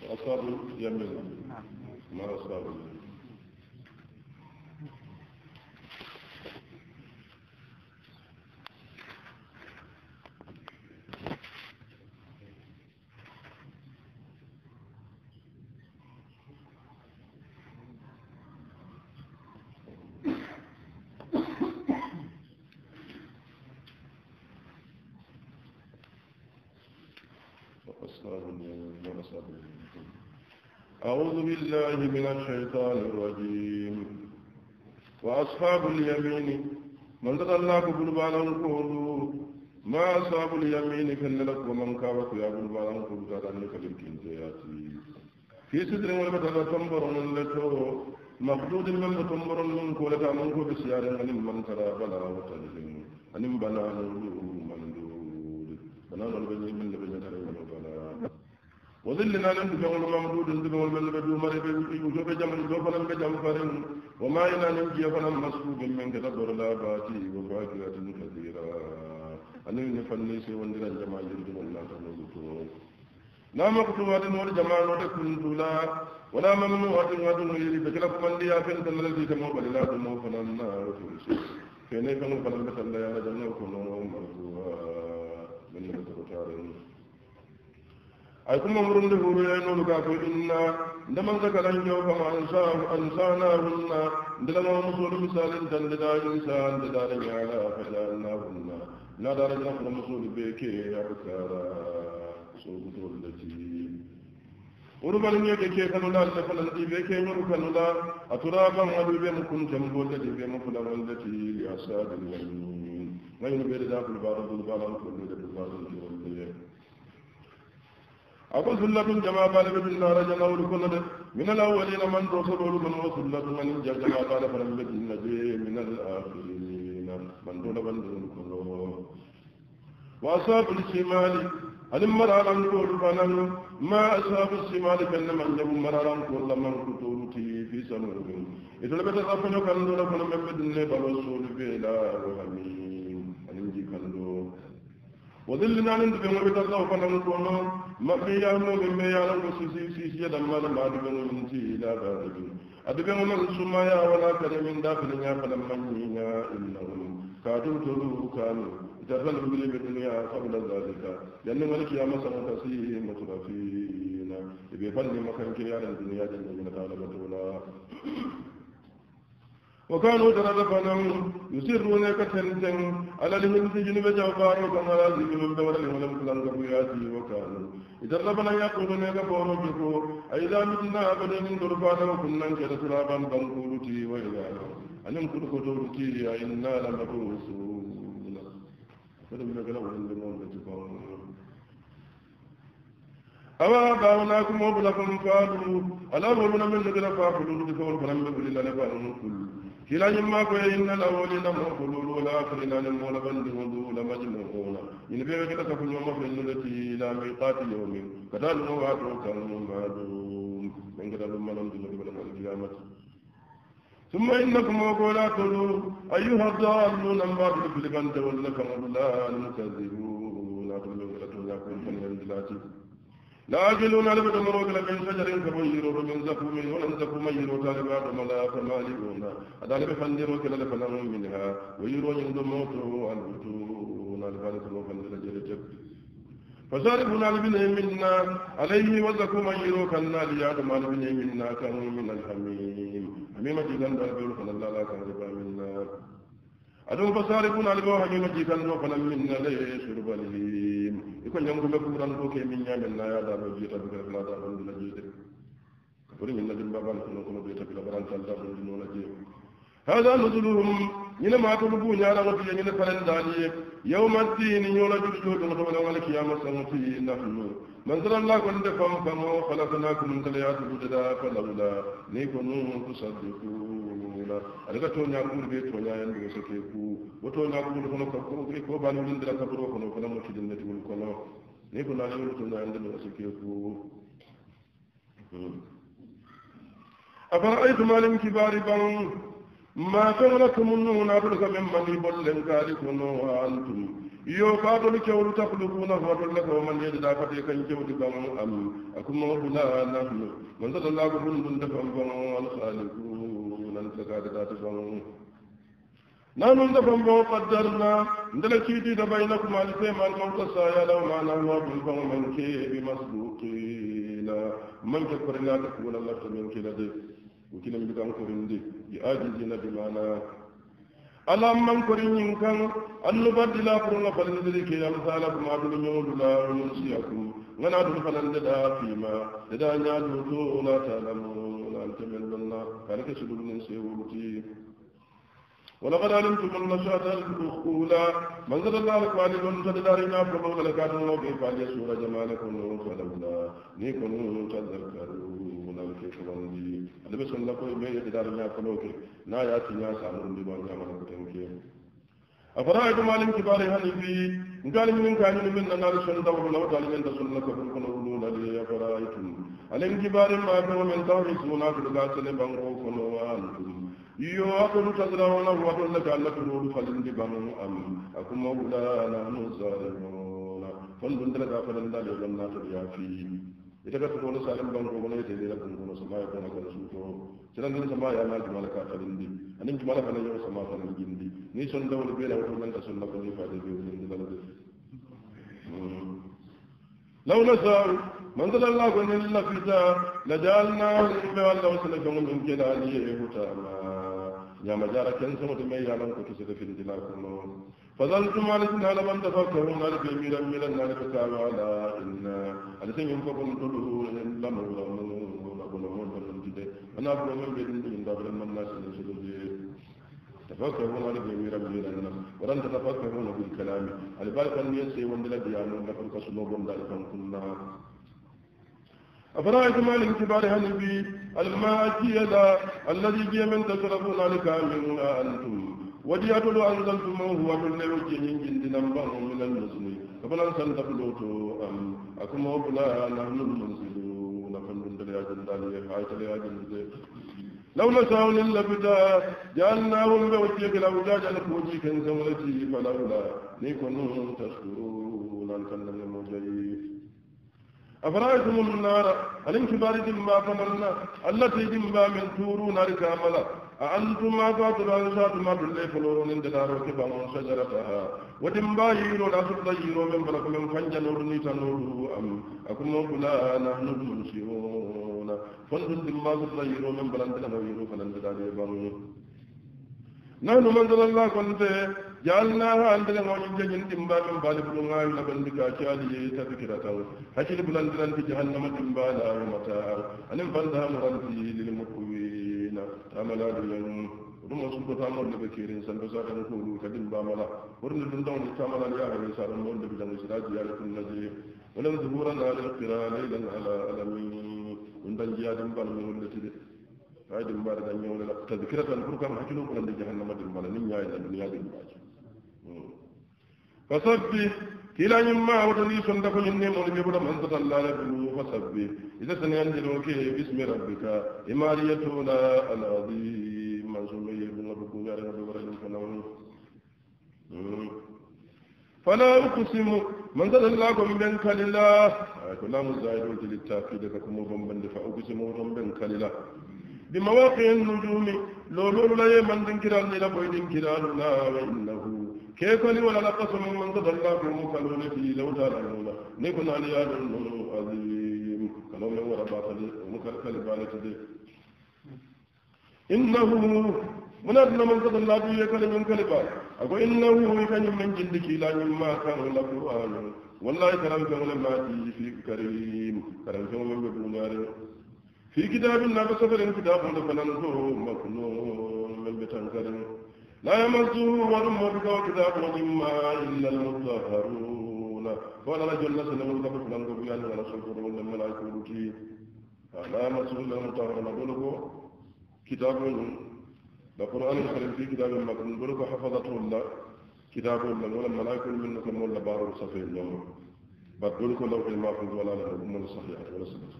أصابوا يمين ما أصابوا يمين أعوذ بالله من الشيطان الرجيم وأصحاب اليمين من تطلق بالبالا القول ما أصحاب اليمين كللك ومن كابت يا بالبالا القول لكين بالكنتياتي في سدر ولبتر تنبر من لتو مخدود من تنبر من كولك منك بسيار من من ترى بلا وتلهم أن بلا نور من دور بلا نور من لبنى ترى وظل ما لم تكن ممدود ذل والمن بدو مر يوسف جمع يوسف لم تجم فرن وما إلى نجي فلم مسكوب من كتبر لا باتي وفاكهة كثيرة أنا من ليس وندر الجماعة يرجو الناس نزلتون لا مقتوات والجماعة تكنت لا ولا ممنوعة ولا يري بكرف من لي أفن تنلذي تمو بل لا تمو فننا وتنسي فيني فنو فنن بسل يا رجل نوكو نوم مرضوها من يبتغ تارين ay kuma murunde furule nolu ka ko inna ndaman ka kalan yo fa ma ansahu ansanahunna ndalama musulu misalin tan da insan da da nyala fa la nahunna na da rajna kuma musulu be ke ya bukara so gutul da ji urban ne ke ke kanu da da falan di be ke nyoru kanu da aturaban wadu be mu kun tambo da be mu fulan wanda ti ya sadin wani wani be da da kulbaru kulbaru kullu da kulbaru أقول سلة جماعة قال بجنا رجل أول كل من الأولين من رسول من وسلة من جماعة قال فلم بجنا من الآخرين من دون بندون كله وأصحاب الشمال أن مرارا نقول فنن ما أصحاب الشمال كان من جب مرارا كل من كتورتي في سنوهم إذا لم تتفنوا كان دون فنم بدن برسول بلا وهمين وذل نانين بين وبتر لو فانا نتوما ما في يا نوم ما يا لو سي سي سي دم ما ما دي بين من تي لا بعد ابي بين من سما يا ولا كان من داخل يا فلم من يا انهم كادوا تدو كانوا تفل بني بالدنيا قبل ذلك لان ملك يا مسن تسيه مترفين ابي فل مكان كيان الدنيا جل من طالبتنا وكانوا تردفنا يسرون كثيرا على لهم سجن بجوفار وكان على ذكر الدور لهم كلام كبياتي وكانوا إذا ربنا يقولون كفور بكو أيضا متنا أبدا من درفانا وكنا كرسلابا بنقولتي وإذا أنم كل خطورتي إنا لمبعوثون فلم يقلوا عند الموت تفاوضون أما باوناكم وبلغكم فاضوا ألا ولنا من ذكر فاضوا لكفور فلم يقل إلا نفاهم كل كلا يما ان الاولين مخلول والاخرين ان المولبن دول مجمعون ان بيو كلا كو يوم من التي الى ميقات يوم كذا نوات كرم معدوم من كذا لما لم تجد بلا القيامه ثم انكم وقولا تلو ايها الضالون ما بلبن تولكم الله المكذبون لا تلو لا تلو لا ناجلون على بدن روك لبن فجر كبير من زكو من ولن زكو من يرو تالبا دملا فمالئون أدال بفن روك لبن منها ويرو يند موته الوتون الفالة وفن رجل جب فشاربون على بن منا عليه وزكو من يرو كنا ليادم على بن منا كانوا من الحميم حميمة جدا دار بيرو لا كان ربا منا aɗum ko sarikun alimo hañima jiitalno fana minna le surbalim iko ñamruɓe kuran fo ke min ñamen nayaɗaɓe jiitaɓe kefnaɗaɓanduna jiide ɓuri min nadim mbaɓan kono kono ɓe tabila ɓarantallaɗondi noona jeew hada nusuluhum ñine matolu buñaɗaŋo tiye ñine parendaniye yawma dini ñola juɗɗoɗogotoɓaɗaŋ alkiyama sango ti nahnu منزل الله كنت فهم فما خلقناكم من كليات الجداء فلولا نيكونوا تصدقون ألغا تونيا قول بي تونيا يندو سكيكو وتونيا كور كنو كبرو كريك وبانو لندلا كبرو كنو كنو مشدن نتقول كنو نيكم يور تونيا يندو سكيكو أفرأيتم علم كبار بان ما فعلكم النون أبلغ من من يبلن كاركم وأنتم yo kaatolu kewlu tahlukuna fatol laka o man yeedeɗa fate kañ kewdi ban am akuma hula nahnu man sata laago hunɗum defam ban alhaalikunanta kaadeɗate ban نحن نفهم وقدرنا ندل كيدي بينكم على فهم الموت سايلا وما نحن فمن كي بمسبوقين من كفر لا تكون لك من كلا دي وكلا من كان كفر دي يأجزنا بمعنى ala man ko rin kan allu badila furu na balin da ke ya misala kuma dun yau dula mun siyaku ngana dun falan da da fima da da nya dulu la talamu la tamanna karaka su dun sai wuti ولقد علمتم النشاة الأولى من زاد الله قال من زاد دارنا فما لك أن الله كيف عليه سورة ni فلولا نكون تذكرون ke fulandi ali be sunna ko be idar nya ko no ke na ya ti nya sa mun di ban kama ko tan ke afara ay malim ki bare hani bi ngali min ka ni min na rasul da wala da min da sunna ko ko no lu la di afara ay tum alim ki bare ma be min tawhi sunna ko da sele ban ko ko no wa antum yo akulu tazrawna wa la ka la ko lu falindi ban am akuma wala na nu zalimun fon dun da ka falanda da jannatul yafi ita ka tuko na salam ban ko ne te da kun ko sama ya ko na ko su to sinan din sama ya na jumala ka kalin di anin jumala kana yo sama kana gindi ni son da wala bela wato nan ka sunna ko ni fa da biyo ni da لو نشاء من ذل الله كن إلا فتا لجعلنا لهم الله وسلك من جلاله هتاما يا مجارة كنسمة ما يعلم كتسد في الجلال كنون فظلتم على سنة من تفكرون على كميرا من النار فكام على إنا على سنين فقل تلوه لم أنا أقول من بين من دبر من الناس تفكرون على كميرا من النار ولن تتفكرون الكلام على بالك أن يسي وندل بيانون لكم كسلوب ذلك كنا أفرأيتم على الكبار هنبي الماء الذي جي من تشربون على كامل أنتم وديعة لو أنزلتموه ومن جنين جلد نمبر من المسلمين فبلا سنت فلوتو أم أكم وبلا نحن المنزلون فمن دليا جندالي حايت ليا جندالي لو نشاء للبدا جعلناهم بوجهك لو جاء لك وجهك سولتي فلولا نكون تشكرون أنت لم أفرأيتم النار الانكبار دمبا فملنا التي دمبا من تورون ركاملا أنتم أفاتر أنسات مر اللي فلورون إن دلارو كبان شجرتها ودمبا بايرو لا تبدا من برك من فنجا نور نيتا نور أم أكم فلا نحن المنشئون فنزل دمبا تبدا يرو من بلند لنا يرو فلند داري بانو نحن منزل الله كنت جعلناها عند لهم جن دمبا من بالب لنا لبن بكاشالي تذكرة حشل بلند لن في جهنم دمبا لا ومتاع أنم فانتها مرنتي للمقوين كيرينا تعمل هذا اليوم ولما سبب تعمل لك كيرين سنبا ساكا نقول كدن باملا ورن الدندون تعمل يا رب سارا مول لك جنو سراج يا لك النزير ولم ظهورا على القراء ليلا على ألمين من بنجيا دنبال من ولتي هاي دنبال دنيا ولا تذكرة الفرقان حكيلو كنا لجهنم دنبال نميا إلى الدنيا دنبال فصبح كلا يما وتلي سندك يني مولي بيبدا من تطلع لبلو فسبي إذا سنينجلوك باسم ربك إمارية لا العظيم منصور بن ربك يا رب ورحمة الله فلا أقسم من ذا الله من بين كلا كلا مزايدون للتأكيد كم بين بند فأقسم بين كلا بمواقع النجوم لولو لا يمن دنكران لا بويدنكران لا وإنه كيكولي ولا قسم من قدر الله في مكالونة في لو تعالى لولا نكون علي هذا عظيم كلام يوم ولا باطل مكالكل بالك دي إنه من أدنى من قدر الله في يكالي من كلبا أقول إنه هو يكن من جلدك لا مما كان القرآن والله كلام كلام ما تيجي في كريم كلام كلام من بنار في كتاب الله سفر كتاب فلنزور مكنون من بتنكرم لا يمسه ور مدك وكتاب مما إلا المطهرون فأنا رجل لسنا ملك فلان قبيا ولا سلطة ولا ملائكة ولكي لا يمسه إلا المطهرون بلغوا كتاب لقرآن الكريم في كتاب مكن بلغوا حفظته الله كتاب الله ولما لا يكون من نكم ولا بار صفي اليوم بدلك لو في المعفوذ ولا لا له من صحيح ولا صدق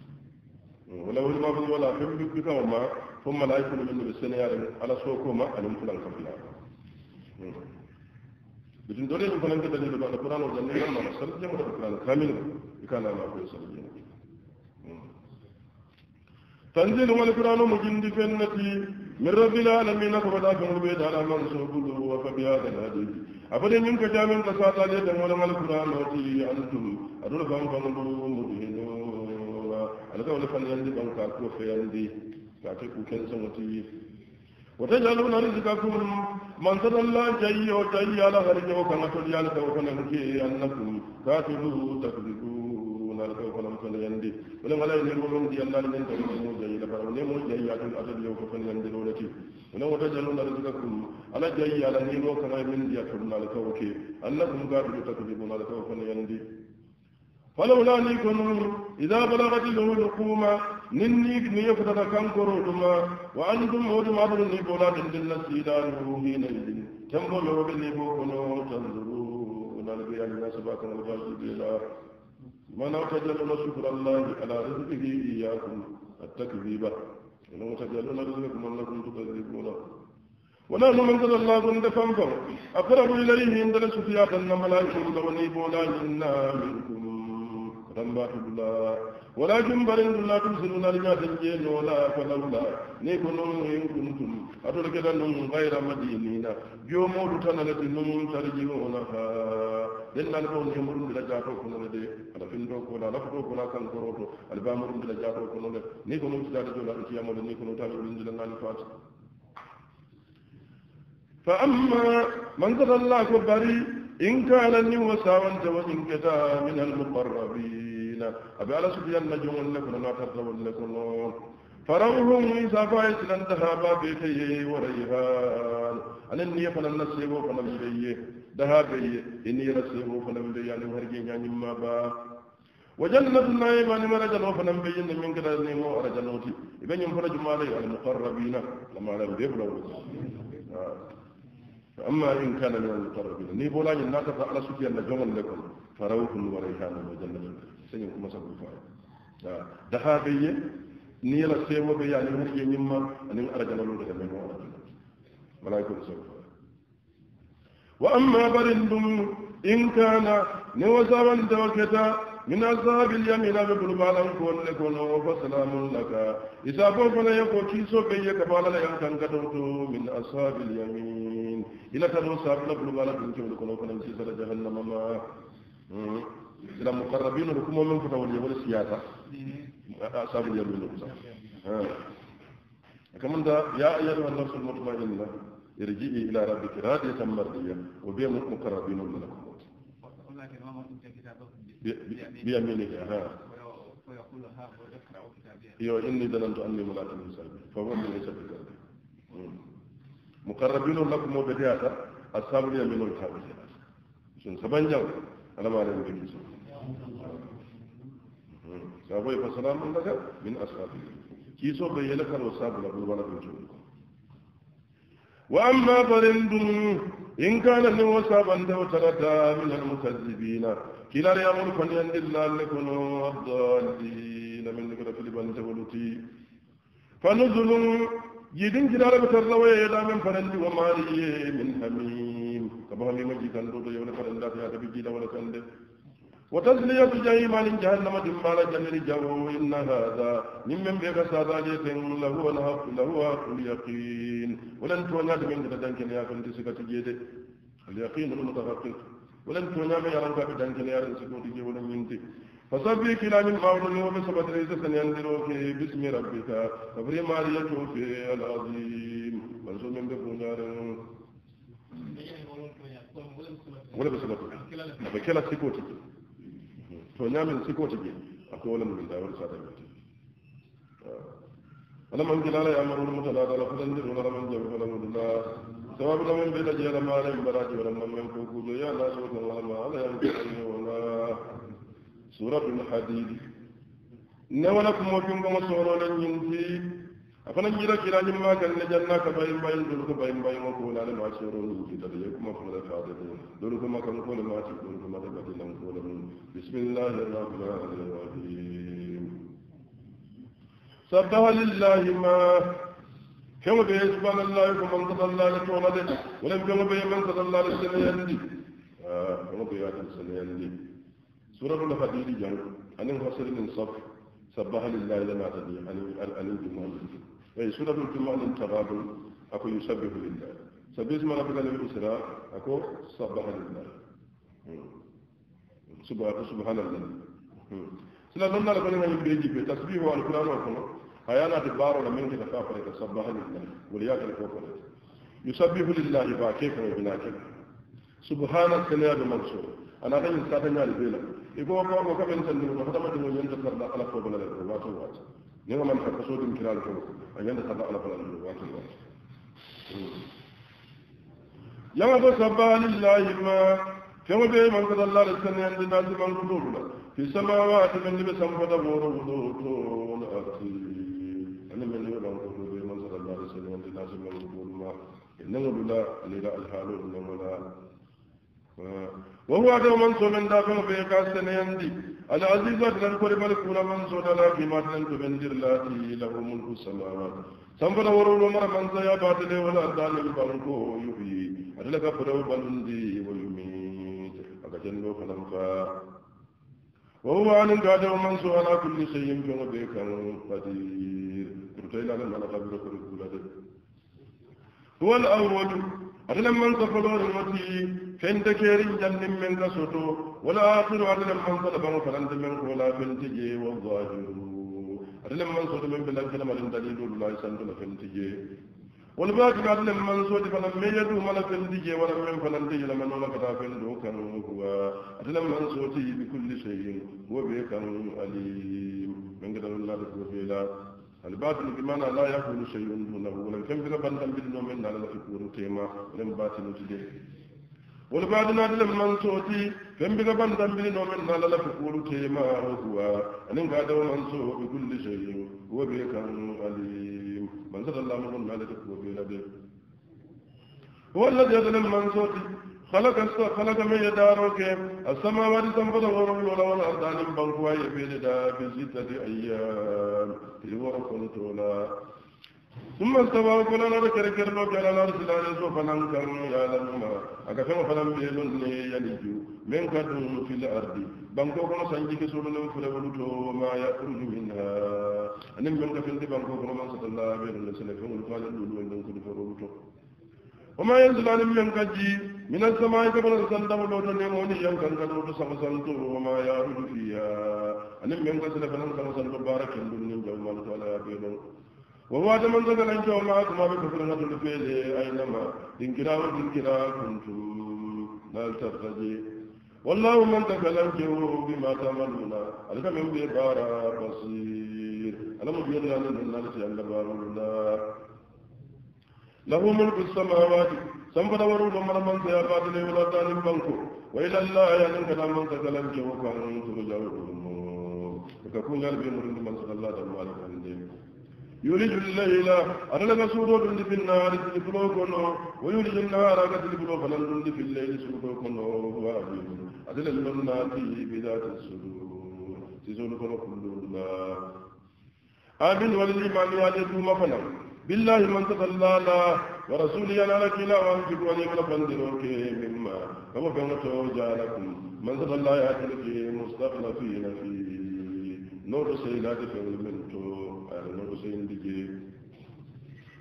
ولو في المعفوذ ولا حبك كما ثم لا يكون من بالسنة على سوكما أن يمكن أن bitin dole ne fanan kada ne da alquran da ne ma sarje mu da alquran kamil ikana ma ko sarje tanzil wal qur'anu mujindi fannati min rabbil alamin fa da kan rubi da ala man subulu wa fa bi hada hadi afade min ka jamin ka sata ne da wal wal qur'anu ti antum adul ban ban mudhinu alaka wal fan yandi ban ka ko fe yandi ka ke ku kan san wati وتجعلون رزقكم من صلى الله جي وجي على خرجه وكان تولي على توكل نجي أنكم كاتبوا تكذبون على توكل مثل يندي ولما لا ينيرون دي الله لن تكذبوا جي لفر ونمو جي يأتون أتد يوكفن يندي لولتي ولما تجعلون رزقكم على جي على نيرو كما من دي أتون على توكل أنكم كاتبوا تكذبون على توكل يندي فلولا نيك نور إذا بلغت له لقوما ننيك نيفتت كنكروتما وأنتم ودم عبد نيبولا تندل السيدان روحين إذن تنبول رب نيبوكنا تنظرون لبيع الناس باكنا الغاشد إلى من تجلل شكر الله على رزقه إياكم التكذيبة إنه تجلل رزقكم أنكم تكذبون ونحن من قد الله كنت فانفر أقرب إليه عندنا سفياتنا أن ملائكم دوني بولا منكم rambaatu dula wala jumbaren dula tum sinunalñaaten jeeno wala falawla ni ko noon en kuntum atol keda non gayra madinina joomoodu tanalade noon tariji onaka dennaale fo ni morumdila jaato konolede ala finto kola lafto kola kankoroto ala ba morumdila jaato konole ni ko noon sidaade jola ɗo ciyamole ni ko noon tawi rindila naani faata fa amma man gatallaa ko bari إن كان لي وساوانت وإن كتا من المقربين أبي على سبيل نجوم لكم لا ترضوا لكم فروح سافا إسلام ذهبا بيتي وريهان أنا النية فنم نسيبه فنم بيه ذهبي إني نسيبه فنم بيه يعني وهرجين يعني ما با وجنة النعيم أن ما مرجل وفنم بيه من كذا نيمو أرجل نوتي إذا ينفرج مالي المقربين لما لم بديه amma in kana min wani muqarrabin ne bola ni nata fa ala sukiya na jongal le farau farawhun wa rayhanun wa jannatun sai kuma sabu fa da da habiye ni la sebo mu ya ni mu yin ma anin arjana lu daga men wala malaikatu sabu wa amma barin dum in kana ne wazaban da wakata من عذاب اليمين بقلوب على كون لكون فسلام لك إذا فوفنا يكو كيسو بي يكبال لأن كان كدوتو من أصحاب اليمين إلا كدو صاحب لقلوب على كون كون لكون فنا مسيسر جهنم ما إلى مقربين لكم ومن فتولي من أصحاب اليمين كمان ده يا أيها النفس المطمئنة ارجعي إلى ربك راضية مرضية وبيع مقربين لكم ولكن بيمينه ها ويقول ها يو إني ظننت أني ملاك من سلبي فهو ليس بكربي مقربين لكم وبدياتا أصحاب اليمين والكعبة شن سبان جاو أنا ما أعلم بكي سبان سابوي فسلام لك من أصحابه كيسو بيّنك الوصاب لك الوانا بنجوه وأما فرندم إن كان من وسابا وترتا من المكذبين كلا ريامون كن يندلا لكم الضالين من نقرة لبنت ولتي فنزل جيدين جلالة بتروي إلى من فرنج ومالي من حميم كما حميم جيدان دو يولا فرنجات يا تبي جيدا ولا كندي الجحيم جهيم جهنم جمال جنر جو إن هذا ممن بيك ساداليك لهو الحق لهو اليقين ولن تونيات من تدنك يا كنت سكت جيد اليقين المتفقين ولن تونيات من يرنك تدنك يا كنت سكت جيد ولن ينتي فصبي كلا من المعروف اليوم سبت ريس سنيندروك باسم ربك فبري ماريا في العظيم منصوم من بفنار ولا بسبب ولا بسبت to ñaamin sikoti je ako wolam min dawar sa tan ti ala man gila la yamuru al mutala ala fadan dir wala man jabru wala mudla sababu da man bi da jela ma lam baraji wala man man ko kujo ya la so kan wala ma ala yam ko wala suratul hadid nawalakum wa kum soro lan yinti afana kira kira ni ma kan le janna ka bayin bayin dole ko bayin bayin ko la le ma shiro ni kita da kuma kuma da fada da dole kuma kan ko le ma ci dole kuma da bati nan ko le mun bismillahir rahmanir rahim sabbaha lillahi ma kama be subhanallahi ko man qadalla la tawla de wala kama be man qadalla la sanayandi ah kama be ya sanayandi suratul hadid jan anin hasalin saff sabbaha lillahi lana tadi anin al-alim أي سورة الجمعة للتغابن أكو يسبح لله سبح اسم ربك الأسرى أكو سبح لله سبحان سبحان الله سلا لنا لكن من بيجي في تسبيح والقرآن والقرآن هيانا تبار ولا من كده كافر سبح لله ولياك الكفر يسبح لله فكيف وبلاك سبحان السنة المنصور أنا أتى إنسان يالي بيلا يقول ما هو كم إنسان يقول هذا ما تقول ينتظر الله على فوق ولا لا واتو واتو يوم من حقصوا دم كلا الحروب أن ينتطبع لفل الجنوب وانت الوقت يوم بسبا لله ما كما بي من قد الله لسنة عند الناس من قدورنا في سماوات من لبس أنفد غور غدور أنا من لبس من قدور بي من قد الله لسنة عند الناس من قدورنا إنه بلا للا الحالون ولا وهو هذا من منسو من داخل في قاسن يندي العزيز أكلن كل ملك ولا منسو لا في ما تلن لا لاتي له ملك السماوات سنفر ورول مر من زيا باتل ولا دان البركو يحيي أدلك فرو بلندي ويميت أكتنو فلمقا وهو عن قاد ومنسو على كل شيء كما بيكا قدير كرتيلا لما نقبل كل هو الأول أتلم من سفلور المتي فين تكيري جن من كسوتو ولا آخر أتلم من سلبان فلند من ولا فين تجي والظاهر أتلم من سوت من بلا كلمة دليل الله سنت فين تجي والباقي أتلم من سوت فلم يجدو ملا فين تجي ولا من فلن تجي لمن ولا كتا فين دو كان هو أتلم من بكل شيء هو بكم عليم من قدر الله سبحانه الباطل بمعنى لا يقبل شيء دونه ولم تنفذ بندم بالنوم إن على فكور تيما لم باطل تديه والبعد نادل من صوتي كم بك بندم بالنوم إن على فكور تيما وهو أن انقاد ومن صوت بكل شيء هو بك عليم من صد الله من مالك هو بلده هو الذي يظلم من صوتي خلق خلق من يدارك السماوات سنفد غرم ولا ولا أردان بلقوا يبيد دا في ستة أيام في ورقل تولا ثم استوى كل نار كركر لو كان نار سلال سوف ننكم يا لما أكفر فلم بيلني يلجو من كدن في الأرض بانكو كنا سنجي كسول لهم فلولتو ما يخرج منها ان من كفل دي بانكو كنا من سطلا بيلن سلفهم لقال اللولو أنهم تو وما ينزل عن من كجي من السماء كبر سندم لو تنموني يوم كان كدو وما يعرج فيها أن من كسل فنن سم بارك الدنيا يوم الله تعالى بينهم وهو من ذكر أن يوم ما بكفر نتل فيه أينما إنكرا وإنكرا كنتم لا ترتجي والله من تكلمته بما تعملون ألك من ببارا بصير ألم بيرنا لنا نسي أن بارا له ملك السماوات سنفد ورود من من سيافات لي ولا تالي بانكو وإلى الله يزن كلا من سكلم جوكا من سرجا الأمور فكفون يالبي مرد من سكلا تمالك عندي يولج الليل أنا لك سودو دند في النار تلفلو كنو ويولج النار كتلفلو فلن دند في الليل سودو كنو وابيو أدل النار فيه بذات السدور تزول كنو كل الله آمين وللإيمان يالي دوما فنم بالله من تطلع لا ورسولي أنا لك لا وانجب وليك لفندلوك مما ففنتو جالكم من تطلع ياتلك مستخلفين فيه نور سيداتي في المنتو نور سيدي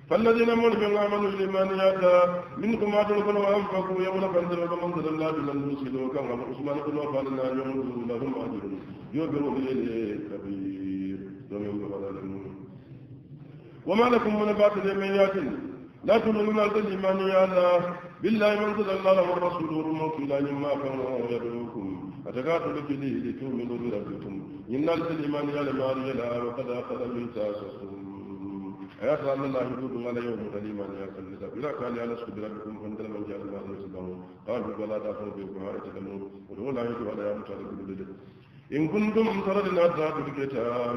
فالذين من في عمل الإيمان يأتى منكم عدل كل وأنفقوا يولى فانزلوا فمن ذل الله بلن يسلوا كان عمر عثمان كل وفان الله يوم لهم أجر يوبروا إليه كبير ومن فضل الله وما لكم من بعد اليمينات لا تلون الإيمان يا الله بالله من صلى الله والرسول والموت إلى ما كانوا يدعوكم أتكاتل ليه لتؤمنوا بربكم إن الإيمان يا لماري لا وقد أخذ من تاسكم أيات أن الله يرد على يوم الإيمان يا سيدنا إذا كان يا نسك بربكم فانت لما جاء الله قال بك قالوا فلا تأخذوا بكهاء تكلمون ودعو الله يجب على يوم أمتى إن كنتم تردنا الذات الكتاب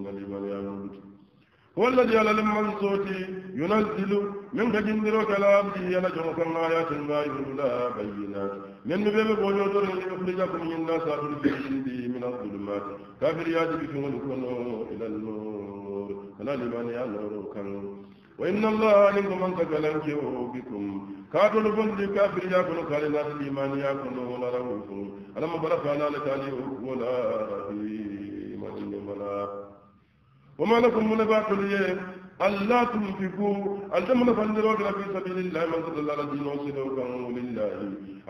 من الإيمان يا مرد والذي على المنصوت ينزل من غجن درو كلام دي يلا جون كان آيات الله لا بينا من بيب بوجو دور يخرجكم من الناس من الظلمات كافر يادي بكم إلى النور أنا لمن يا نور كان وإن الله لكم من تكلم بكم كاتل فندي كافر ياكل كالنا الإيمان ياكل ولا روح ألم برفعنا لك عليه ولا رحيم وما لكم من باطل ألا تنفقوا ألتم فندروا في سبيل الله من صلى الله عليه وسلم وكانوا لله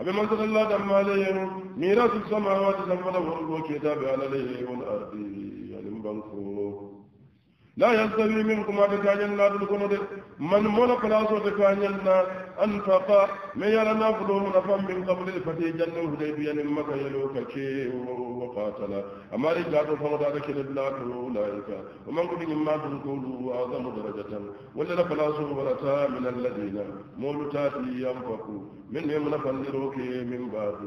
أبي من صلى الله عليه وسلم ميراث السماوات سمنا وكتاب على ليه والأرض يلم بنكو لا يستوي منكم أتكاين لا تلكم من ملك لا صوت كاين أنفقا ميالا نفلو من فم من قبل الفتي جنة بيان يعني مكة يلو كي وقاتلا أما رجعت فمدار كلب لا أولئك ومن قد مما تنقولوا أعظم درجة ولا فلا صورة من الذين مولتاتي ينفقوا من منهم نفلروك من بعد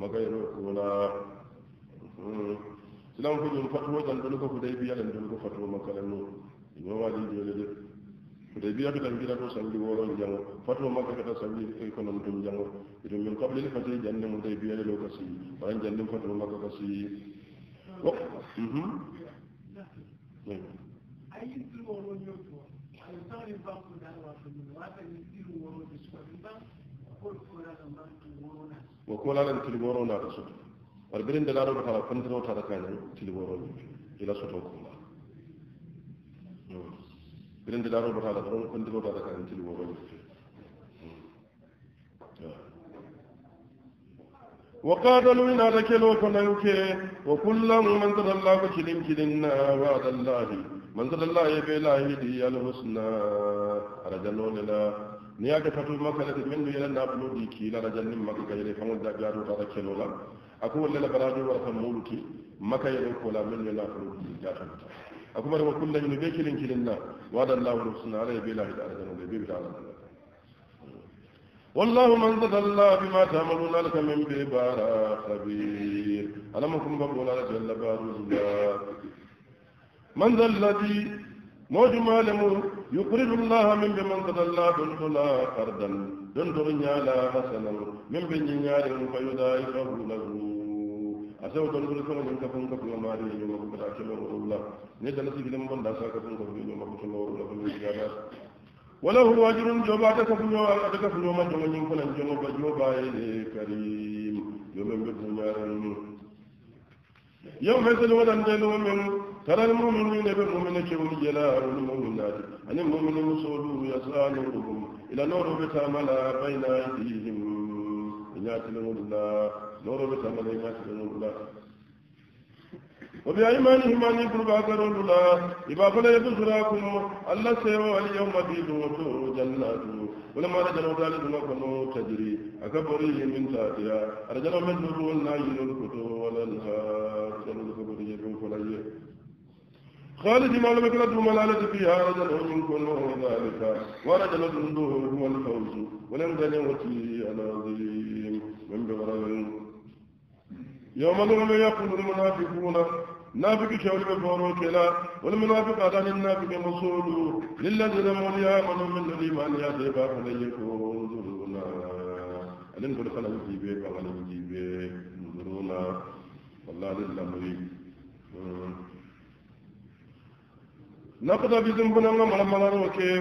مكا يلو silan ko jom fatwo jan dole ko dai biya jan dole ko fatwo makalan ite biya kita ngira to sanji woron jango fatwa maka kata sanji e kono mutum jango ite min qabli li fati janne mun tay biya lo kasi wan janne fatwa maka kasi o mhm ayi tru woron yo to ayi tari ba ko da wa ko ni wa ta ni tru woron de so ba ko ko ra da ma tru woron na wa ko la ran tru woron na so wal birin da laro ka fa kan tru ta da kan tru woron ila so to ko la birin da laro bata da karon kun dibo da kan tilu ba wa qadalu ina da kelo ko nan ke wa kullam man tadallahu kilin kilinna wa adallahi man tadallahi bi lahi di al husna rajalun la ni ya ka fatu maka da min yana na bulu di ki la rajalun maka ga yele famu da garu ta kelo la aku wala la baradu wa ta muluki maka yele ko la min yana bulu di ga ta أكبر وكل جنوبي كلين كلين لا وعد الله الحسنى عليه بلا هدى على جنوبي بلا على والله من ضد الله بما تعملون لك من ببارا خبير ألم أكن بقول على جل الله من ذا الذي موج مالم يقرض الله من بمن قد الله دندلا قرضا دندر نيالا حسنا من بني نيال فيضاعفه له asaw don dul ko ngon ka fon ko ko maari ni mo ko ta ke lo rulla ne dala ci dum bon da sa ka fon ko ni mo ko lo rulla ko ni gada wala hu wajrun joba ta ko ni wala ta ko ma do ni ko lan jono ba joba e karim yo men be ko nyaaran ni yau mai sani waɗanda nomin tarar mumini ne bin mumini ke wani jela a wani mumini na ta ani mumini musolu ya sa nuruhum ila nuru bi ta mala bai na yi ihim in ya tilin wani لورو بيتا مالي ناك لورو لا وبي ايمان هماني بربا كرو لولا يبا فلا يبزراكم الله سيو اليوم دين وطور جنات ولما رجلوا دالي دون فنو تجري اكبري من تاتيا رجلوا من نورو الناجين الكتو والنهار سلو لكبري يبن فلاي خالد ما لم يكن ما لا فيها رجل من كل ذلك ورجل من دون هو الفوز ولم يكن وكيل عظيم من بغرابه يوم نرم يقول المنافقون نافق شاول بفورو كلا والمنافق على النافق مصول للذين هم يامنوا من الإيمان يا سيبا فليكونون ألم كل خلق جيبه فغلق جيبه نظرونا والله للأمر نقض ملا ملا وكي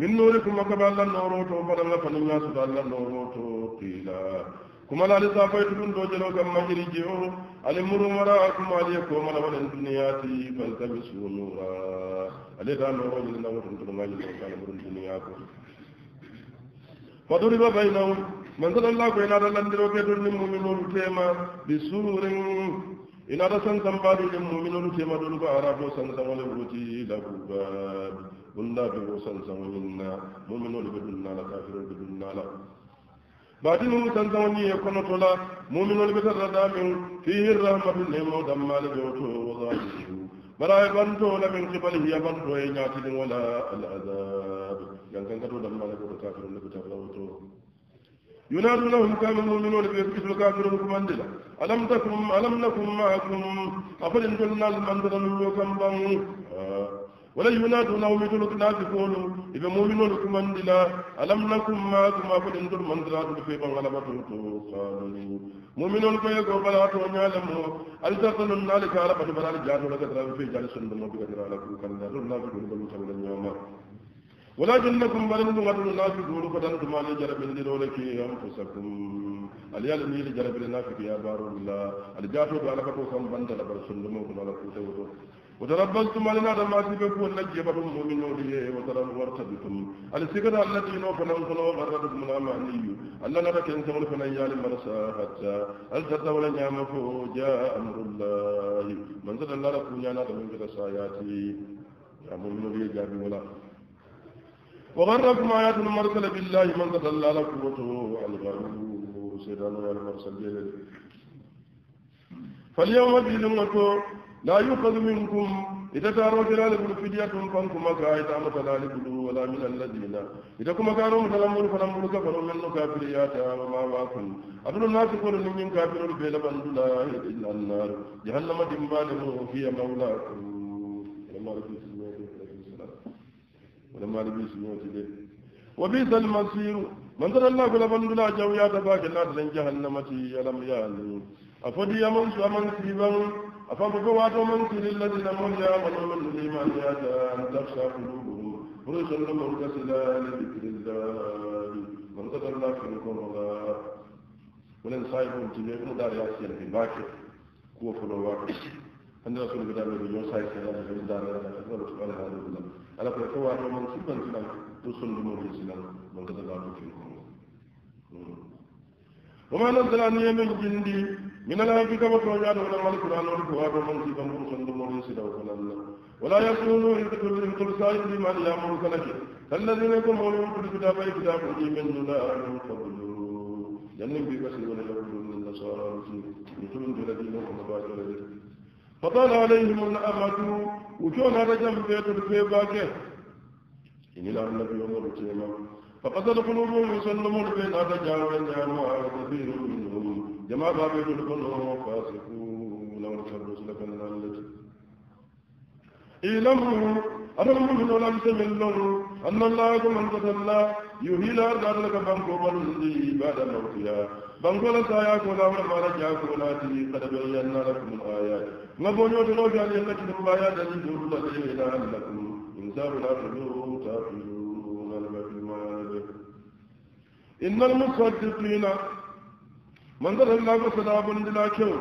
من نوركم وكبال النور وكبال النور وكبال النور وكبال النور kuma la ali safay tudun do jelo gam majiri jiyo ali muru mara kuma ali ko mala wala duniyati fal tabisu nura ali da no wala na wala tudun ngali ko kala muru duniya ko faduri ba bainahum man sallallahu ko ina da landiro ke dun mu'minul tema bisurin ina da san san badu din mu'minul tema dun ko arabo san san wala wuti la kubab bunda bi san san minna mu'minul bidunna la kafirul bidunna la بعدين هم تنزوني يكون طلا مؤمن البتر دامن فيه الرحمة النمو دمال بيوتو وظالمه بلا يبنتو لمن قبله يبنتو ينعتد ولا العذاب ينكن كتو دمال بيوتو كافر لبتر لوتو ينادونهم كانوا المؤمنون بيسكتوا الكافرون كماندلا ألم تكن ألم نكن معكم أفلن كنا المنزل من لكم بمو ولا ينادون أو يدلك لا تقولوا إذا مؤمنون لكم أندلا ألم نكن معكم أبد انتر من درات في بغلبة صالحين مؤمنون كي يقول بلا تونيا لمو ألتقل النالك على بني بلا الجاد ولك ترى في جالس النمو بكثرة لكم كلا لا تقول بلو سبلا يوم ولكنكم بلغتم غدر لا تقول قد أنتم على جرب من دولك أنفسكم aliyal ni li jarabi na fi ya baro la al jato do ala ko kan banda la bar sun mo ko ala ko to وتربصتم على هذا ما تبكون نجيب المؤمن وليه وترى وارتبتم على سكر الذي نوف نوفل وغرد من ألا نرك أن تقول فنيال مرسى حتى هل تتولى نعم فوجاء أمر الله من زل الله لكم يانا من كتا ساياتي يا مؤمن وليه جابي ولا وغركم آيات المرسل بالله من زل الله لكم وتوه عن غرور سيدنا المرسل فاليوم أجل لا يؤخذ منكم إذا تاروا جلال بل فدية فانكم مكا إتامة ذلك ولا من الذين إذا كما كانوا متلمون فلم ملك فلو من كافريات وما واكم أدل الناس قول لمن كافر البيل بند لا إلا النار جهنم دمبانه في مولاكم لما ربي سمعت ولما ربي سمعت وبئس المصير من ترى الله فلا بند لا جويات باك الناس لن جهنم تي ألم يعني أفدي من سوى من سيبا أفبقوا ومنكر الذين هم يعملون من الإيمان أن تخشى قلوبهم ويخلوا منكسلا لذكر الله من قدر الله في الله ولن صاحبهم تجيبون دار ياسين في باكر كوف الواقع واكر أن رسول الله صلى الله عليه وسلم صاحب سلام في دار ياسين على هذا الكلام أنا كنت أقول من سبب سلام تصل لمن سلام من قدر الله في وما نزل عن يمين جندي من الأنفك والرجال ولا الملك والآن والكواب ومن في بمر صندوق من سدوا فلنا ولا يسألون إن تقول إن تقول سائل لما لا ملك لك الذين يقومون بالكتاب كتاب من دون أن يقبلوا جنن ببشر ولا يقولون النصارى يقولون الذين هم باكر فطال عليهم الأمد وجونا رجم بيت الفيباك إن الأرض نبي عمر فقد قلوبهم من بين من عن وعلى كثير منهم جماعة بابل كلهم فاسقون ورسل رسلك التي اعلموا أنا مؤمن ولم تملوا أن الله من تتلى يهي الأرض لك بانكو بلندي بعد موتها بانكو لسايا كولا ولما رجع كولاتي قد بينا لكم الآيات نبونيو تلوجا لك تنبايا تجدوا لدينا لكم إن لا تدعوا تافلون المكلمان إن المصدقين من ظهر الله فسلام بلا كون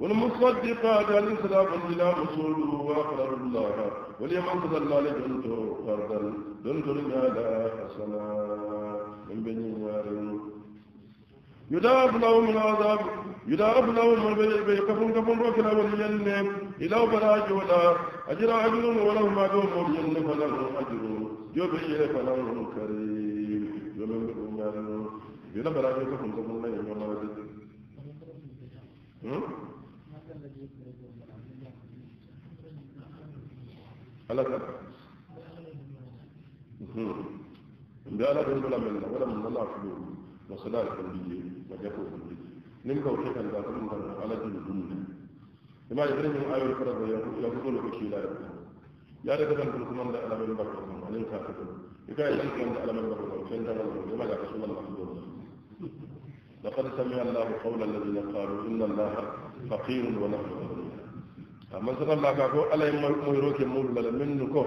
والمصدق قال سلام بلا أصوله وأقرر الله وليمن صلى الله عليه فرد فردا دندر على حسنا من بني نار يداب لهم العذاب يداب لهم بيقفون كفون وكلا وليلن إلى براج ولا أجر أجر ولهم عدو وليلن فلهم أجر جبريل فلهم كريم بلا براجي تو كنت من لا يوم الله جد على كذا بلا بلا بلا من ولا من الله فلو وصلاة النبي وجهه النبي نمك وكيف أن تكون على دين الدنيا لما يدري من آية الفرد يقول لك شيء لا يقول يا ريت كان كل كمان على من بكر عليك هكذا يكاي كان على من بكر كان على من بكر ما جاء لقد سمع الله قول الذين قالوا إن الله فقير ونحن أغنياء مثلا الله قالوا ألا يميروك يمول بل منكم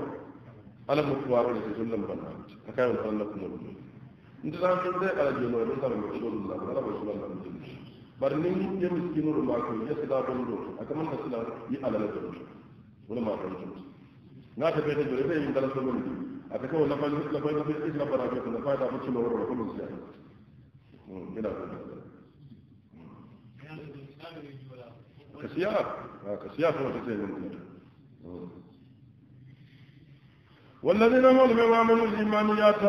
ألا مكوار ولا لم بنات أكاين قال لكم المؤمن أنت لا تقول الا جنوب أنت رسول الله ولا رسول الله من جنوب برنين يمسكين الماكو يسلا بندور أكمل نسلا يألا لجنوب ولا ما تنجوب ناتا بيت جنوب يمدل سلوندي أتكو لفايد لفايد لفايد لفايد لفايد لفايد لفايد لفايد لفايد لفايد لفايد ina gudu ka siya ka siya kuma ta sai yanzu والذين هم وعملوا الإيمانيات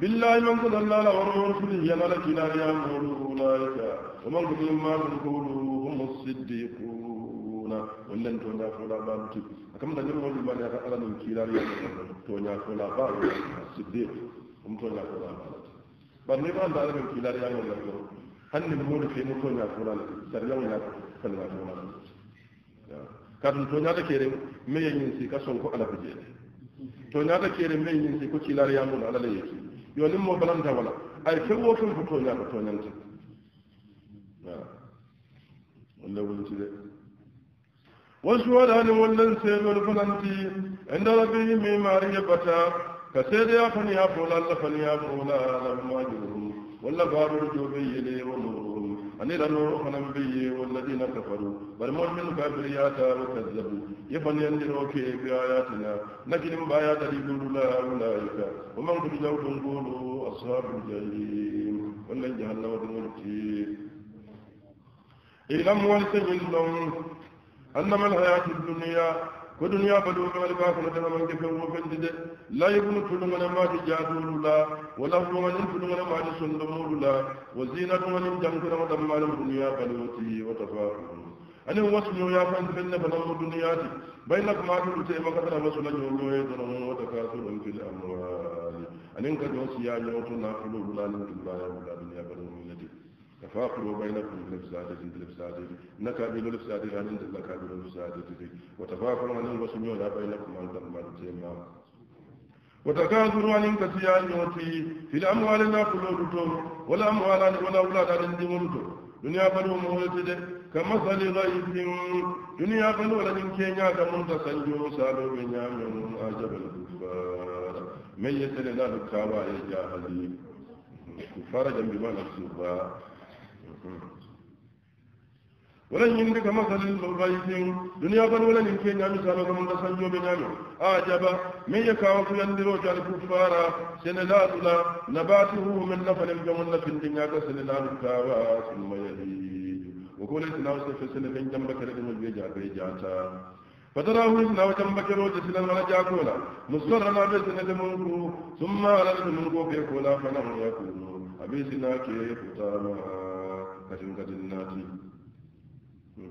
بالله من قد الله وروه رسوله ينالك لا يامره أولئك ومن قد ما قوله هم الصديقون ولن تونا فولا بانتي كما نجمع الإيمانيات على من كيلا يامره تونا فولا بانتي الصديق هم تونا فولا بانتي banni ba da arabin kila da yawon lafiya hannun ya tura ya kalma tura ne ya ka son ko ala fije kila da yawon ala da yake wala yi kai ta wanda wani ci dai wasu wadannan wannan sai wani inda rabbi mai mariya bata يا كسيد يفن يفول الله فن يفول لهم أجرهم ولا بارو رجوع بيلي ونورهم أني لا نور خنم بي والذين كفروا بل مؤمن كبريات وكذبوا يفن ينجروا كي بآياتنا نجرم بآيات لدول لا أولئك ومن تجدوا تنقولوا أصحاب الجليم ولا جهنم تنجي إلى مولد أنما الحياة الدنيا ko duniya fa do ngal ba ko dama man kefe mo fendi de la yabnu tulu ngana ma ti jadulu la wala hu man tulu ngana ma ti sundumu la wa zinatu man jamkura ma damma lam duniya fa do ti wa tafaqu ani wasnu ya fan fenne fa namu duniya ti bainakum adulu te ma kata wasu na nyolo e do no wa takasurun fil amwal anin ka do siya nyoto na fulu la ni duniya fa do واقروا بينكم بالفساد بالفساد نكابل الفساد عن نكابل الفساد وتفاقوا عن الوسميون بينكم عن الجمال وتكاثروا عن كثيرا يوتي في الأموال لا قلوبكم والأموال ولا أولاد عن دمونكم دنيا فلو مولد كمثل غيث دنيا فلو لدن كينيا كمن سنجو سالو من يامن أجب الكفار من يسل الله الكعبة يجاهدين كفار جنب ما نفسه wala ñing de kama salin lo bayi ñu dunya ban wala ñing ke ñami salo ko mun da san jobe ñami jaba, me ye kaaw ko yandi ro jale ku fara sene laula nabatuhu min nafal jamun la bin dunya ko sene laul kaawa summa yadi wa ko le tinaw se fe sene ben jamba kare dum ye jaa be jaa ta fadarahu min nawa jamba kero je sene wala jaa ko la musarra ma be sene dum ko summa ala dum ko be ko la fa na ya ko abisi na ke ye futa katin katin naati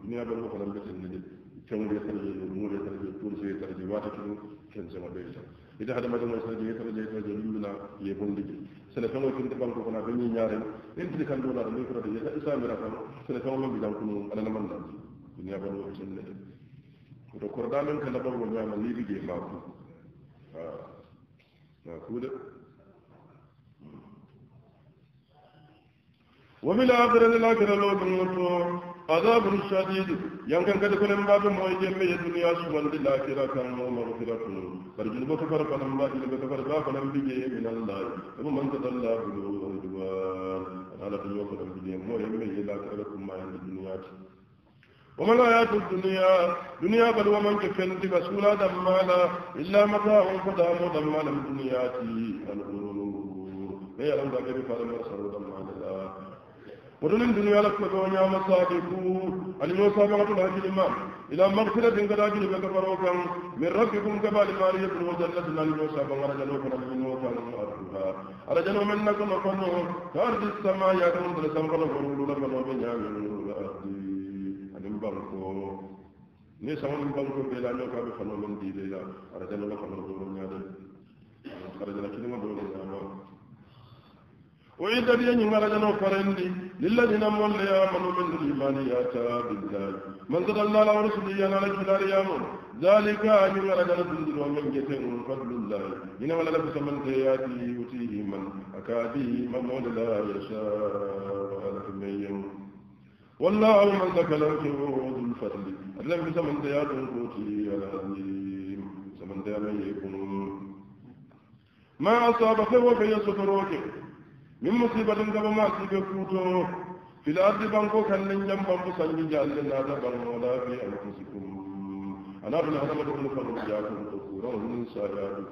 ni abal ko faram betel ni tawde tarje muure tarje kurse tarje wata tu ken sama be ta ita hada ma dama tarje tarje tarje ya ye bondigi sele kan kin da banko kona be ni in en kan dola ni ko da ya isa mi rafa sele kan lo bidan kunu ala man da duniya abal ko betel ni ne korda men kala babu ma ma ni ma ku ah. ku da وبالآخرة الآخرة لو تنمتو عذاب شديد يمكن كده كل ما بمو يجمع الدنيا الله الآخرة كان مغفرة فرجل بكفر فلم باجل بكفر لا فلم بيجي من الله ومن تدلى بلوه والدوان على قلوه فلم بيجي مو يجمع الآخرة كما عند الدنيا ومن آيات الدنيا دنيا بل ومن كفن تبا سولا دمالا إلا متاع فدام دمالا الدنيا تي الغرور هي أن ذاك بفعل مرسل ودون دنيا لك ودنيا مصادقون ألم يصابعة الهجل ما إلى مغفرة قد أجل بكفروكم من ربكم كبال مالية وزلة ألم يصابعة رجل وفرد وفرد وفرد أرجل منكم أفنوا كارد السماء يأتون تلسم قد فرولون فنو ومن يعمل ألم بانكو ni sama ni banko وإذا بيني ما مرجنا فرندي للذين من آمنوا من الإيمان يأتى بالله من قد الله لا ورسوله يانا لك لا يامن ذلك أني ما مرجنا تنزل ومن جتن من فضل الله إنما لنفس من تياتي وتيه من أكاديه من ولا يشاء لك من يوم والله من ذاك لك ذو الفضل أدلم بسمن تياتي قوتي العظيم سمن تياتي يكون ما أصابك وفي في يسفروك min musibatin gaba masu be kuto fil ardi banko kallin jan banku sanyi jallin na da ban wala fi anfusikum ana bin hada da kullu fadu ya kun to kura wannan sa ya du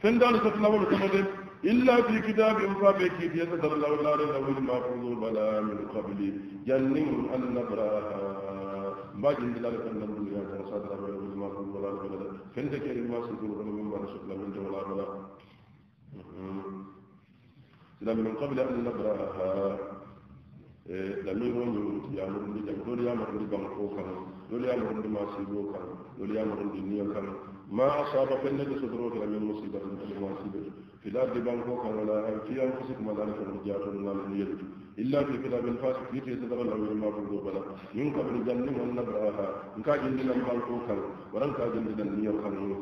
fin dal sa na wala kuma dai illa fi kitabin fa be ki ya da Allah la da wal mafuzu bala min qabli jannin an nabraha ba jin dal kan nan duniya ta sa da wal mafuzu bala bala fin da ke ma su duru min ba su da min da wala bala لم من قبل أن نبرأها إيه، لم يكن يا مرد جم نول يا مرد جم كوكان نول يا مرد ما سيبو كان نول يا مرد نيا كان ما أصاب فينا جسدروك لم يصيب من كل ما سيبو في الأرض جم كوكان ولا في أنفسكم ولا في رجاك ولا من يرد إلا في كتاب الفاس في كتاب تدخل أمر ما في الدوبة من قبل جم نول نبرأها إن كان جم نول كان كوكان ولم كان جم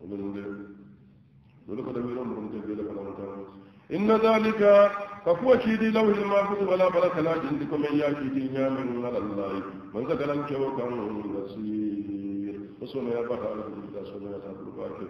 ومن ذلك ولقد أمير أمر من تنبيل فلا وتعود إن ذلك فقوة شيدي لوه المعفوظ ولا بلك لا جندك من ياكي دنيا من على الله من قتل أنك وكان نصير وصنع بها أرض الله صنع تحت الباكر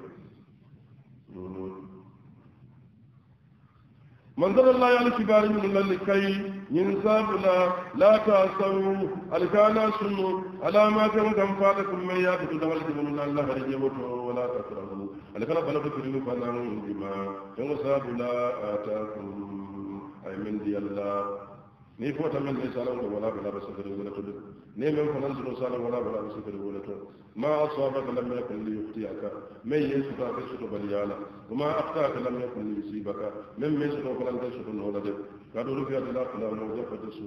من ذر الله على كبار من الملكي ينصاب لا لا تأسروا على كان سنو على ما كان كان فاتكم من ياكي تدولك من الله رجيبك ولا تكرهوا ala kana bana ko tudu bana bima don sabula atakum ay min di allah ni fota men e salam ko wala bala basakari wala to ne men ko nan zuno salam wala bala basakari wala to ma asabaka lam yakun li yuqtiyaka men yesu ta ka suto baliyala kuma aftaka lam yakun li yusibaka men men suto ko lan ka suto no la de ka do rufiya da la mo ja fata su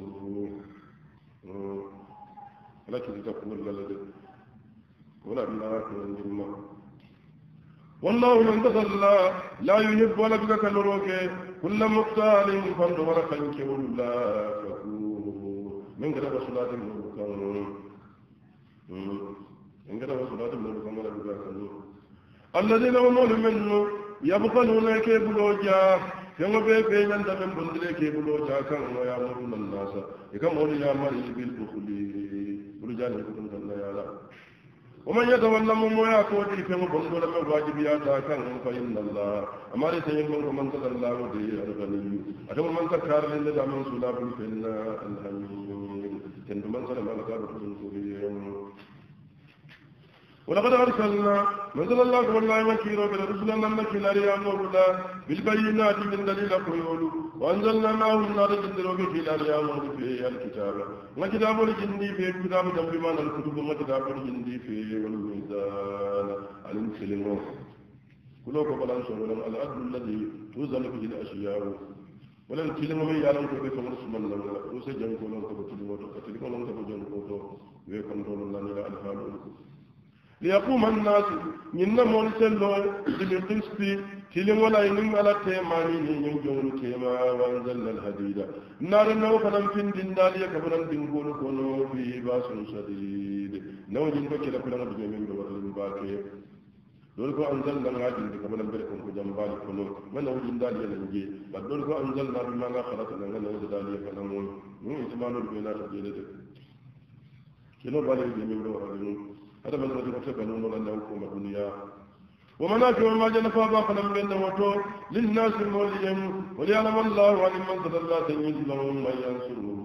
ala ki ta ko la de wala na ko ni ma والله من تسلى لا يحب ولا بك كالروك كل مختال فند ولا خلق ولا من قرب صلاة ملوكا من قرب صلاة ملوكا ولا بك الذين هم منه يبخلون كيف لوجا كما بين أنت من بندل كيف لوجا كان ويأمرون الناس كما يأمر بالبخل رجال يكون ومن يتولى مما يكون في مبند لم يواجب ياتاكن فإن الله أما ليس يمنه من تدى الله به الغني أتم من تكار لله من سلاب الفنا الحميم تند من سلم على كارث الكريم ولقد أرسلنا من صلى الله عليه وسلم كيرا برسلنا من كلاري أمر الله بالبينات من دليل قيوله وأنزلنا معه من نار تدرك في الأرض يوم في الكتاب ما كتاب الجندي في الكتاب جنب ما الكتب ما كتاب الجندي في الميزان والميزان الانسلم كلوك بلان شغل الأرض الذي توزن فيه الأشياء ولا الكلم من يعلم كيف يكون رسما لنا وسجن جنكو لن تبو تلمو تلمو لن تبو جنكو تو ويكون رول الله إلى الحال ليقوم الناس من نمو لسلو بالقسط كلم ولا ينم على تيماني نين جون كيما وانزل الحديد نار نو فلم فين دين يا كفرن دين قول كونو في باس شديد نو جين بك لا كلنا بجي من دو وكل باكي دول كو انزل لنا غادي دي كمان بركم كو جنبال كونو ما نو جين يا نجي بعد دول كو انزل لنا بما خلاص خلق لنا نو يا كلام نو يتمانو بلا تجيد كيلو بالي جي من دو وكل هذا من رجل كتب نو نو نو كو مدنيا ومنافع المجنة فاباق لمن وتو للناس الموليين وليعلم الله أن من صدر لا تنجد لهم من ينصره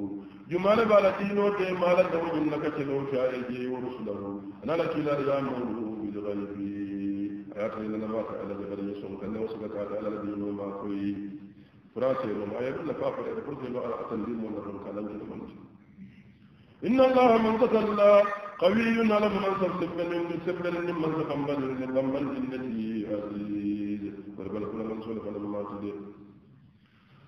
جمال بالتينو تيمالا دو جنك تلو شائجي ورسله أنا لك لا يامر بالغيبي آيات إلى نبات على بغير يسوع كأنه وصلك على الذين ما كوي فراسي وما يقول لك أفر إذا كنت على أتنزيم ونرمك على وجه إن الله من قتل الله قوي على من سبل من سبل من منصب من من التي عزيز ضرب من منصور فلم ما تدي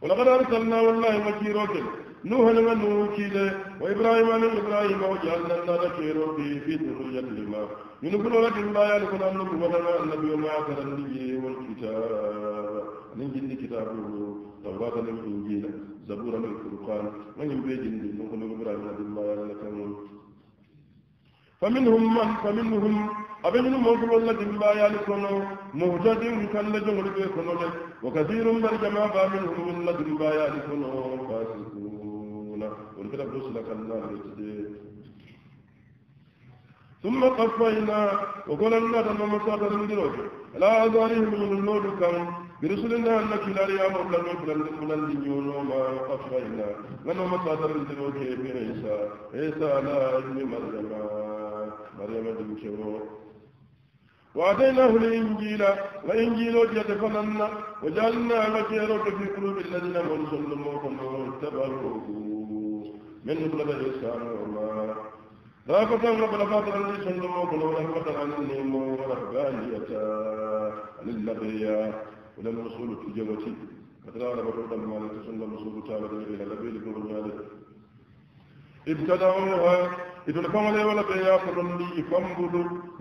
ولقد ارسلنا والله مكي روكل نوح لمن وكيل وابراهيم من ابراهيم وجعلنا النار في روحي في ذرية لما ينقل لك ما يلقن انك وهنا النبي وما كان النبي والكتاب ننجي الكتاب توراة الانجيل زبور الفرقان من يبيجن نوح لابراهيم ما يلقن فمنهم من فمنهم أبين موضوع الذي لا يالكنا مهتد كان لجمع بيكنا وكثير من الجماعة منهم الذي لا يالكنا فاسقون ولكن أبدو سلك الله ثم قفينا وقال الله أن من دروج لا أذارهم من النور كان برسلنا أنك لا يامر لنا بلند بلند يونوما قفينا لنا من دروج إيسا إيسا لا ابن مريم مريم دمكيرو وآتيناه الإنجيل وإنجيل يتفنن وجعلنا بشيرك في قلوب الذين مرسل سلموكم واتبعوه من بلد الإسلام والله رافة ربنا فاطر الذي سلموكم ورحمة عن النعم ورهبانية للبغية ولم رسول تجوتي فترى ربك لما لا تسلم رسول تعالى إلى لبيد بن ابتدعوها إذا كان لا ولا بيا فرلي فمبل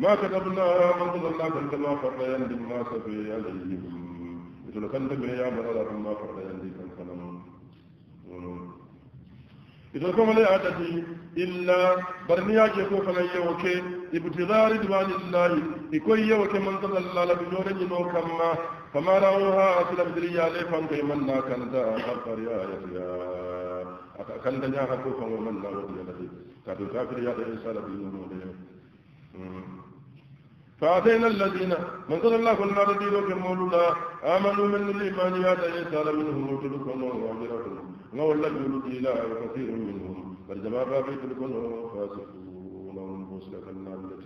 ما كتبنا من الله كنت ما فرليا ما سبي عليهم كان كنت بيا فضل ما فرليا لكم فنم إذا كان لا أتدي إلا برنيا جيكو فلن يوكي ابتدار دوان الله إكوي يوكي من الله لبجور جنو كما فما رأوها أسل بدريا لفن كيمنا كانت أخر يا يا أخر جاهكو فمن لا ودي كاتو كافر يا إنسان بينهم وليهم فأتينا الذين من قبل الله كنا رديلو كمولولا آمنوا من الإيمان يا إنسان منهم وتلكم وعجرتهم وولا جلد إلى كثير منهم فالجماعة في تلكم فاسقون وانبوسك النابلة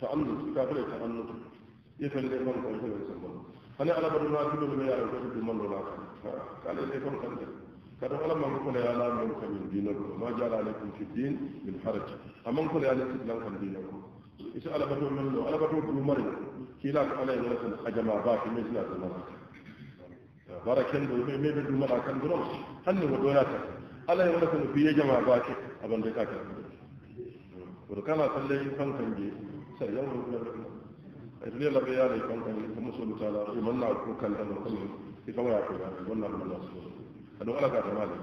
تأمل كافر تأمل يفعل لي من قلت أنا على برنامج كل ما يعرف في المنور قال لي كم خمسة kada wala man ko ya la min ka min dinar ko ma jala alaikum fi din min haraj amman ko ya la fi lan kan dinar ko isa alabatu min lo alabatu du mari kila ko ala ya rasul ajama ba ki min sila da mara barakan do me be du mara kan do hanne wa doya ta ala ya rasul fi jama ba ki aban da ka ka ko kana sallai kan kan je sai yau ne la be ya ne kan kan musulunta la imanna ko kan da ko ko ya ko wannan Allah أنا ولا قاعد مالك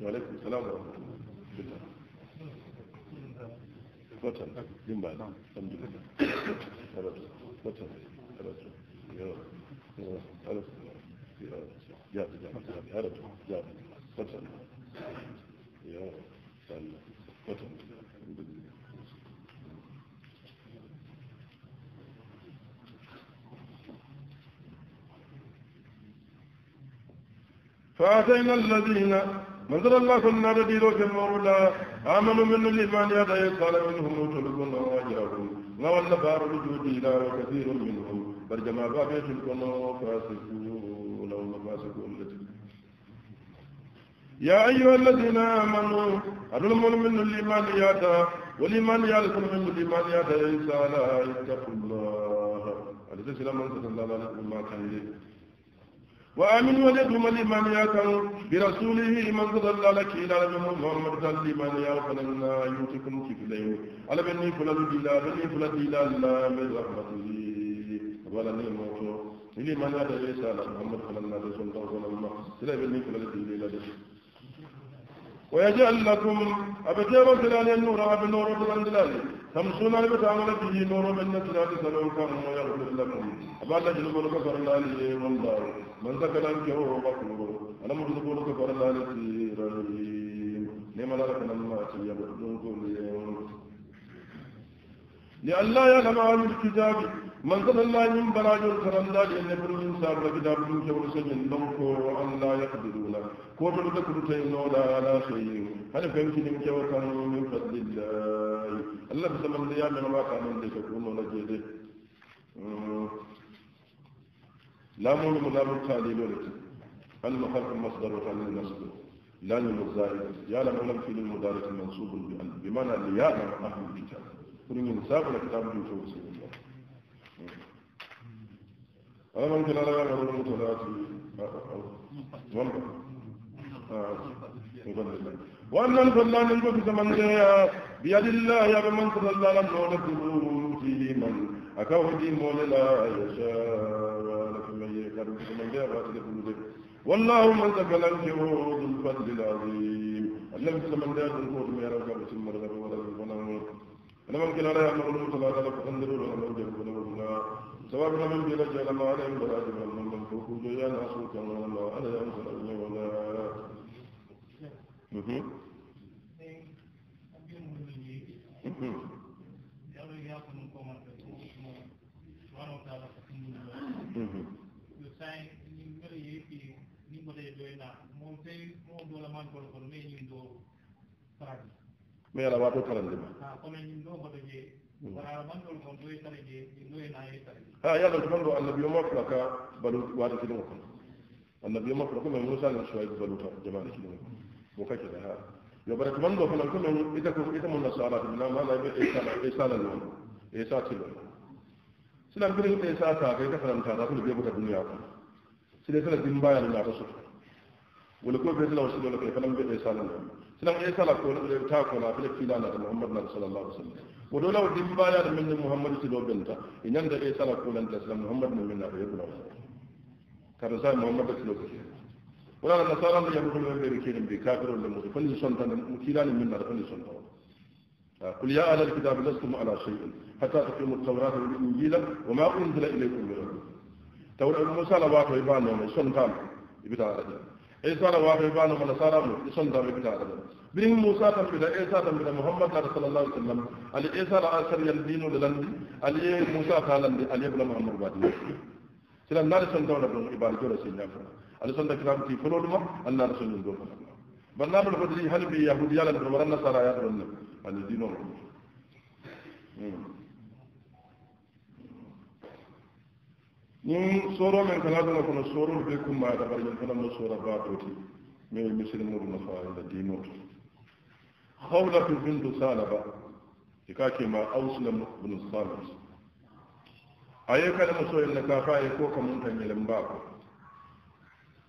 وعليكم السلام ورحمة الله وتر جنب نعم. الحمد لله خلاص وتر خلاص يا خلاص يا جاب جاب وتر يا سلام وتر فآتينا الذين منزل الله صلى الله عليه وسلم آمنوا من الإيمان هذا قال منهم وجلبون واجرهم نوال بار وجود إلى وكثير منهم برجما بابيت القنوة وفاسقون وفاسقون فاسقون يا أيها الذين آمنوا أدلمون من الإيمان ياتا والإيمان يالكم من الإيمان ياتا قال اتقوا الله هذا سلام الله عليه وسلم وآمن من من يأتن برسوله من تضل لك إلى من محمد صلى الله عليه وسلم لا يؤتكم في كفلين على بني فلان بلا بني فلان بلا لا برحمته ولا نعمة لمن يأتن ليس على محمد صلى الله عليه وسلم وسلم إلى بني فلان بلا لا ويجعل لكم أبتغوا سلالي النور أبنور بلان دلالي تمسون على بتعمل به نور من سلو كان ما يغفر لكم الله لي والله من ذكر أنك هو أنا الله لسير لما لا لكم لأن لا يعلم عن الكتاب من قد الله من براجل كرم دال إن فرو إنسان وكتاب من كبر سجن دمكو أن لا يقدرون كوتر ذكر تينو لا على شيء هل فهمت من كبر من فضل الله الله بسم الله من واقع من ذلك كون نجده اه. لا مؤمن لا مقالي ولد المخلق مصدر وخلي المصدر لا للمزايد يا لم لم في المدارك منصوب بأن بمعنى ليا أهل الكتاب كل من سابق الكتاب من توسيم أنا ما يمكن أنا أنا أنا متلاتي ومبا وأن صلى الله عليه وسلم بيد الله يا من صلى الله عليه وسلم في من أكوه مولى لا يشاء ولك من يكرم من يغاد لكم والله من ذكر الجهود الفضل العظيم النبي صلى الله عليه وسلم يا رب ثم رب ولا أنا ممكن أنا أنا متلاتي لكم أنظروا لهم وجهكم سوار لمن بلا جل ما عليهم ولا جبل من لم تكون جيا ناسو كان الله على يوم سلمي ولا mais ala wato karandema ha ya da kamar annabiyo mafraka balu wa da kidin kun annabiyo mafraka mai musa ne shi balu ta jama'a kuma. ko kake da ha yo bara kamar do kana kuma ita ko ita mun nasara da nan ma na bi isa isa da nan sa ce ba silan kidin ta sa ta kai ta faranta da kullu bai ta duniya ko sai da din baya da ta su wala ko bai da wasu da kai kana bai isa da nan sinan e kala ko ta kola fele filanade mouhammad nabi sallllahu alih sallam woto law dimbayade min ni mouhammadu silo benta e ñande e sala kolante sila mouhammad no minna ko yebbuna kata sa mouhammad da silo kote wonana nasaranɗo yaɓukono ɓe ɓeɓe keɗi mbi kafirolle muɗum fonni sontande mo kiilani minnata fonni sontawa قل يا أهل الكتاب لستم على شيء حتى تقيموا التوراة والإنجيل وما أنزل إليكم من ربكم توراة موسى لباك ويبان يوم سنتام يبتع على جنب إيسار واحد بان من سارا من إسم دار أدم بين موسى تم بلا إيسا تم بلا محمد صلى الله عليه وسلم على إيسار أسر يلدين للندي على إيه موسى خالد على بلا محمد بادي سلا نار سن دولة بلا إبادة جورة سينا فرا على سن كلام تي فلول ما النار سن دولة برنامج الفضلي هل بيهوديان البرمرنا سارا يا برنا على دينهم Ni soro men kana dona kono sorol be kumma dabar ñin kana mo sora batoti mais misil muru na faala dinoto khawlatu bintu salaba ika e ke ma auslam bin salat aye kana mo soyel na ka faaye ko kam tan yelam ba ko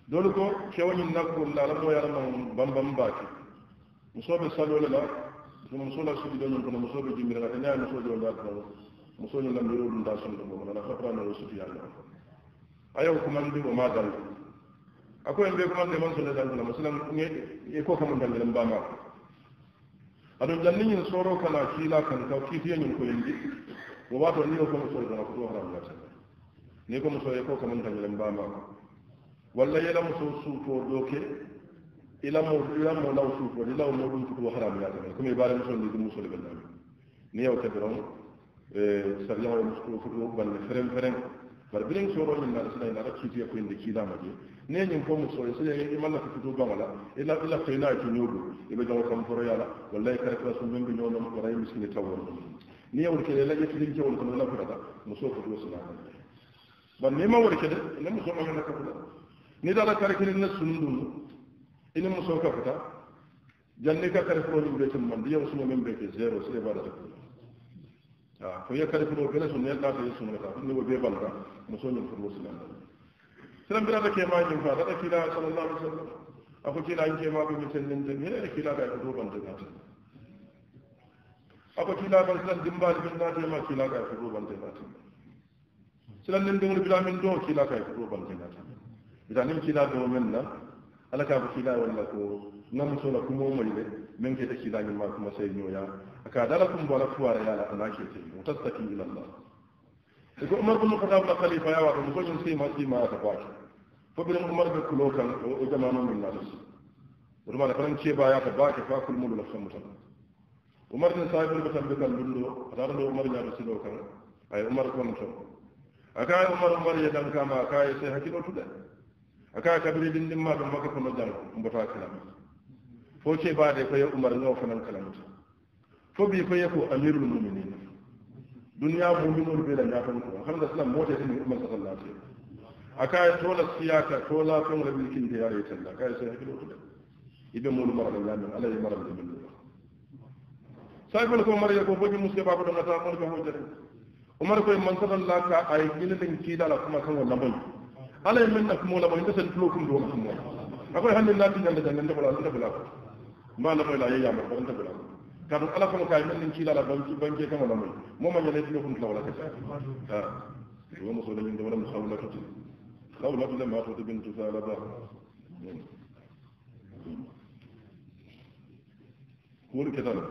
dole ko kewani nakko la la mo yalla man bam bam ba ki musobe salole la mo musola su di don kono musobe jimbira ka tanya e musobe don ba ko musoño lam yoro ɗum da sonde mo nana hotorano o sutuyande on a yaw kumandi o ma dal ako en be ko man de man sunu dal sonde daldelama ngi e ko dal ba ma dallelam dal ni ƴanniñin soro kala ci la kan taw ci ñu ko yindi mo wato ni ko mo soro na ko ram la lata ni ko mo soro e ko dal kamum dallelam mbamako walla yelamo so su ko do ke ila mo ila mo law su ko ila mo moɗum ko ɗo haram ko comme e mo so ni ɗum musole ɓe ndami ni yewte doron sarjaŋo muskulo futuo balle fereŋ fereŋ bari biriŋ sooroo ñiŋ naata sila naata kiitiye ko inde kiilaama je niŋ ñiŋ ko mu soo sai i ma lafi futuo baŋo la i la fey naa ci ñoo kam foroya la walla kare kalasu meŋ be ñoo nomu wara i miskini tawoo nomu niŋ ye wolu kele la je tiliŋ kewolu kono la futata musoo futuo sinaata ma wolu kele ne ma ñona kafuta ni dara kare kiliŋ ne sunu dundu i ni kafuta janni ka kare furoo ñiŋ be timmandi yewo sumo meŋ be ke zero sila i ko ye kali fulo bele sun ne ta ta sun ne ta ni wo be balka muso ni fulo sun ne silam bira da ke ma jin fa da kila sallallahu alaihi wasallam ako kila an ke ma bi misalin da ne da kila ga ko ban da ta ako kila ban silam dimbal bin da ma kila ga ko ban da ta silam nin dingul bila min do kila ga ko ban da ta bila nin kila do men na alaka ba kila walla ko na muso na kuma mai ne منك كي تكي ذاك ما كما سيدني ويا أكادركم ولا كوار يا لا كي وتتكي إلى الله يقول عمر بن الخطاب الخليفة يا واحد يقول ينسي ما سيما يتباك فبن عمر بكلو كان وجمعنا من الناس ولما لفرن كيبا يا تباك فاكل مولو لخمتا عمر بن صاحب بن بندو أدار له عمر يا رسول الله كان أي عمر كنتم أكاي عمر عمر يدان كما أكاي سيحكي له تدى أكاي كبري لندما دمك فنجان مبتاكلا ko ke ba da kai ya umar no kalamta bi ko amirul mu'minin duniya mu'minul bi da ya fan ko har da sallan mota ne umar sallallahu alaihi akaya tola siyaka tola kan rabil kin da yare talla kai sai hakilo da mu umar da yamin Allah ya marar da bin sai ko ko mariya ko bi muske babu da ta mun ko hojjata umar ko man sallallahu ka ay kilin kila la kuma kan wannan ban Allah ya minna kuma la ban ta san tulo kun do kuma akwai hannun lafiya da jannan da bala da bala malamo la yeyama ko onta bela kaatu ala kono kay men nin kiilala banque kama lamoy moma ñane tino fun tawla kati a wo moso dañin demaram xawlatuti xawlatu lema tuti bintu salaba kuuli ketala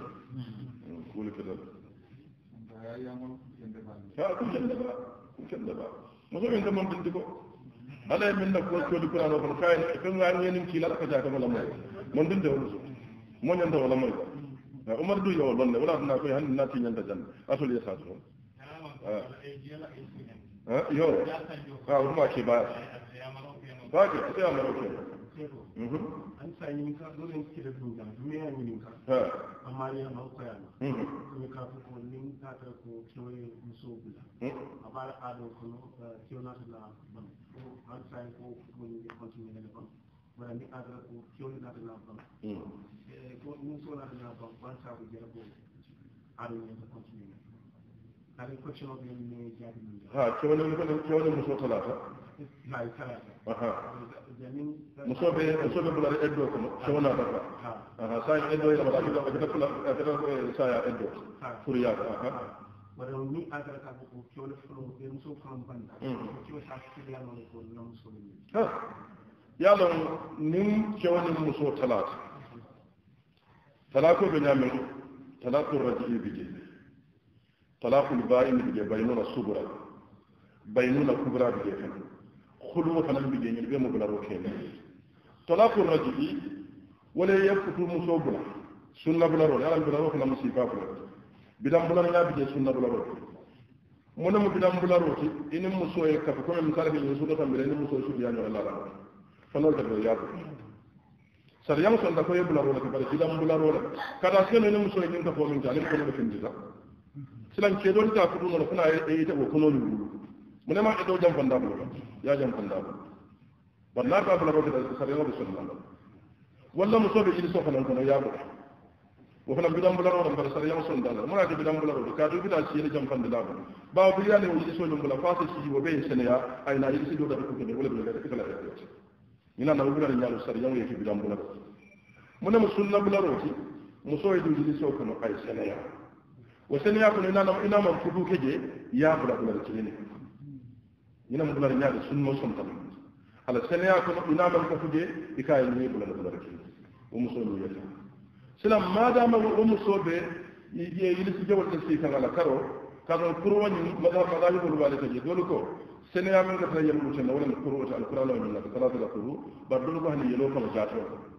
kuuli ketala a kum ken deba kum ken deba moso min demam binti ko ala min nak wo coodi kurano kono kayen fengaar ngenin kiilala kata kama lamoy mon dinde wo moso moñanta wala moy ko umar du yow londe wala dina koy han nati ñanta jan asul ya satu ah u a ki a ba i k a sa y l a d u a n y a a amma y ko ya ma ni k i a m l a ko ko na t ni adala ko tioni na dala ban e ko mun so na dala ban ban sa ko jara ko ado ni ko continue na ko chono be ni jadi ni ha chono ni ko chono mun so tala ta ha tala ha muso be muso be bula eddo ko chono na ba ha ha sa eddo ya ba ko ko kula ko sa ya eddo furiya ha wala ni agara ka ko ko chono fulo be muso kan ban ko chono sa ki la no ko no muso ni ha yalon nin kewani muso talata talako be ñamen talakul rajii bi je talakul bayin bi je baynuna subra baynuna kubra bi je kan khulu fana bi je ñin be mo bula roke ne talakul rajii wala yafutu muso bula sunna bula ro yalan bula ro kana musiba bula bidan bula nya bi je sunna bula ro mo ne mo bidan bula ro ti ini muso e kafa ko mi sarabi muso do tambere ni muso su biya ñola la kana ta da yaro sarya musu da koyo bularo da kare gidan bularo da kada sai ne musu yin ta komin ta ne ko da kin jita silan ke don ta kudu na kuna yi ta ko kuno ne mu ne ma ido jan fanda ko ya jan fanda ko wallahi ka bularo da sarya musu da wallahi musu bi ido sofa nan kuno ya ba wa fa bidan bularo da bar sarya musu da mu na ji bidan bularo da ka du gida ci ne jan fanda ba ba bi ya ne wani so jan bularo fa sai shi wa bai sanaya ai na yi sido da kuke ne wala bi da kike la ta ce ina na wula da yaro sar yawo yake bidan bular muna musulna bular wati muso ya dubi so kuma ai sanaya wa sanaya ko ina na ina man fudu keje ya bular bular kine ina mun bular ya da sunno sun tabi ala sanaya ko ina man ka fuje ika yi ne bular bular kine wa muso ya ta silam ma da ma wa muso be yi yi su jawal da sai kan ala karo kaga kurwani maza maza yi bulwa da kaje dole ko sene ya men kata yamlu tan wala alqur'an alqur'an wa minna salatu alquru bardu ko hani yelo ko jaato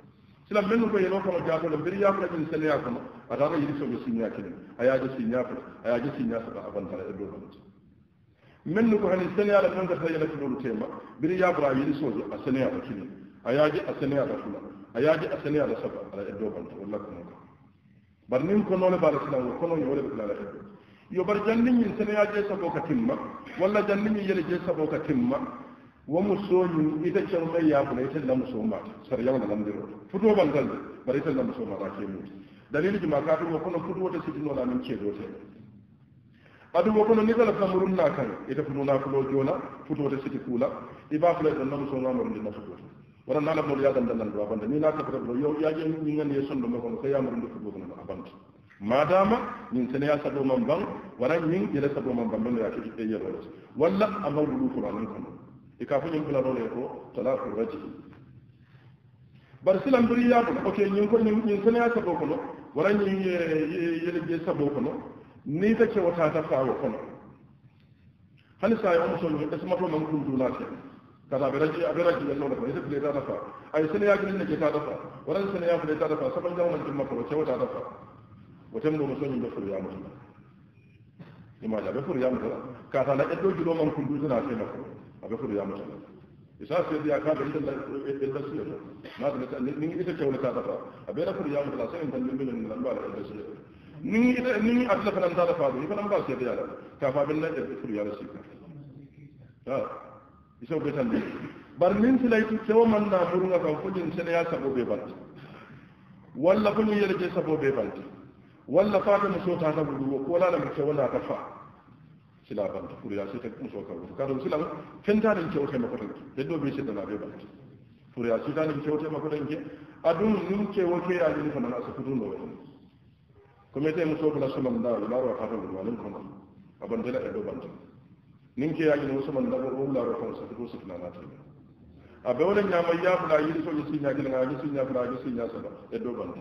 sila men ko yelo ko jaato le bir yaako tan sene ya ko adara yidi so sinya kene aya je sinya fa aya je sinya fa aban tala do ko men ko hani sene ya men kata yelo ko do tema bir yaako ra yidi so a sene ya ko kine aya je a sene kula aya je a sene ya ko ala do ko wala ko barnin ko nole bala sila ko no yole ko la yo bar sani ya je saboka timma walla janniñin yele je saboka timma wo ya ite ita yakuna itella muso yawan sara yawna landiro ban bangal de ita itella muso ba ke muti dalili juma katumo kono futuwote sitinola min ceedote adumo kono ni ala murun na kan ita futu na fulo jona futuwote kula, i iba fula ito na muso Wala na futuwote ya nala mol yadandalandu abanda ni na kafata fulo yo yaje ñingan ye sai kono ko da futuwo kono abanta madama ñin sene ya sado man ban wala ñin jele sado man ban don ya ci e yelo wala amal amma ko qur'an ko e ka fu ñu ko la do le ko talaqu rajul bar silam bari ya ko ok ñu ko ñu ñin sene ya sado ko no wara ñin yele je sado ko no ni ta ci wata ta fawo ko no hal sa ya musul ko tasma to man kun dula ce kaza be rajul abe raji yelo ko ita bile ta ta fa ay sene ya gina ne ci ta ta fa wara sene ya bile ta ta fa saban jawu man kin makko ce wata ta fa وتمنو مسنين دفر يا مسلم لما جاء دفر يا مسلم كاتا لا يدو جلو من كل دوزنا سينا فر دفر يا مسلم إساء سيد يا كاب إلا السيد ما دم سأل نيني إسا كولي كاتا فر أبي دفر يا مسلم سينا فر من الأنبال إلا السيد نيني إسا نيني أبلا فر أنزال فاضي فر أنبال سيد يا لك كافا بلنا دفر يا رسيد ها إساء بيسان دي برنين سلايت سوى من نامرنا فر كل walla fata muso ta ta budu ko la la mace wala ta fa sila ban ta ya sai ta muso ka rufu kada sila fen ta din kyautai mako tanki da dobe shi da labe ba ya shi ta din kyautai mako tanki adun nun ke wake ya din kana su kudu no wani kuma ta muso kula sulam da la ro ka ta wani kuma aban da da ban ta nin ke ya din wasu man da ko la ro ka su kudu su na ta abe wannan ya mai ya fula yi so yi sun ya gina ya sun ya fula yi sun ya saba da doban ta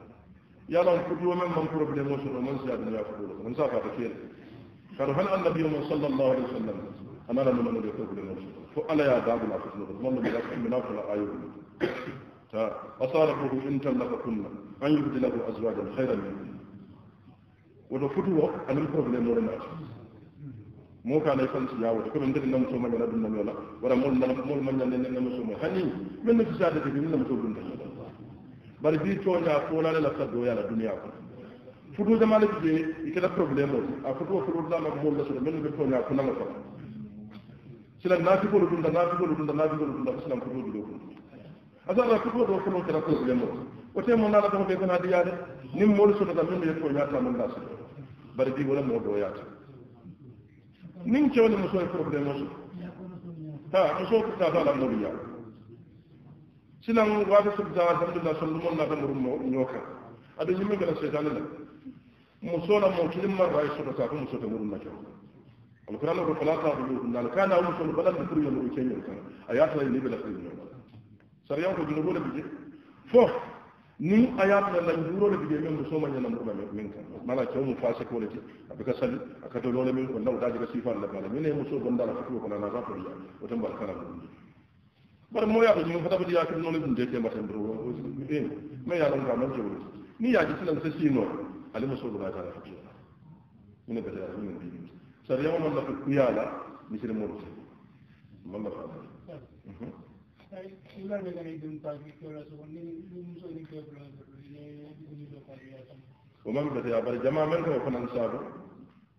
يلا نكتب ومن من بروبليم وصل ومن زاد من يفعله من زاد هذا كير كانوا هل النبي صلى الله عليه وسلم أنا لم من بروبليم وصل فألا يا باب العفو من من يفعل من أفضل أيوه فصالحه إن كنا أن يبدله أزواجا خيرا منكم woto futuwo anin probléme wona naati mo kana fan si yawoto komin ndeti nam soma ñana ɗum nam yola wara mol mol mañande ne nam soma hani min no fisade tigi min nam so ɗum bari bi coña foolale la sa doyala duniya ko futu jamale je ikata probléme o a futuo futuotama ko moolu lasoro men ɓe coña kunanga ko sila naafikolu dunda naafikolu dunda naafikolu dunda ko silam futuo julo kun asara futuo ɗo kono kata probléme o o temo nala tan ɓe kana diyade nin moolu sotata men ye coñata men la soto bari bi wala moo doyata nin cewne musoe probléme o so ha muso ko tata ala moolu yaa silan wata subta alhamdulillah sallallahu alaihi wasallam murmo nyoka adu yimmi gala shaytan la muso la mo kilim mar ray so ta ko muso ta murmo nyoka alquran ko fala ta du na kana wa muso balan bi a ko kenyo kan ayata la libla ko nyoka sariyan ko junubo la bije fo ni ayata la juro la bije men muso ma nyana murmo men kan mala ci mu fasa ko lati abika sal akado lola min ko lawda jiga la min ne muso gonda la ko ko na na ko ya o bare moo yaatoo ñu xetaba di yaakar noonu dun deetee mbatem bro ñ mais yaa ron kaa mal jëwlu ni yaa gis lan sa siinoo ali masoudu laa kaa rafet yàlla ñu ne bëtee yàlla ñu ne bii sa yow man la fa ku yàlla ni si ne moo rusee man la fa amal o man bëtee yàlla bare jamaa man ko fanan saabu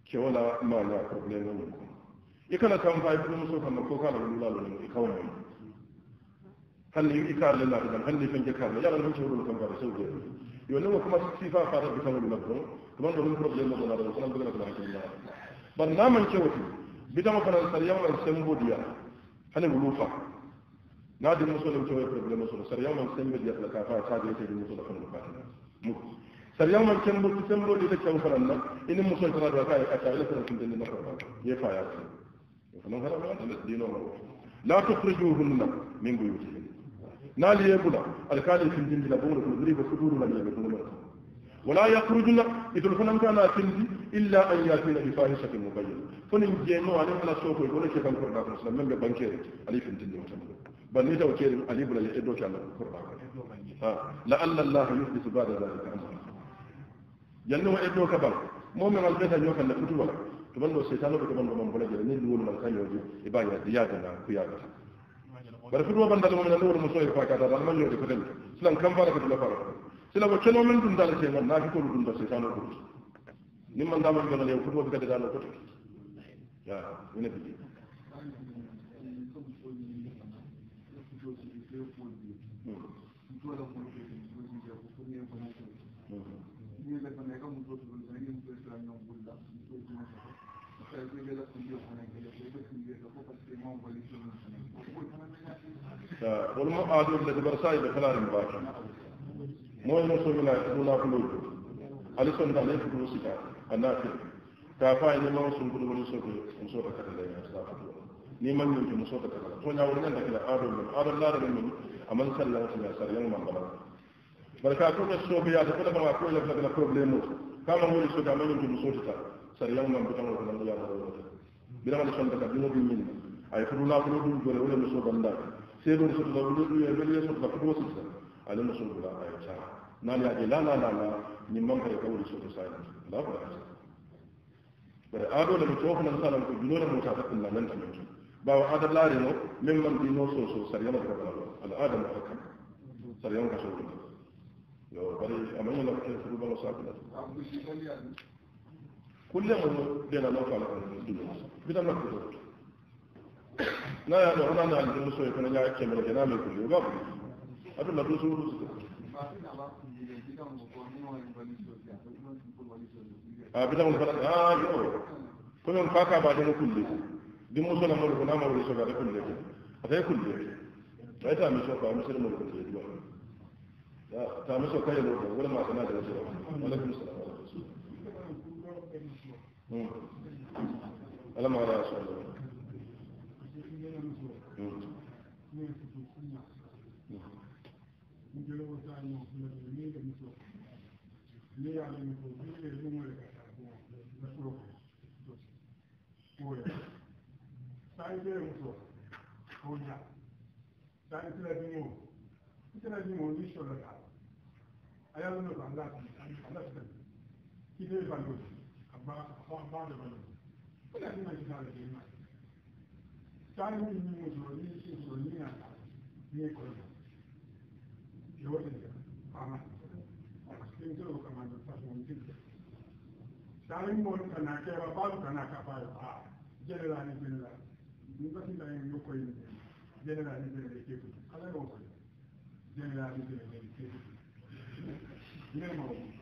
kewo la maanaa problème ñu ko i kana kam faay bu ñu mosoo xam ne kookaa la lu laa la ñu i kaw moom hanni i ka alla laaɗo jam hanni fen jekkaarla yaala ɗum cewɗum kam bara sewde yo nema kuma sifa fata bi kamolu nak ɗon ɗuman ɗo ɗum probléme ɗo naɗo kono mbegana kono hakkilla bar naman cewti bitama fanan sariyaman sembodiya hane wulufa naadi musole cowe probléme soto da sembodiya la ka fa sadirete ɗi musola fanno fatina muko sariyaman sembodi sembodite cew fanan nak ini musol tanaɗo a ka e da ila fana sumdendi nafafa ye faya fanan haramaa dino la tukhrijuhunna min buyutihim نال يبلا الكالي في الجند لبور في الغريب صدور من يبلا ولا يخرجن إذا فنم كان تنزي إلا أن يأتين بفاحشة مبينة فنم جينو عليه على سوق يقول كيف أن كرنا فرسنا من ببنكير علي في الجند وتمر بنيت وكير علي بلا يدوك على كرنا لعل الله يحدث بعد ذلك أمرا ينو إدوك بل مؤمن البيت يوكا لكتب لك تبنو الشيطان لك تبنو من بلجر نيل ولمن كان يوجد إبايا ديادنا كيادنا bari fituma banda ɗum nan woni muso fakata tan man yode kotel silan kam fara kotula fara sila ko ceno men ɗum dala segan naafi kolu ɗum da seytano man ya Thank hmm. you. Hmm. Hmm. wolmo aadol le dubar sayi ɓe felarin mbaaki moyno somina ɗunakuloju ali sonda ley fuɗuo sika a naafir ka fayni mawo sunkuɗo woni soto musota kata ley safatu ni mañinke musota kata toña won ñanda kila aadol men aadol laarani men aman sallantiña sar yangman mbala bara ka koɓe sookoyaade fota kama koye lefna kala probléme o kama woni soto a mañinke musotita sar yangman bitaŋo ko nanɗo yamarowote biraŋa ne sonda ka ɗumo ɗum minna ay fuɗu laakulo ɗum jore wole muso bandaake سيدو يسر لو يبل يسر لكدو سلسل على النصر بلا أي ساعة نالي أجي لا لا لا لا نمان كي يقول سلسل ساعة لا بلا أجل بل آدو لما توقنا نسالا نكو جنونا متعفق الله لن تموتون باو آدو لا رينو ممن دينو سوسو سريانا ربنا الآدم محكم سريانا كسول الله يو بل أمان الله كي يسر بلا ساعة كل يوم دينا نوفا لكم الدنيا بدا نكتب na ya ɗo hana na aljihun so ya kuna ya kemar gina mai kuri ba abin tun da dusu wuri su a bidan mun fara a yi o kuma faka ba da kulle din musu na mulku na mawuri so ga da kulle a sai kulle ai ta mishi ka mishi mulku da duwa ta mishi ka yi mulku wala ma sana da wasu alaikum salam alaikum salam alamma ala sallallahu ينفذ كل من جلوة عنه كل جميل مثله ليه على المفروضية يزوم مسروح قوية سعي بيه مسروح قوية سعي تلا ديمون تلا ديمون ليش ولا تعالى أيام النظر عندك عندك كده يبلغ أخبار أخبار بعض يبلغ ولكن ما يجب على الجميع 三零零九一七九一年的美国人，有人啊，新州干嘛的？他是我们这个。三零零可能开发包可能开发啊，这个哪里这个？你不是在有可以的，这个哪里这个的结果？看来我可以，这个哪里这个的结果？没有。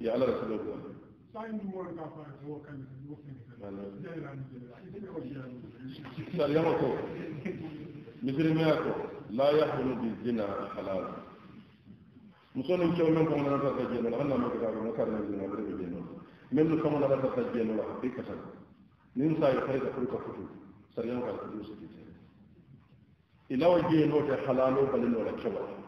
ya ala rasu dogo sariyama ko misirimiya ko la ya hulu bi zina halal muso ni cew men kama ta ta jeno la an ka kita ko nakar zina bere jeno men kama ta ta jeno la hakikata nin sa yi fayda kuri ka futu sariyama ka futu su kite ila wa jeno te halalo balin wala kebala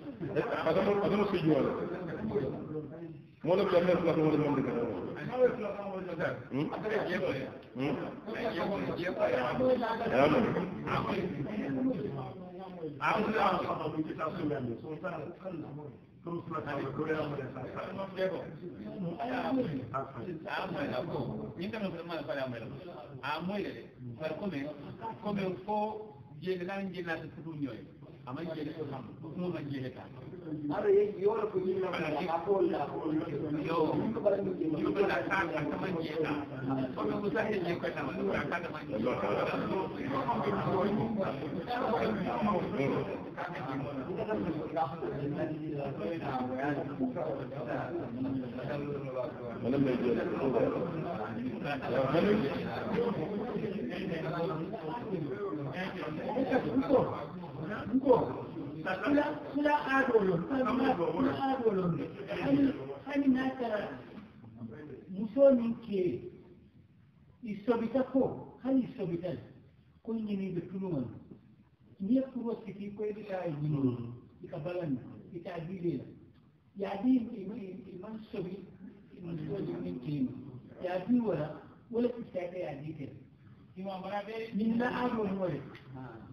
adam adam su jual mo la jamel la mo la mo de amoy le par comme comme fo jé lan jé la tutu ñoy amma jeli ko kam kuma man jeli ta ara ye yoro ko yimma ko ko la ko yo ko bara ni jeli ko la ta ta ta man jeli ta ko ko sa he je ko ta man ta ta ta man jeli ko Benim de diyor. Benim ngo kula adolon kula adolon hani natara musonin ke isobita ko hani isobita ko nyini be tunuman ni kuro siki ko ida ta nyini ikabalan ita adile ya di iman sobi iman sobi ni ke ya di wala wala ki ta ya di ke imam rabe min la adolon wala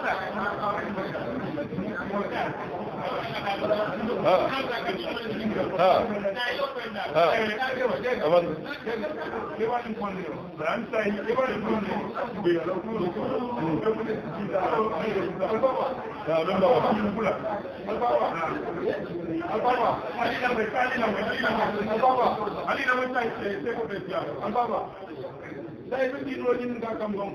sai mun yi rojin ga kan ban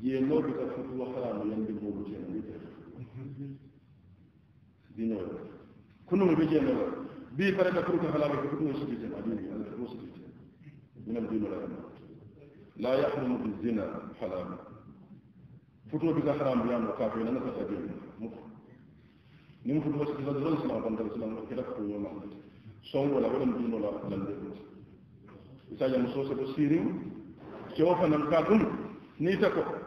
ye no bi ta futu waxara no yandi bo bu cen bi dino kunu bi je no bi fara ka futu xala ko futu ci bi adini ala ko ci bi min dino la la yahrumu bi zina haram futu bi ka haram bi am ka fe na ka tabi mu ni mu futu ci da do islam ban da islam ko kala ko yo ma son wala wala dino la lan de isa jam so so sirin ke wa fanan ka dum ni ta ko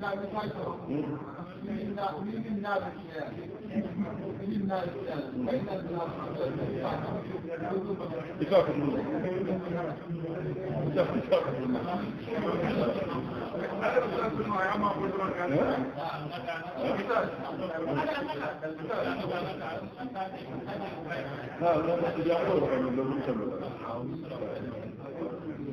جزاكم الله جزاكم الله لا لا لا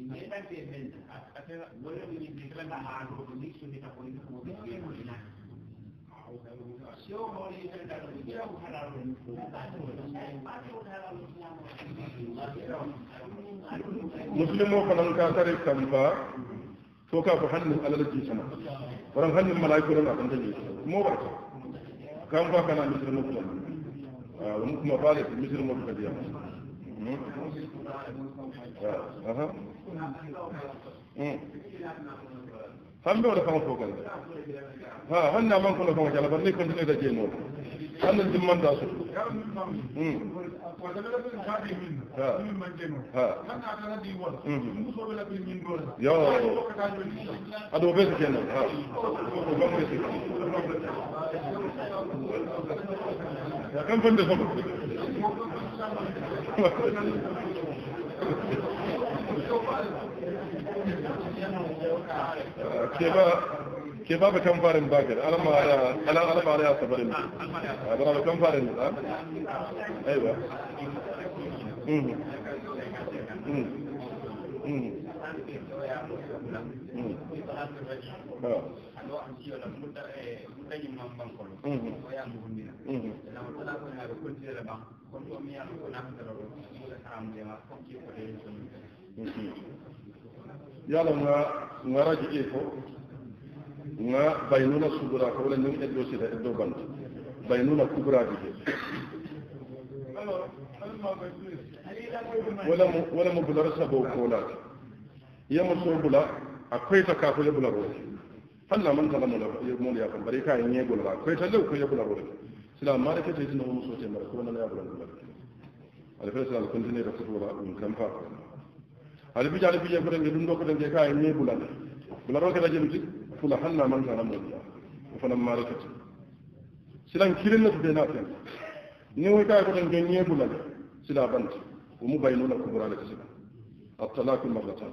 النسبة في البنت ولم يتكلم عن الكونديشن ميتابوليزم وبيسير ولا شو هو اللي يقدر يجيبه حلال مسلمو فنان كاسر كنفا سوكا فحن على الجيسنا ورن حن الملائكة لنا عند الجيسنا مو بس كنفا كان مثل مطلق ومكما فالك مثل مطلق ديام أها hambe wala kaŋo fo kanta ha han na man kono kaŋo cala bari ni continue ta jee noon han na dimman da su yo ado be su kenan ha o ban be su ya kan fande fo كيف كيف كم فارن باكر انا ما انا انا ما عليها سفرين انا كم فارن الان ايوه امم امم امم ko yaa ngi woni na ko la ko na ko ci la ba ko mi yaa ko na ko la ko mo la yala nga nga raji e ko nga baynuna subura ko wala ñum eddo sita eddo bant baynuna kubra bi wala mu wala mu bulara sabo ko la ya mu so bula koy ta kafo ya bularo falla man kala mu la mu ya kan bari ka yin bularo akwai ta lew ko ya bularo sila mara kete tin mu so te mara ko na ya bularo alfa sala kuntinira kutuba in kan fa ali bija ali bija ko dembe ɗum ɗo ko dembe kaye ni bulane bulano ke rajelu ti fula hanna man kana modiya o fana marakati silan kirin na tude na fen ni wo kaye ko dembe ni bulane sila banti o mu baynuna kuburale ke sila attalaku marratan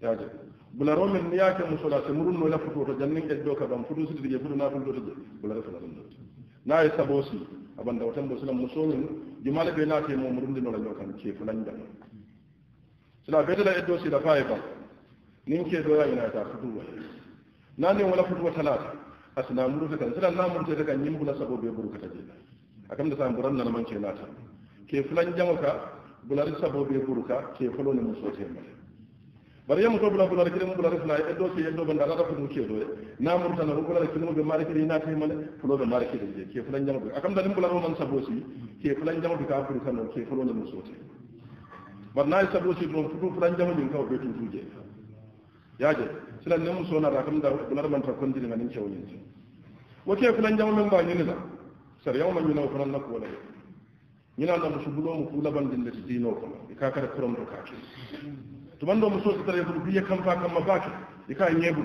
yaje bularo men ni yake musola se murun no lafuto to jannin e do ka ban fudu sidi je fudu na fudu to je bularo fana ɗum ɗo na ye sabosi abanda wotan bo silan musomin jumale ɓe naate mo murundinola ño kan ke fulan jama sila betela eddo sila faye ba nin ke ya ina ta futuwa nanin wala futuwa talata asina muru kan sila na muru ta kan nyimbula sabo be buru kata jela akam da san buran nan man ke lata ke fulan jamaka bulari sabo be buru ka ke fulo ne muso te ma bari yamu to bulan bulari kirimu bulari fula eddo ke eddo ban da ta futu ke do na muru ta na bulari kirimu be mari kiri na te ma fulo be mari kiri ke fulan jamaka akam da nim bulari man sabo si ke fulan jamaka ka furu kan ke fulo ne muso te ma bar nayi sabo si don fudu fudan jamo din kawo betu tuje yaje sila ne muso na rakam da bular man ta kondiri ngani cewo ne wote fulan jamo men ba ni ne da sar yawma min na fulan na ko wala ni na musu bulo mu kula ban din da dino ko ka kare kuram do ka ke to bando muso ta tare ko biye kan fa kan ma ba ke ka nyebu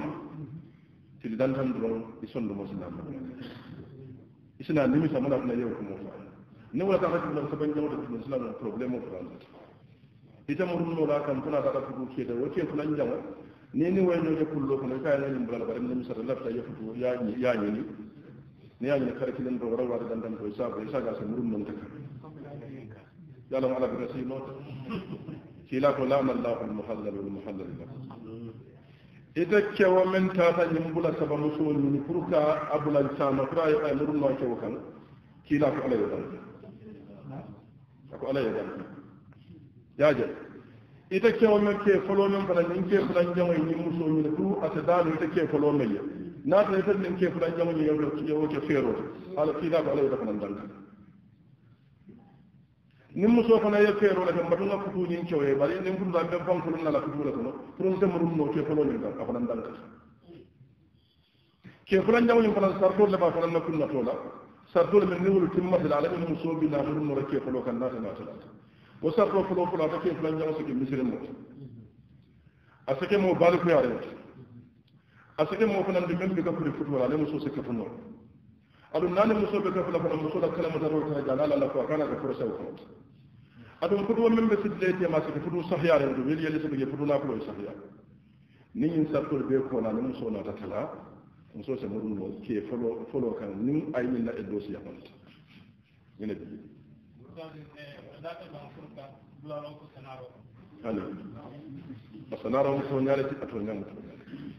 tili dan tan do ison do musina ma isina nimi samana na yau kuma ne wala ka ka ban jamo da islam problem ko ita murmu la kan tuna da ku ke da wace kuma jama ne ni wai ne kullo kuma kai ne mun bala bare mun sar Allah ta ya fito ya ya ne ni ne ya ne karki dan dogara wa dan dan ko sa ko sa ga sun murmu ta ya lan ala bi sai no ki la ko la man la al muhallal wal muhallal ita ke wa min ta ta yin bula saba musul min furka abulan ta ma kura ya murmu ke wa kan ki la ko ala ya dan ko ala ya dan yajal ita ke wannan ke folo min fara din ke fulan jama yi muso min du ata dalu ita ke folo min ya na ta ita din ke fulan jama yi yau ke yau ke fero ala kida ba ala da kan dan nin muso fana ya fero la kan batun futu nin ke waye bari nin kun da ban fan kulun na la futu la kuma kurun ta murun no ke folo min ka fara dan ke fulan jama yi fara sarto da ba fara na kunna to la sarto min ni wul timma da ala min muso bi na murun no ke folo kan na ta na ta وسرطو فلو فلو تكي فلان جاو سكي مسير الموت أسكي مو بالك يا ريت أسكي مو فلان دي من بكفر الفتوى على مسو سكي فنور أدو ناني مسو بكفر فلان مسو لك كلمة روتا جلال الله فأكانا كفر سوى فلوت أدو فتوى من بسد ليتي ما سكي فتوى صحيا ريت ويلي يلي سكي فتوى نافلو صحيا نين سرطو البيكونا لمسو ناتتلا muso se muru no ke folo folo kan ni ay min na edosi ya konta ala a sanara musu wani yare a tunan mutu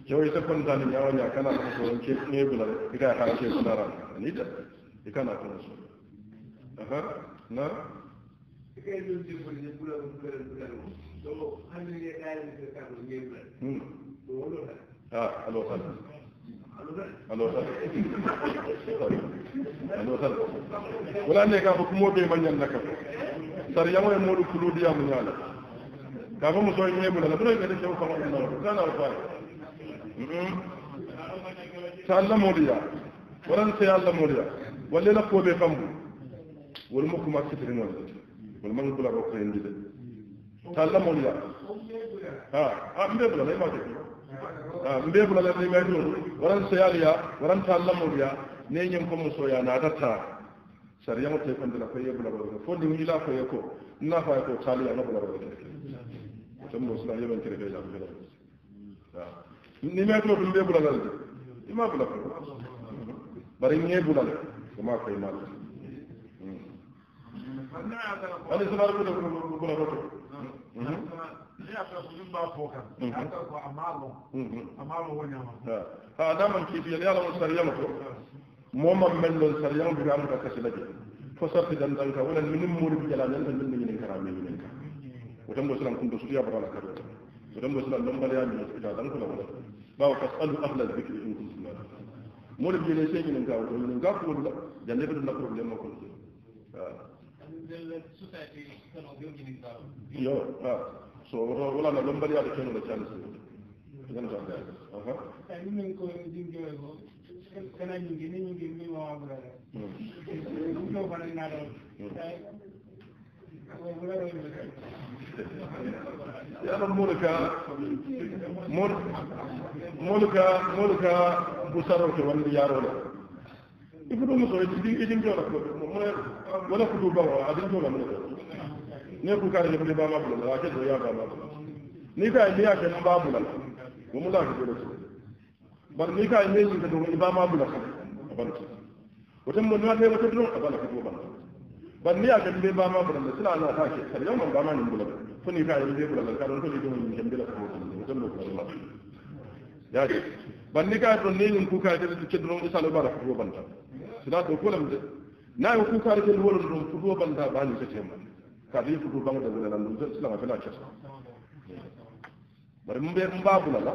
yau ita kwanta ya wani ya kana kuma sauran ke ne bula ita ya kara ke sanara ni da ya kana kuma su aha na a alwasar alwasar alwasar wula ne ka fi kuma bai manyan na hmm. sariyaŋo ye moolu kuluu diya mu ñaa niye kaa fo musoo ñee bula la bula ngete kew kama illa wo kana o faaye sa alla moolu yaa waran se alla moolu yaa walle la koobee kambu wolu mo kuma sitirinoolu le wolu maŋ bula ro koyendi de sa alla moolu yaa a a mbee bula la imaa teki a mbee bula la imaa teki waran seyaali yaa waran ta ne ñiŋ fo musoo sariyaŋo te kondila ko ye bula barke fo niŋ ila ko ye ko nna fa ye ko kaali ana bula barke te mo sila ye ben kereke jaabu kela ni me ko dum be bula la de ima bula ko bari nge bula le ko ma ko ima le ani sila ko de bula ko ha da man kifi ya la mo sariyama ko moom am mel loolu sax yow bi nga am nga kase la jëm fa sorti dan dan ka wala ni ni mu wóorul jëlaat yan tam mën nañu leen ko raamee ñu leen ko. bu dem bosi naan kum dosu yàlla wala kër la jëm bu dem bosi naan ba mbala yaa ñu def ilaa danga ko la wala. waaw parce que alu ak la bi kii ñu ko mu leen jëlee seen ñu leen ko waaw ñu leen gàpp wala la jan lépp dina problème moo ko waaw. yow waaw soo waxoon wala naan ba mbala yaa ko cëñ la cëñ la si ngeen ko waaw. tey ñu leen ko jëm jëmee boobu. kana nyingi ni nyingi mi mama brother mtu bana ko yaran na mulka mulka busarau to wanda yaro la ifudo mo so idin idin jora ko mo wala ko duba wa adin jora mo ne ku ne ba ma bula wa ke do ya ba ba ni ka ni bar ni ka iba ma ka wata mun na kai wata don a ban ni ba ma ta ke sai ba ma ni bula Ko ni ka yi be bula ka don ko ni don ni ko ni ko ya ji ni ka don ni ku ka da ke don isa Allah baraka ban ta sila do na yi ku ka da ke don ku do ban ta ba ni ka ce ma ka yi ku do ban da bula nan don sila ma fina ke ce bari mun bai mun ba na la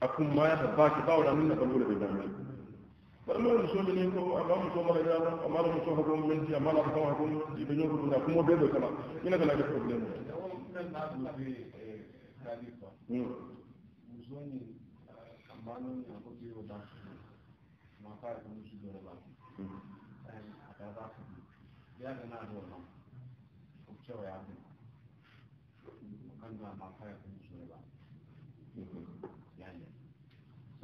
akum ma ya ba ki ba wala min na kalula be dami bal mo so min ko amma mo so ma ya amma mo so hakum min ti amma ko hakum di be nyoru na kuma be do kala ina kala da problem ne muzoni kamano na ko bi oda ma ka ko musu do ba ka ba ku ya na do ma ko cewa ya kan ma ka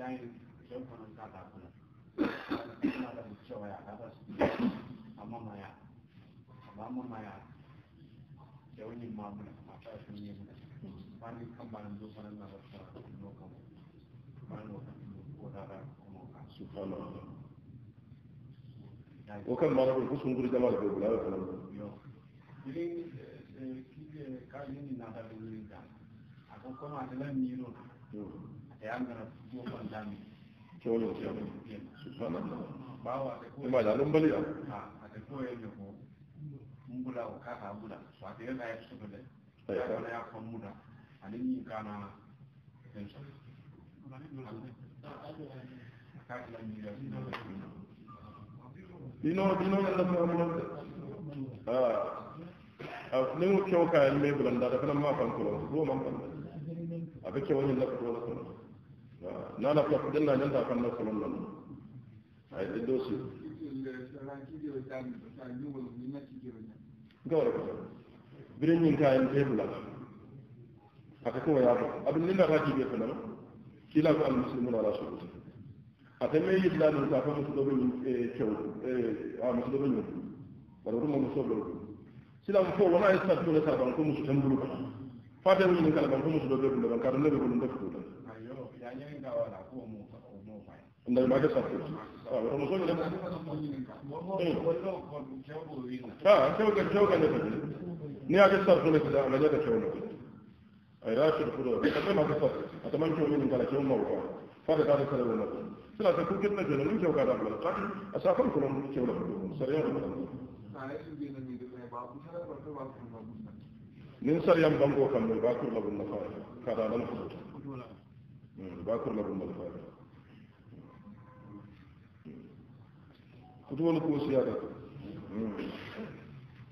dai don kono ka ta kuna na da mu cewa ya ka ta su amma ma ya amma ma ma ya da wani ma mun ma ta sun yi mun ba ni kan ba nan zo kana na ba ta no kan ba no kan ko da da kuma ka subhanallah o kan ma na ko sun guri jama'a da bula da kana yo ile ki ka ni na da ni da akon kono atela ni ro cewlo subhanallah imala ɗum mbaliya mbula o kaka mbula wate yona ya sotole ona ya fa mbula anin ñin kana tenso ɗino ɗino ganda fa mbulonde a ni mu kew kayan me bulandada fana ma fankolo ɗo man fanda aɓe kewañin lakkotola kono nana ko dinna nyanta kan na solon nan ay de dosi gawara ko birin yin kayan tebula aka kuma ya ba abin nina raki bai fana kila ko almuslimun ala shuruti ata me yidla dun ta fa musu bin e kyau e a musu dobin yin barbu mu musu dobin sila mu ko wala yasta to da saban ko musu tamburu fa ta yin kala ban ko musu dobin da ban karan da ko mun da fito nda ma desa ko ah mo ko le ah ko ko ko ko ni a desa ko le da la da ko no ay rashid ko do ta ma desa ta ma ko min kala ko mo ko fa da da ko le no sala ta ko ke na jelo ni ko ka da ko ta asa ko ko mo ko le ko sare ko nin sar yam bango kam ba ko la bunna fa ka da la ko bakar labin malfari kutuwar siya da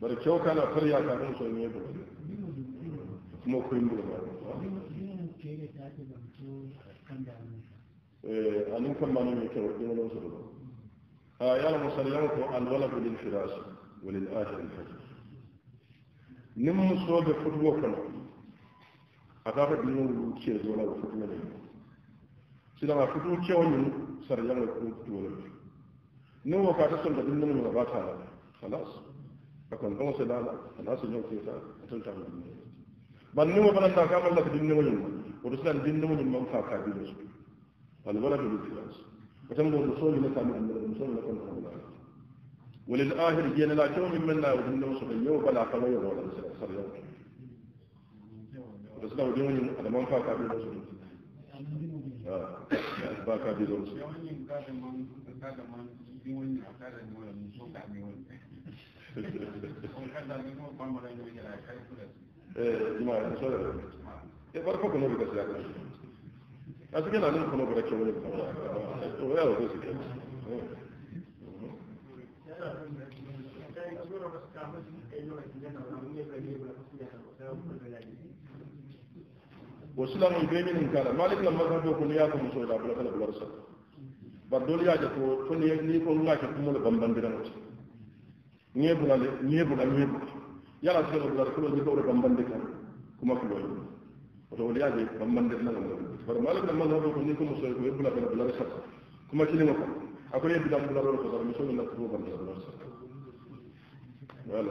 bari kyau kana farya kafin su ne ba kuma kuyin da ba eh, a ninkan ma ne mai kyau ɗin wani wasu ba a ko alwala firasi wani nin musuwa da wa kanu a kafa ɗin wani ke zuwa na da kutuwar ne. sidanga futu kewo ñun sara yanga ko tuwol no wa ka ta sonda dum mun ba ta khalas akon ko se dala khalas ñoo ci ta tan tan ban ni mo ban ta ka malla dum ñoo ñun ko tan dum ñoo ñun mom fa ka bi do wala wala bi khalas ko tan do so ni ta mun so ni ko ko la walil ahir jena la kewo min man la wa dum ñoo so yow bala ka yow wala sara yow ko tan do ñoo ñun adam fa ka bi do so ba ka bi l o n su e bar ko kono bi kasi akon a cikin nan kono bi a k e wani kamar to ya wato su ke Gracias. wasu lamun gremi ne kala malik lamun ka do kun ya ko so da bula kala bular sa ba do ya ja ko kun ye ni ko ngaka ko mo ban ban dira ni ne bula ne bula ne ya la ko bular ko ni ko ban ban dira kuma ko yo to do ya ja ban ban dira na ba malik lamun ka do kun ni ko so ko bula kala bular sa kuma kini ma ko akwai yadda zan bular ko so mi so na ko ban dira sa wala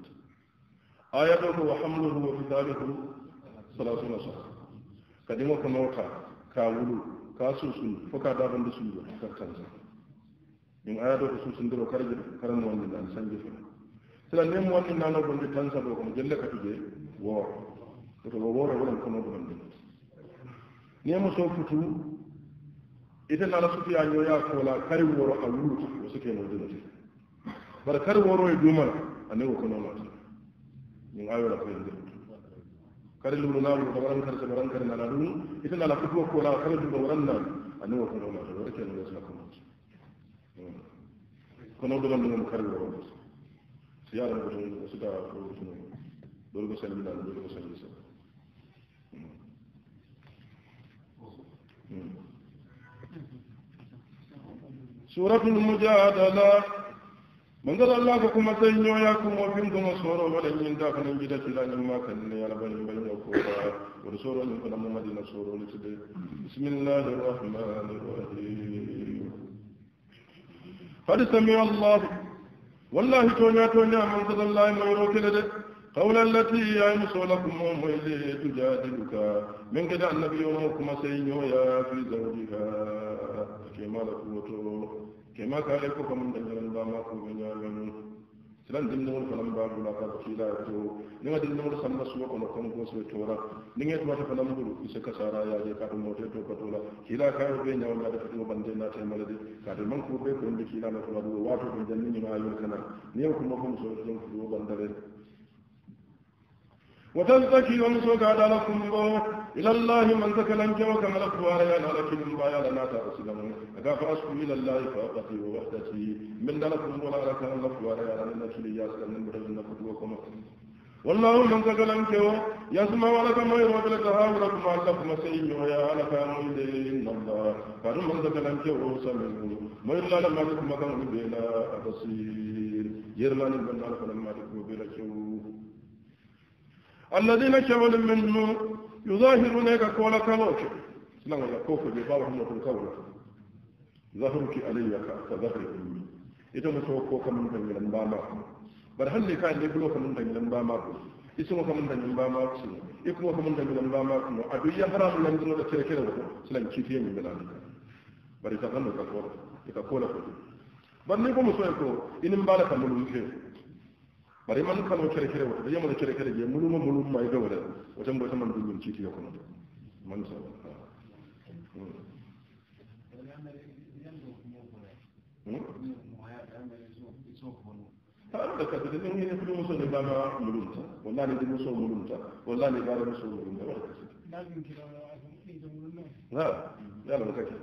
ayatuhu wa hamluhu wa fidaluhu salatuna sa kadimo ko nawta ka wulu ka susun ka da ban da sunjo ka kanza in ayatu ko susun do karje karan wannan dan sanje fa sala ne mu wonni nano bonde tansa do kuma jalla ka tuje wa to ko wora wala kuma no bonde ne mu so futu ita na sufi an yoya ko la kare woro a wulu ke suke da dinati bar kare woro e dumal anego kuma no ñin ayola ko yende kare lu na lu dawaran kare sa waran kare na lu ita na la ko ko la kare du waran na ani wo ko na do rek na sa ko ko no do ban ngam kare wo siyara ko do su da ko su no do ko sel mi na do ko sel mi sa سورة المجادلة من الله كم تين ياكم وفين دم ولا من ذا كن جد تلا نما كن يا رب من بين يوكوا ورسول من كن ما دين صور لتد بسم الله الرحمن الرحيم قد سمع الله والله تونا تونا من الله ما يروك لد قول التي يا مسولكم ومهلي تجادلك من كذا النبي يومكم سينيو يا في زوجها كما لك e ma kaale ko ko mon dañgeren mbama kome ñaamen silan dimndigol fanam mbagula kaa fiila e to ninga dimndigol samma suwa kono kam goosoe toora ninge tuwata fanam mbulu i sikka sara yaaje kaato moote to katola kiila kaaro ɓe ñawnaade fatigo bande naate mala de kaato manque ɓe ko nde kiilanatoladuo waato to jannini maayol kana ni yew ko mokomo soo jonkuɗuo bandare وتزكي ومسوك على لكم إلى الله من زكى لنجوك ملك واريا لكن بايا لنا تأسلم أقاف أشكو إلى الله فأقتي وحدتي من لكم ولا لك ملك واريا لنا كلي ياسلم من برزن قدوكم والله من زكى لنجو يسمى ولك ما يروى لك هاولكم علكم مسيح ويا لك إن الله فأنا من زكى لنجو سمعه ما لك لما لكم مكان بلا أبصير يرماني بنا لكم ما لكم بلا شو الذين كفروا منهم يظاهرون كولا كلوك لا ولا كوكو ببابهم وكولا ظهرك علي كظهر أمي إذا ما توقوك من تنجل مباما بل هل لك أن يبلوك من تنجل مباما isuma ko mun dañu mbama sunu ikuma ko mun dañu mbama sunu adu ya haram lan dum da tere kere ko sulan kitiye mi bela bari ta kan ka ka ni ko ko mun bare man kano kere kere wata daje man kere kere je muluma mulum mai ga wada wata mbota man dubun ci ti yakono man sa haɗu da kasa da ne kudu musu da bama mulunta wallahi da musu mulunta wallahi ba da musu mulunta Nah, na ya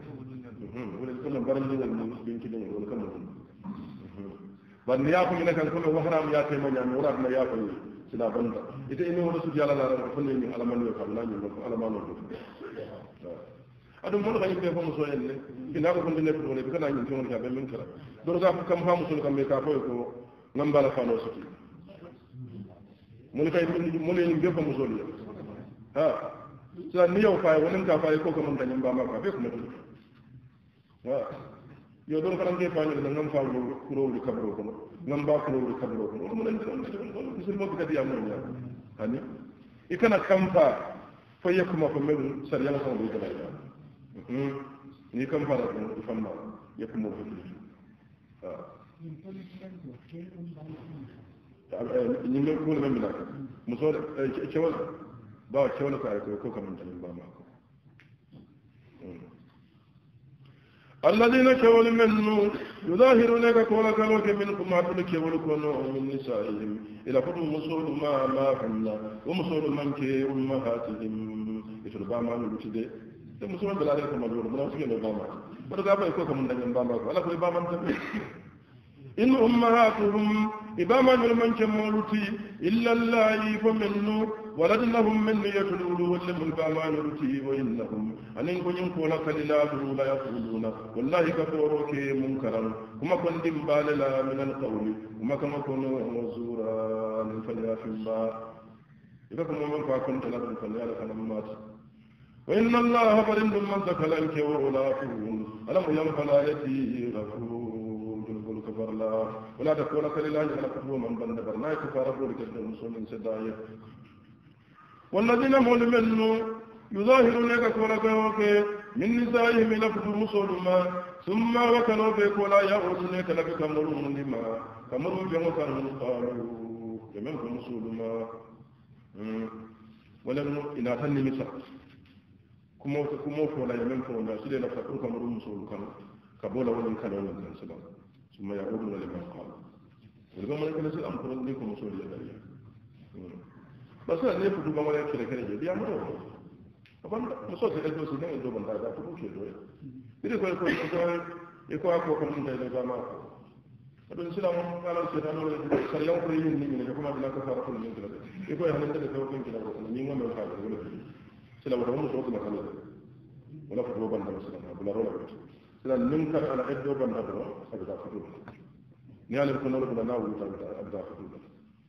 Hmm, kake kita nak barin dengan mun bin dengan wala kan bari ni yaafo ñine kan kono wahram yaate ma ñaami woraat na ko ñu ci ñi sila ta ite wala ine wona suti ala laara ko fonni ñin alamaniyo kam na ñu ko alamano do aɗum mono kañum ɓe fo muso en ne ina ko fonde nekko wone ɓe kana ñin fewon kaɓe min do dono ko kam faamu musol kam ɓe ka ko ko ngam bala faano gambala fano suti moni kay moni ñin ɓe fo musol yo ha ni yow faye wonen ka faye ko ko mo dañim ñu ba ma ko be ko mettude wa yo don karam ke fañu da ngam faal ko kurol di kabro ko ngam ba kurol di kabro ko mo len ko ko sir mo bidati am no ani ikana kampa fa yakuma fa mel sar yalla ko do dala mhm. ni kampa da ko famma yakuma fa eh, ni ngam eh, ko na mbina ko mo so cewal ba cewal ko ay ko ko kam tan ba ma ko الذين كولوا منه يظاهرون كولا كلوك منكم ما تلك ولكم من نسائهم إلى كل مصور ما ما حملا ومصور من كي أمهاتهم يتربى ما نقول نلتدي المصور بلا عليك مجور بلا سكين الباما برقا بيكوك من نجم باما ولا كوي باما نتبه إن أمهاتهم إباما من من كمولتي إلا الله يفهم النور ولد لهم من نية الولو ولم البامان رتي وإنهم أن إن كن كون كلا لا يقولون والله كفورك منكرا كما كن دمبال لا من القول وما كما كن وزورا من في الله إذا كن من كنت لكم فلياف المات وإن الله فرند من ذكلنك وأولاكم ألم ينفلا يتي غفور كفر لا ولا تكون كلا يغلق من بند برنا كفار بولك من سدايه والذين مولمنوا يظاهرون لك كولك من نسائهم إلى فتو ثم وكنوا فيك ولا يغرسون لك لك كمرون لما كمرون جمعك من قالوا جمعك مصول ما ولم إلا تنمي مسا كمو كمو فولا يمن فولا سيدنا فتو كمرون مصول كم كبولا ولم كانوا من الانسان ثم يعودون لما قالوا ولكن ما يكون لسي أمكرون لكم مصول يدريا 嗯。Mm. ba suna ne fudu ba wani kira kira je biya mura wani aban muso ta ɗauko su ne in zo ban da za ku ke doya biri ko ko ko ya ko ko kan da ne ba ma ko abin sila mun kala su da nore sallan ko yin ni ne kuma da ka fara kun ne kira ya ko ya hanin da ka kun kira ko ni ngam ba ka da wala sila wa mun so kuma kala wala fudu ban da sila wala rola sila nun kar ala eddo ban da ba ka da fudu ni ala ko nore ban na wuta da fudu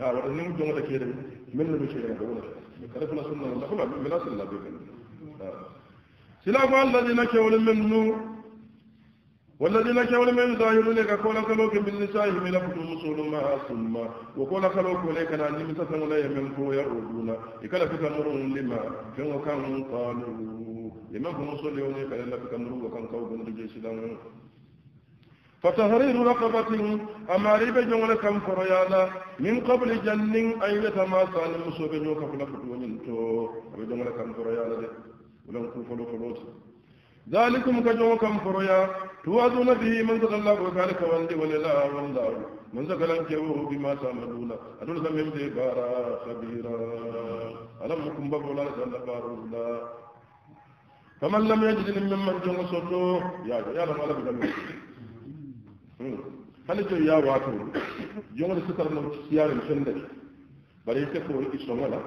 aa ni mu jongo ke dem men na ci dem wala def na sunna la والذين كانوا من ظاهرون كقول خلوك من نسائهم لفظ مصول ما ثم وقول خلوك لك أن لم تفهم لا يملك يعودون إكل فكمر لما كان وكان قالوا لما هم مصول يوم إكل فكمر وكان قوم رجل سلام فتهرير رقبة أما ريب جمل كم فريالا من قبل جن أن يتماسى المسوب نوك فلا فتون انتو أبي جمل كم فريالا دي ولن كفلو فلوت ذلكم كجو كم فريا توازون به من ذكر الله وذلك وندي ولله والله من ذكر لم يوه بما تعملون أدول سمهم دي بارا خبيرا ألم يكن بقول لك أن بار الله فمن لم يجد من من جنسه يا يا لما لم يجد yaa hani to ya wato yongol sukar no siyarin sende bari yake ko yi songola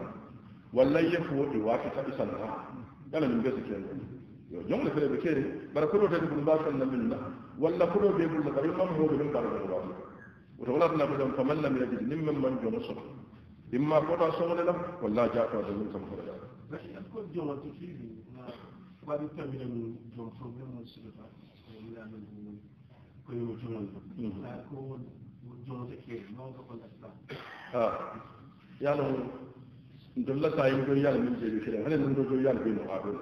wallahi ya ko yi wato ta isan ha dala min gasa kende yo yongol fere be kere bare ko to dum ba san na min na walla ko be bul da yongol ho be dum ba ko wato wato wala na ko dum faman lam yajid nimman man jono so imma ko ta songola la wala ja ko dum kam ko da ko jono to fi ma ba di tamina dum problem mo sulu ba ويوجود فيكون وجود موثق الأسباب يعلم دولة سايم جو يعلم من جيبي خير هل من جو يعلم يعني بين وعبد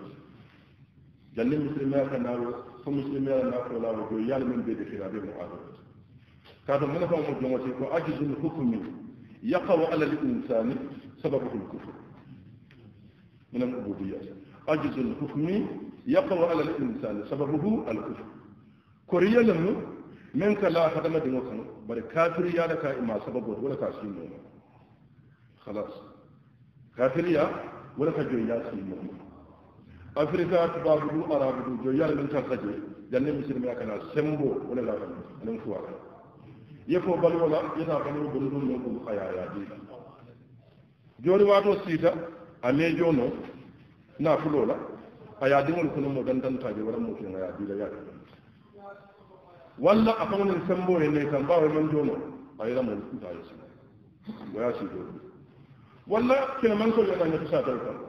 جل مسلم يا كنارو ثم مسلم يا نافع لا جو يعلم من بيد خير بين وعبد كادو من فهم الجمعة يكون عجز الحكم يقع على الإنسان سببه الكفر من العبودية عجز الحكم يقع على الإنسان سببه الكفر كوريا لهم من كلا خدمة دينكم بل كافر يا لك إما سبب ولا كاسين خلاص كافر يا ولا كجوا يا سين يوم أفريقيا تبادلوا أرابي دو جوا من كاسين جنة مسلم يا كنا سمبو ولا لا من فوق يفو بلو ولا يتابعون بدون نقول خيال يا جيل جوا واتو سيدا أمي جونو نافلو لا أيادين ولكنهم دندن تاجي ولا ممكن يا جيل يا جيل walla a faŋnin sembore ne kan bawo man jono ayira mo ta yi sima mo ya ci do walla kina man ko yo na nyato sa tal kan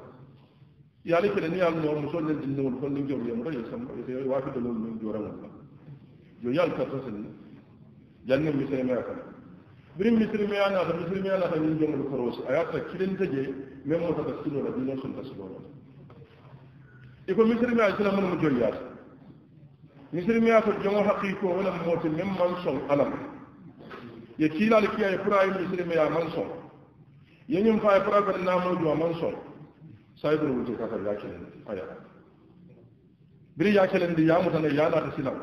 ya le kina ni ya no mo so ne din no ko ni jor yo mo yo sam yo wa fi do no jora mo yo yal ka to sen janne mi sey ma kan birin misirme yana da misirme yana da yin jomul korosu a yata kirin tage men mota da silo da dinin sun da silo da iko misirme a cikin mun mu joriyata misilimiya to jongo haqiqo wala moti min man son alam ye kiilal kiya ye pura ye misilimiya man son ye ñim fa ye pura kan namo juma man son sai buru wuti kafar ya kelen aya biri ya kelen di ya mutane ya la ta silam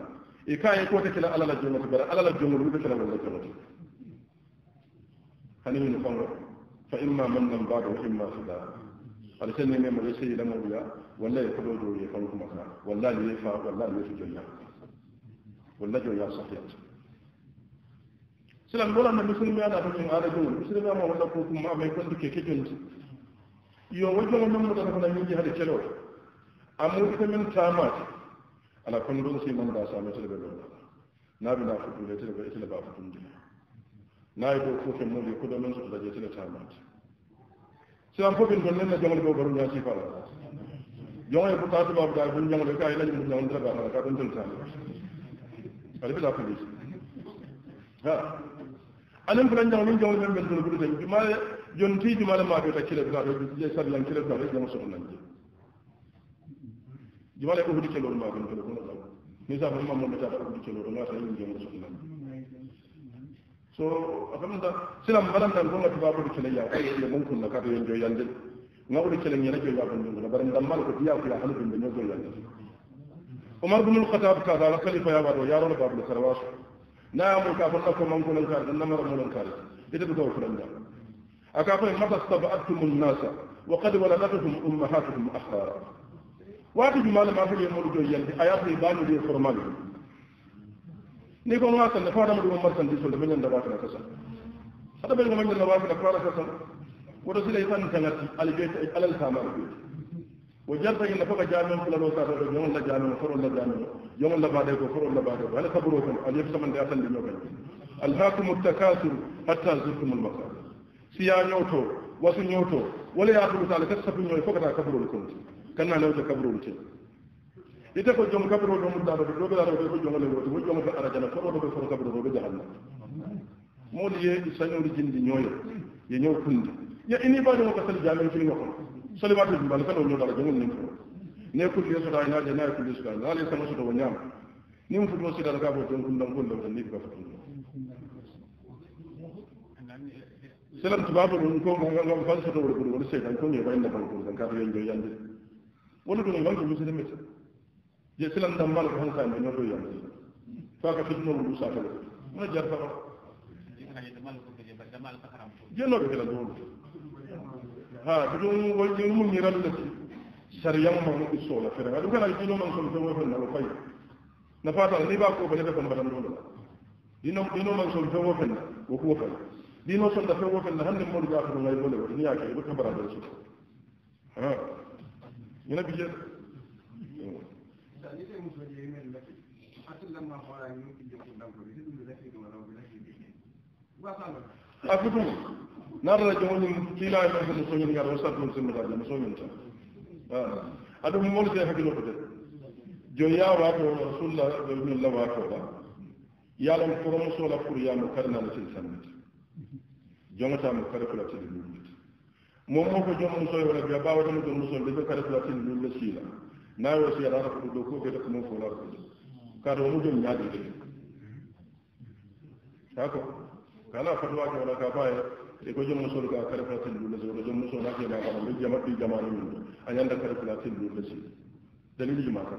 e ka ye ko ta kila alala jongo to bara alala jongo ru ta kila wala ta wala hani min fango fa imma man nan ba'da wa imma sada alsani ne mo sai lamu ya wallahi ko do ya ye kuma kana wallahi ya fa wallahi ye jonya wallahi jonya sahiya silam dolan na musulmi ana to min da jomu musulmi ma wala ko kuma mai kan duke ke jonti yo wajen mo mun da kana min jihad celo Amma ko min ma ala kun don sai mun da same ta da don na bi na fudu da tilba ita ba fudun da na yi ko kofin mu da kudamin su da ta ma sai an ko bin don nan da jama'a go garu ya ci fara يوم بقات ما بدا بن جان لك اي لجن جان درا ما كا بن تنسان هذا بلا فلوس ها انا فلان جان من جان من بن بن تنسان ما جون تي جمال ما بيتا كيلا بلا جاي سر لان كيلا بلا جام سو نان جمال اكو دي كيلو ما بن كيلو ni sa ma mo ta ko ci lo ma sa ni jom so nan so afam da silam balan dan ko ngati babu ci le ya ko ye mon kun na ka to yon jo yandel ngawri kele ñene joy ya bandi ngala bare ndam mal ko tiya ko ya halu bindi ñogo ya Umar ibn al-Khattab ka dala khalifa ya wado ya rolo babul sarwas na amul ka fa ko man ko lan kar nan mara mulan kar ida ko ko lan da aka fa mata sab'atum an-nas wa qad waladatuhum ummahatuhum akhara wati jumal ma fa yemul joy yandi ayatu banu de formal ni ko ngata na fa dama dum mar san di sol be ñan da ba ta kasa hada be ngam ñan da ba ta kasa ورسول يفن سنتي على البيت على الخامة البيت وجرت إن فقط جامع فلا لو سافر يوم الله جامع فر الله جامع يوم الله بعده فر الله بعده هل خبروكم هل يفسم اللي أصل اليوم الهاكم التكاثر حتى زرتم المقابر سيا نيوتو وسو نيوتو ولا يأخذ تعالى كسب نيوتو فقط كبروا لكم كنا نيوتو كبروا لكم ite ko jom kabro do mudda do do do do ko jom le wotu jom ko ara jana ko do ko kabro do be jahannam mo liye sanyo jindi nyoyo ye ya ini ba da maka sal jami'in fil makon salibatu bin balkan wallo da rajin ko ne da ina da na ku yesu da na le sama su da wanyam ni mu fudo su bo dan kun da ni ka fatu salam tubabu dun ko ga ga fa su da wuri wuri sai dan ko ne bayin da ban ko dan ka da yanjo yanje wani dun ban ko musu da mece je salam dan bal ko han sai fa ka fitno mu sa je no ha dum wal jum mi rallati sariyam mo isola fere adu kana jilo man son fewo fenna ko fay na fata ni ba ko bele ko badan dole dino dino man son fewo fenna ko ko fay dino son da fewo fenna hande mo ga ko ngai bole ko ni yake ko kabara da su ha ina bije أفتون narata jogoñum kiilaye men kene soñin ngar o sat ɗum simmata jam soñin tan aɗum molse hakkilo ko de joni yawato rasulullah ɗominullah watoɗa yalam promosola pour yamo karnano til sannete jogatamo kare kulatili lullude mom mo ko joom musoy wala biya bawatamo joom musoy ɓe ɓe kare kulatili lulle siila nawo si aɗa ara ko ɗo ko ɓeɗa ko mum folar ko kaɗa womo joom ñaaɗi ɗe kako kala fatwaake wala ka faye iko jom musol ka kare fa tillu la zo jom musol ake ba kana bi jama'a bi jama'a min ayan da kare fa tillu la shi dalil jima ka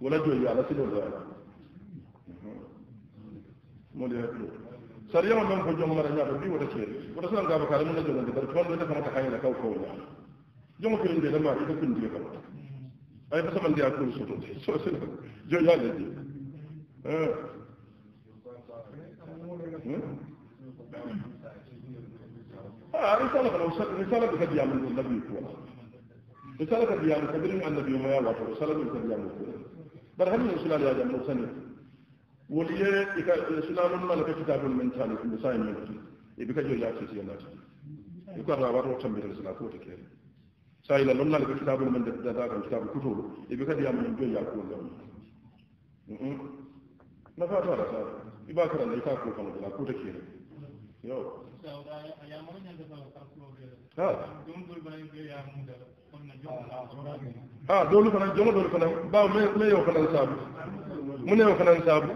wala joyi ala silo da mo de haklo sariya mo don ko jom mara nyaa bi wala ke wala san ga ba kare mun da jom da ko da kama ta hayla kaw ko ya jom ko inde da ma ida kun dire kama ay fa samal dia ko so to so so jo ya de eh رسالة لو رسالة كديا من النبي كولا رسالة كديا من كبير من النبي ما يوافق رسالة كديا من كولا بل هم رسالة يا جماعة سنة وليه إذا رسالة من مالك كتاب من ثاني من ساين من كتير إبكا جو يأتي سيانا يكون رابط وتم برسالة كولا كير سائل لون مالك كتاب من دتاك كتاب كتول إبكا ديا من جو يأكل لهم نفعت هذا إبكا كلا إبكا كولا كولا كولا كير يو ah doolu fana joŋo doolu fana bawo me y'o fana saabu mun y'o fana saabu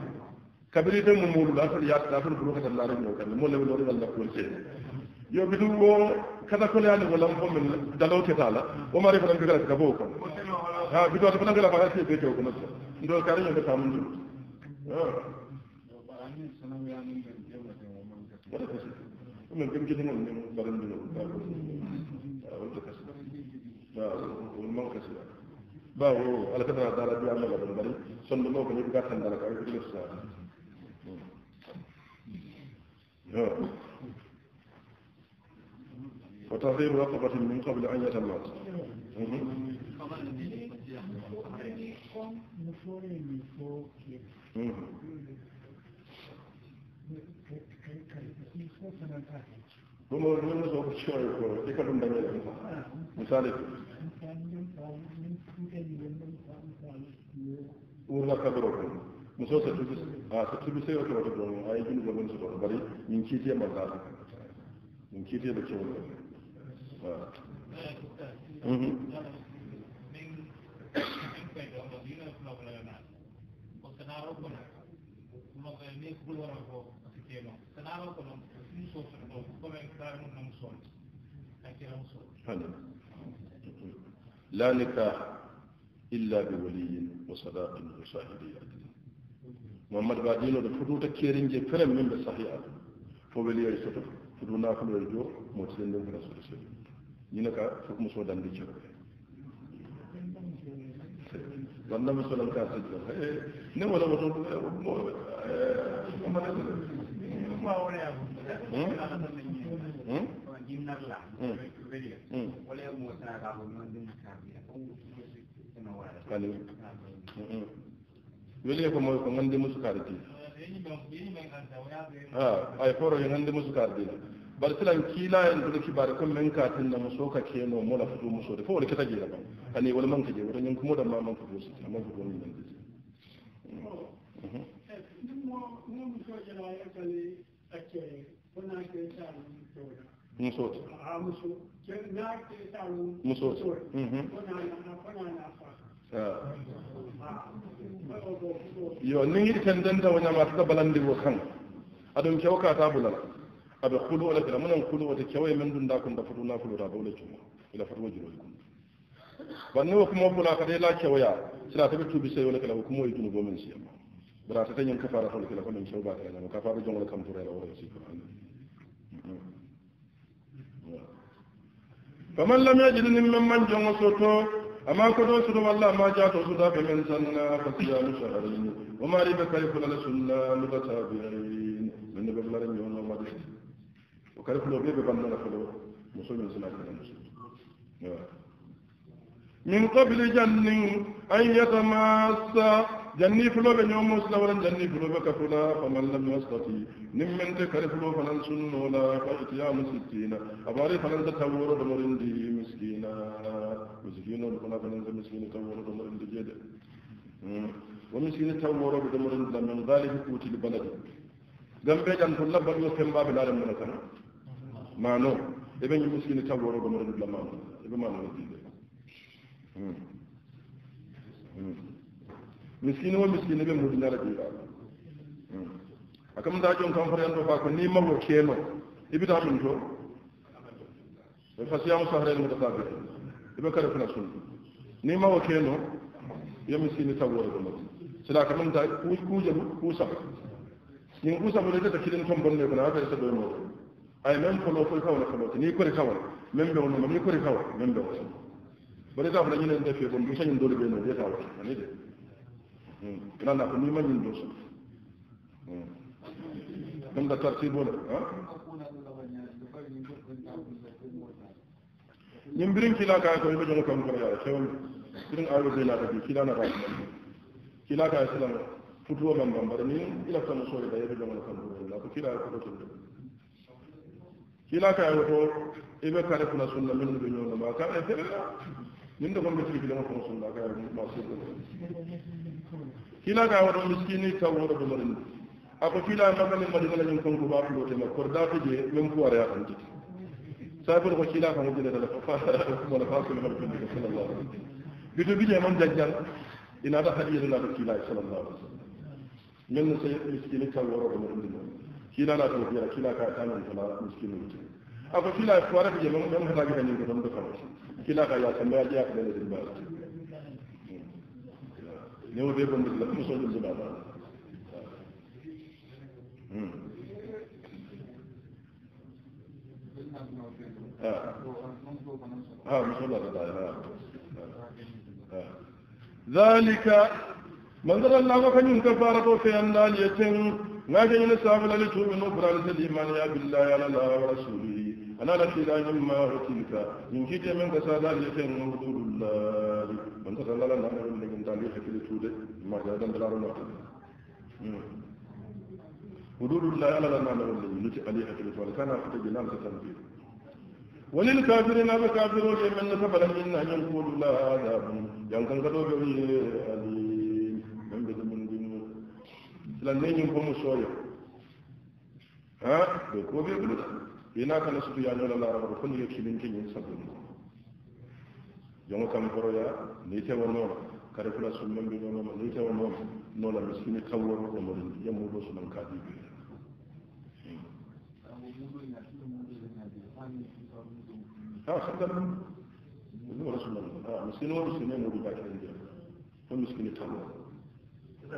kabiri te mu muulu la atol yaata atol bulu kata laare ñoo kan mo lewe loolu walla kuwol seen yo bitu wo kata kole yaani wala mo min dalaw keta la o mari fana bi kala ka bo ko ha bitu wata fana kala fa se be ko no ndo kare ñoo ka mun ah wala ko من كم جدنا من كم من آه، والمكسب باو على كثرة دار بيا ما قبل بري صلى الله عليه وسلم كان دار كأي كل ساعة وتحرير رقبة من قبل أن يتمات Mm-hmm. kuma wani zo ku ciwon ko sai ka dunda ne misali urla kabro ko muso ta tudu a ta tudu sai wata wata don ai gini gaban su ba bari min kiti ma ka min kiti da ciwon Kanaro kono, kuma ne kulo wara ko, kanaro kono, لا نكاح إلا بولي وصداق وشاهد يأتي محمد بعدين ودو فدو تكيرين جي فرم من بصحيح فولي يسوت فدو نافل الجو موتين دم رسول الله ينكا فكم سو دم دي wannan musulun ka su ne wala mutum wele ko moy ko ngandi musukar ha ay foro bar tilan kila en do ki bar ko men ka tin da muso ke no mola fudu muso de fo wala kata jira ban ani wala man ka je wala nyen kuma da ma man fudu su ma fudu ni man di musoto musoto mm-hmm. ah. ah. yo niŋ ite teŋ denta wo ñama ata balandi wo kaŋ aduŋ kewo kaata bula la abe kulu wo le kela kulu wote kewo ye meŋ dunda kunta fatu na kulu ta abe wo ila fatu wo juloolu kunta bari niŋ wo kumoo bula kata la kewoya sila ate be tuubi seyo le kela wo kumoo ye junubo meŋ siyama bara ta tanyan kafara fa kila kullum shi ba kana kafara jongol kam tura la wala shi faman lam yajid mimman man jongo soto amma ko do sudo walla ma ja to suda be men sanna fa siyamu shahrin wa ma riba kayfuna la sunna mutatabi'in min be blar nyon ma de o kare fulo be be banna la fulo muso min sala kana muso min qabli jannin an yatamassa janni fuloɓe ñoomo sula walan janni fuloɓe fa man lam yastati nin te kare fulo fanan sunnola fa itiyamu sittina abari fanan ta taworo di miskina misikinoɗo fana fanan ta miskina taworo ɗomorindi jeede wo miskina taworoɓe ɗomorindi la kuti galihi kuutili gam be jan to ba yo fembaɓe laaren mona tan mano eɓe ñi miskina taworo di la mano be mano wadiɗe Mm-hmm. miskini wo miskini ɓe muɗina ala ɓiiraɗo akam da jon kam fata en fa ko ni mawo keeno ibita min to ɓe fasiyamu sahra en mutataɓe eɓe kare fula sundu ni mawo keeno yo miskini tawwore ɗo mabɓe sila ka manta kuuje kuusam ñin kuusam ɗo tata kiɗen ton bonne kono affaire sa ɗoy moɗo ay même kolo koy kawna kolote ni kori kawal même ɓe onoma ni kori kawal même ɓe onoma bari ka fota ñinen defe bon dusañin dole ɓe no de kawal ani de ina na ko ni man yin so dum da tarti tartibo ha ñim birin kila ka ko ibe jogo kam ko yaa sewon birin ayo de la tabi kila na rafa kila kaya futu wa man bambara ni ila mo so da ibe jogo kam ko la ko kila ko to kila kaya ko eh, ibe kare kula sunna min do ñoo na ma ka e tere la ñin da ko mbi kila ko sunna ka kaya ma so kila ga wado miskini ka wado do marin ako kila magale madina lañu kon ko ba fulo te ma ko da to je mem ko wara tan ci sabir ko kila ka mo jele dala fa mo la fasul ma ko ni sallallahu alaihi wasallam bitu bi je man dajjal ina ta hadiya la ko kila sallallahu alaihi wasallam men na sai miskini ka wado do marin kila na to kila kila ka tanan fala miskini ci ako kila ko wara je mem mem hada ga ni ko dum do fa kila ka ya samba ya ya ko dum do ñëw dee ba mbir la mu soñu zuba ba ah mu sola da ah zalika manzara Allah ka nyun kafara to fe an dal yatin ngaje ni sabala li tu min ubral sal man ya billahi ala wa rasulihi أنا لا تلا ما كلتا إن كنت من كسادا من حدود الله من الله تسلل لنا من لكن تعليق في التودة ما جاء دم دلار الوقت حدود الله على لنا من لكن تعليق في التودة كان أخذ جنان ستنفير وللكافرين بكافرون من سفل إن يقول ينقول لا عذاب ينقل قدوب أليم من بدم من دين نيجي نقوم شويه ها بكوبي بلده bina kana sutu ya nyola la rabu ko ni kilin kin sabu ni jongo kam boroya ni te wono kare kula sunnam bi wono ni te wono no la miskini kawon ko mo ni yamu do ka di bi ha sadan ni wala sunan ha miskini wono sunan mo ba ke ni ko miskini kawon te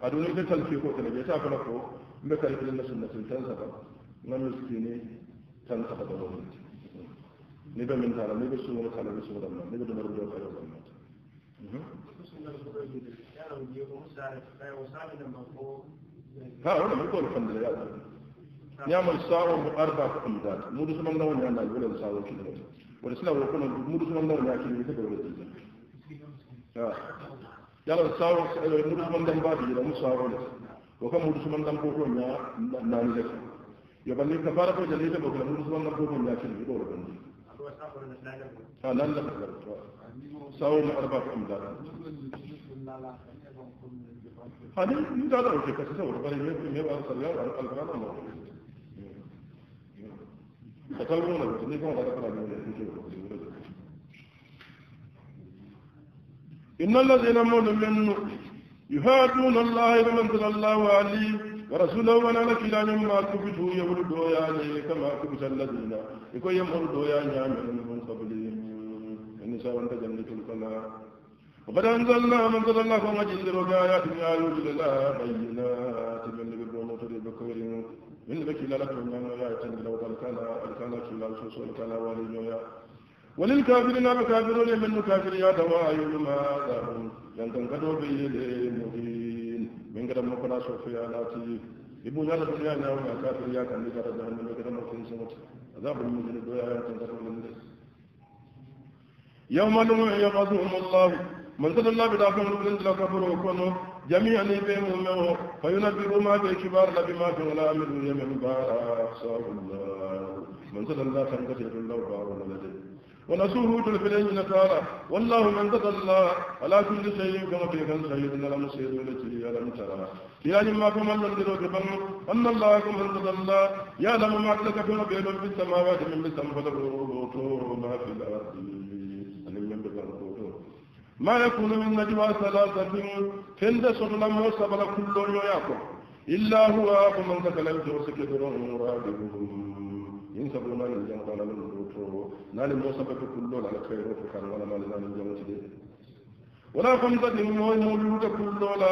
tal talfi ko te ne ta fara ko mbe kare na sunna tan sa saba ngam miskini tan ka da mo ni be min tala ni be su wala tala be su wala ni be do mo yo ka yo wala ha wala mo ko alhamdulillah ñamal saawo mo arba ko amdat mudu sama ndaw ni andal wala saawo ki do wala sila wala ko mudu sama ndaw ni akini ko wala ti ha yala saawo mudu sama ndaw ba bi la mu saawo la ko mudu sama ndaw ko ko nya na ni رسول الله لكن يدور بني لا لا سووا أربعة أمداد هذه مدادة وجه كسيسة وربنا القرآن هذا القرآن إن الذين مؤمنون يهادون الله ومن الله عليه ورسول ورسوله وانا كلا مما كبتوا يقول دويا كما كبت الذين يقول يمر دويا نعمل من قبلهم النساء وانت جنة القناة وقد أنزلنا من قد الله فما جندر وقايات يا يوجد لا بينات من لبرون وطريق بكوري من لبكي لا لكم يا يتنجل وقال كان الكانا كلا وشوص والكانا والي وللكافرين بكافرون من الكافر يا دواء يوم آدم ينتن قدو بيه لمهين من قدم مقنا صوفيا لاتي ابن يالا دنيا ناو يا كافر يا كان لكارا جهنم من قدم مقنا سموت عذاب المجن الدويا ينتن قدو من دس يوم نوح يغضهم الله من قدر الله بداخل من قدر كفر وكونه جميعا يبين منه فينبئوا ما في كبار لبما في غلام اليمن بارا صلى الله من قدر الله كان قدر الله بارا لديه ونسوه تلفلين نكارا والله من ذكر الله على كل شيء كما في كان سيد لنا مسيد التي لم ترى يا لما من ذكر بكم أن الله كم من ذكر الله يا لما ما كم في بين في السماوات من بسم فلقوا ما في الأرض أن ذكر ما يكون من نجوى ثلاثة من فند سرنا موسى بل كل يوم إلا هو من ذكر لم توسك درون مرادهم إن سبنا لجنقنا من نال موسى بكر كلون على خير فكان ولا مال لنا جمعت دي ولا خمسة موي مولود كلون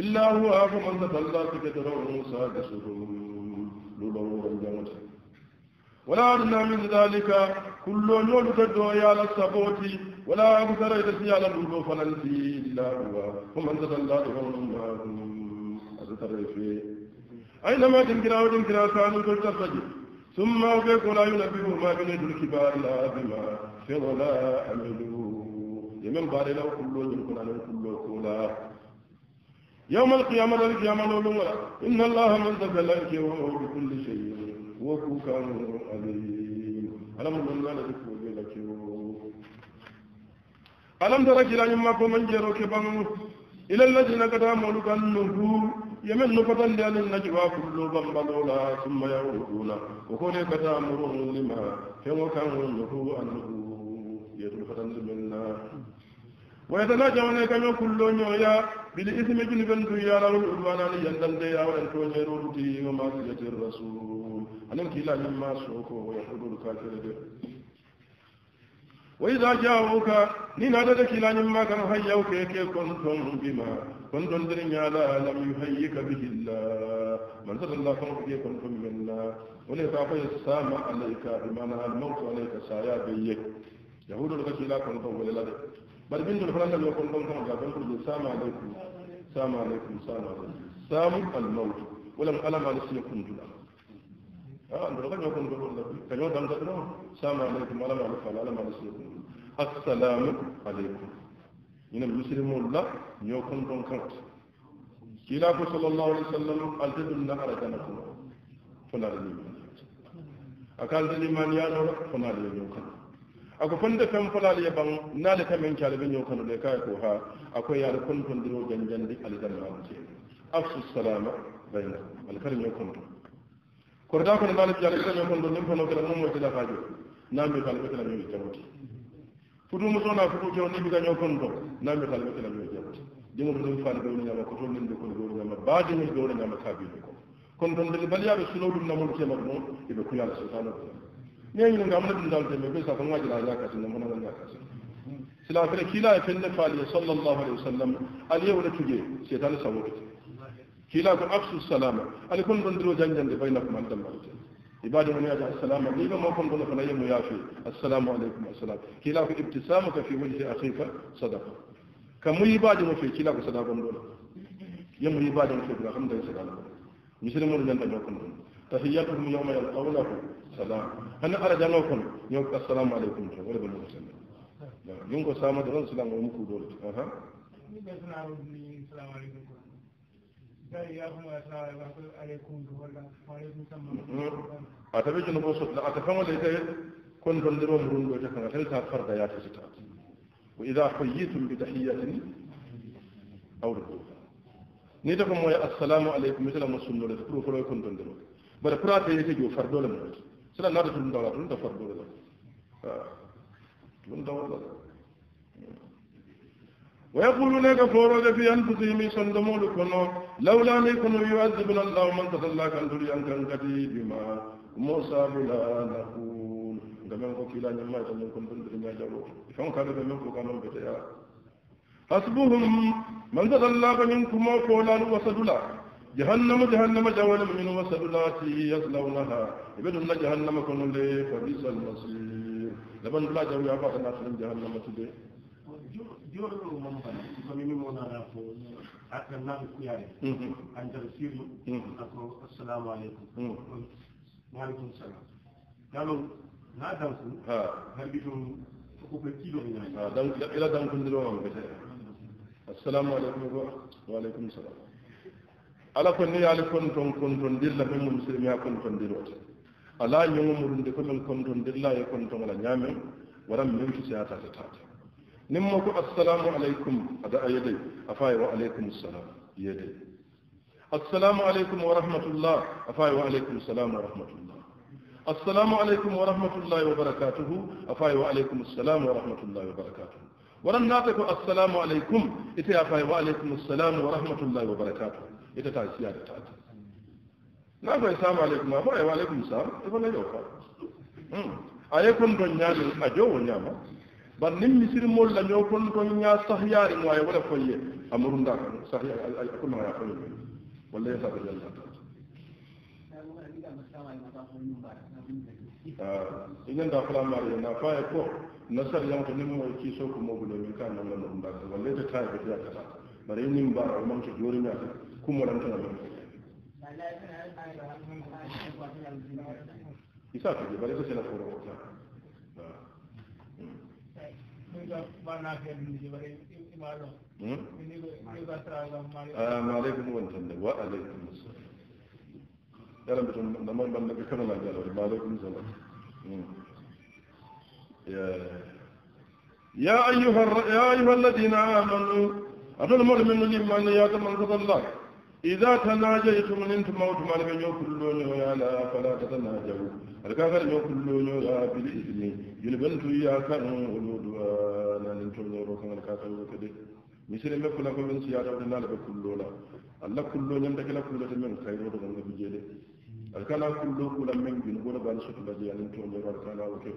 إلا هو فمن تطلع تكتر موسى كسرهم لولو جمعت ولا أدنى من ذلك كل يوم تدعو يا للسبوت ولا أكثر إذا على الأولو فلنسي إلا هو فمن تطلع تكتر أكثر في أينما تنكرا وتنكرا كانوا تلتفجر ثم وبيكم لا ينبه ما بين يد الكبار لا بما لا عملوا يمن بار لو كل يمكن أن كل كلا يوم القيامة لا القيامة لولا إن الله من تبلك وهو بكل شيء وهو كان عليم ألم من لا نذكر لك ألم ترى كلا ما من جرو كبان إلى الذين قداموا لك النبور يمن نفتن لأن النجوى كل بمبلولا ثم يعودون وكوني كتامرهم لما هم كانوا نهو أنه يدل فتن لمنا ويتناجون كما كل نويا بالإثم جنب الدنيا والعدوان أن يندم ديا وأن تونير وما سيجر الرسول أن كلا مما سوكو ويحب الكافر وإذا جاءوك لنادتك إلى نما كان هيوك كنتم بما كنتم درنيا لا لم يهيك به الله من سر الله كنت كي كنتم منا وليتعفى السامة عليك إمانا الموت عليك سايا بيك يهود الغشي لا كنتم ولي لدي بل بنت الفلانة لو كنتم كما جابن كل سامة عليكم سامة عليكم سامة عليكم سامة الموت ولم ألم على سيكون جلال ndoroka ñoo ko ndorol la kañoo danta ɗoo salamu aleykum alama ala fala alama ala sunnatum assalamu aleykum ñinen musilimol la ñoo kon ɗon kante kiila ko sallallahu alayhi wa sallam alte ɗum na ara jana kuma fonaala limaniyata aka alte limaniyanola fonaala yo ñoo kano ako fonde fen folaala ye ɓan naale kamen caala ɓe ñoo kano ɗe kaye ko ha akoye yaade kontondiro janjandi aljana ala ceeno afsu salama bayna alkara ñoo konton korda kono mbaalo jiyata ita men kon ɗo ɗum kono kala mum moytila faajo nambi kala ɓetela mimi jawti futumu sona futu kew ni bigaño kon ɗo nambi kala ɓetela mimi jawti jimol ɗum faani gawriñama ko toon ninde kono gawriñama baadimol gawriñama kaabino ko kono ɗon ndege baliyaɓe suno ɗum namol kemaɗo noon eɓe kuyala subhanahu wa taala ñeñino ngam na ɗum dalte me ɓe sa ko ngajila yakasi nam honana yakasi sila fene kiila e fenne faali sallallahu alayhi wa sallam aliyewo ne tugee seetane sawokite خلاف أقص السلامة أنا كن بندرو جن جن بينكم أنت مرتين إبادة من يجعل السلامة لي ما كن بندرو خلايا ميافي السلام عليكم السلام خلاف ابتسامك في وجه أخيك صدقة كم يبادة ما في خلاف صدقة بندرو يم يبادة ما في رحم دين سلام مثل مول جن جن كن تحياتهم يوم يلقونه سلام أنا أرى جنوكم يوم السلام عليكم ورحمة الله وبركاته يوم كسامة دون سلام ومكودور ها Ini biasa naruh di selama lima tahun. أتبجن بوسط لا أتفهم ليس كن تنظرون رون بيتك ما تلتا فرد يا تزتا وإذا حييتم بتحية أو ركوع نيتكم ويا السلام عليكم مثل ما سنن له فرو فرو كن تنظرون بل فرا تيجي جو فرد ولا مرات سلا نارد رون دولا رون تفرد ولا رون دولا ويقولون لك فورو في أنفسهم يصندمون لكنو لولا أن يكونوا يعذبنا الله من تخلى كان تري أن كان بما موسى بلا نقول كما كمان كفيلا نما يتمنى كن بندر ما جلو فهم كانوا بمن كانوا بتيا حسبهم من تخلى منكم وقولا وصدلا جهنم جهنم جوال من وصدلاتي يصلونها ابن جهنم كن لي فبئس المصير لمن لا جوا بعد جهنم تدي jorɗo mam bana komi mimonana ko akka naɓe kuyare anndara sirlu ako assalamu aleykum waaleykum mm-hmm. salam yalon na danku harbi ɗum koɓe kiɗoe ila dankudiromam bete assalamu aleykum ko waaleykum salam ala ko ni yaali konton kontondirla min mo musilimi ha kontondirota ala ñogo muɗumde komin kontondirla e kontogola nyame waran min ta ta. نمو السلام عليكم هذا يدي أفاي وعليكم السلام يدي السلام عليكم ورحمة الله أفاي وعليكم السلام ورحمة الله السلام عليكم ورحمة الله وبركاته أفاي وعليكم السلام ورحمة الله وبركاته ورناتك السلام عليكم إتي أفاي وعليكم السلام ورحمة الله وبركاته إتي تعي سيادة تعي نعم السلام عليكم أفاي وعليكم السلام إذا لا يوفى أمم. عليكم دنيا من أجو ونعمة bar nin misirimol la ñoo kon sax yaar yi moye wala foye amuru nda kan sahyaari ko ma ya foye wala ya sabe yalla ah, idan da fara mari na faye ko nasar yan ko nin moy ki so mo bulo min kan nan nan nda wala ta ta ko ya ta bari nin ba ko man ko na ko mo ran tan isa ko bari ko sena ko ko يا أيها يا أيها الذين آمنوا أتون مر من الإيمان يا من الله إذا تناجيتم أنتم موت ما لم يكن لون ولا فلا تتناجوا alkakar ñoo kullo ñoo ya bil ismi yul bantu ya kanu uludwana nin tolñoro kangal kakaño kadi misiri me kula ko min siyata wona nala ɓe kullola allah kullo ñamdake la kullote men kayroto ganga bijeede alkala kullo kula men jun gona bani sotulaje anin tolñoro alkala o ke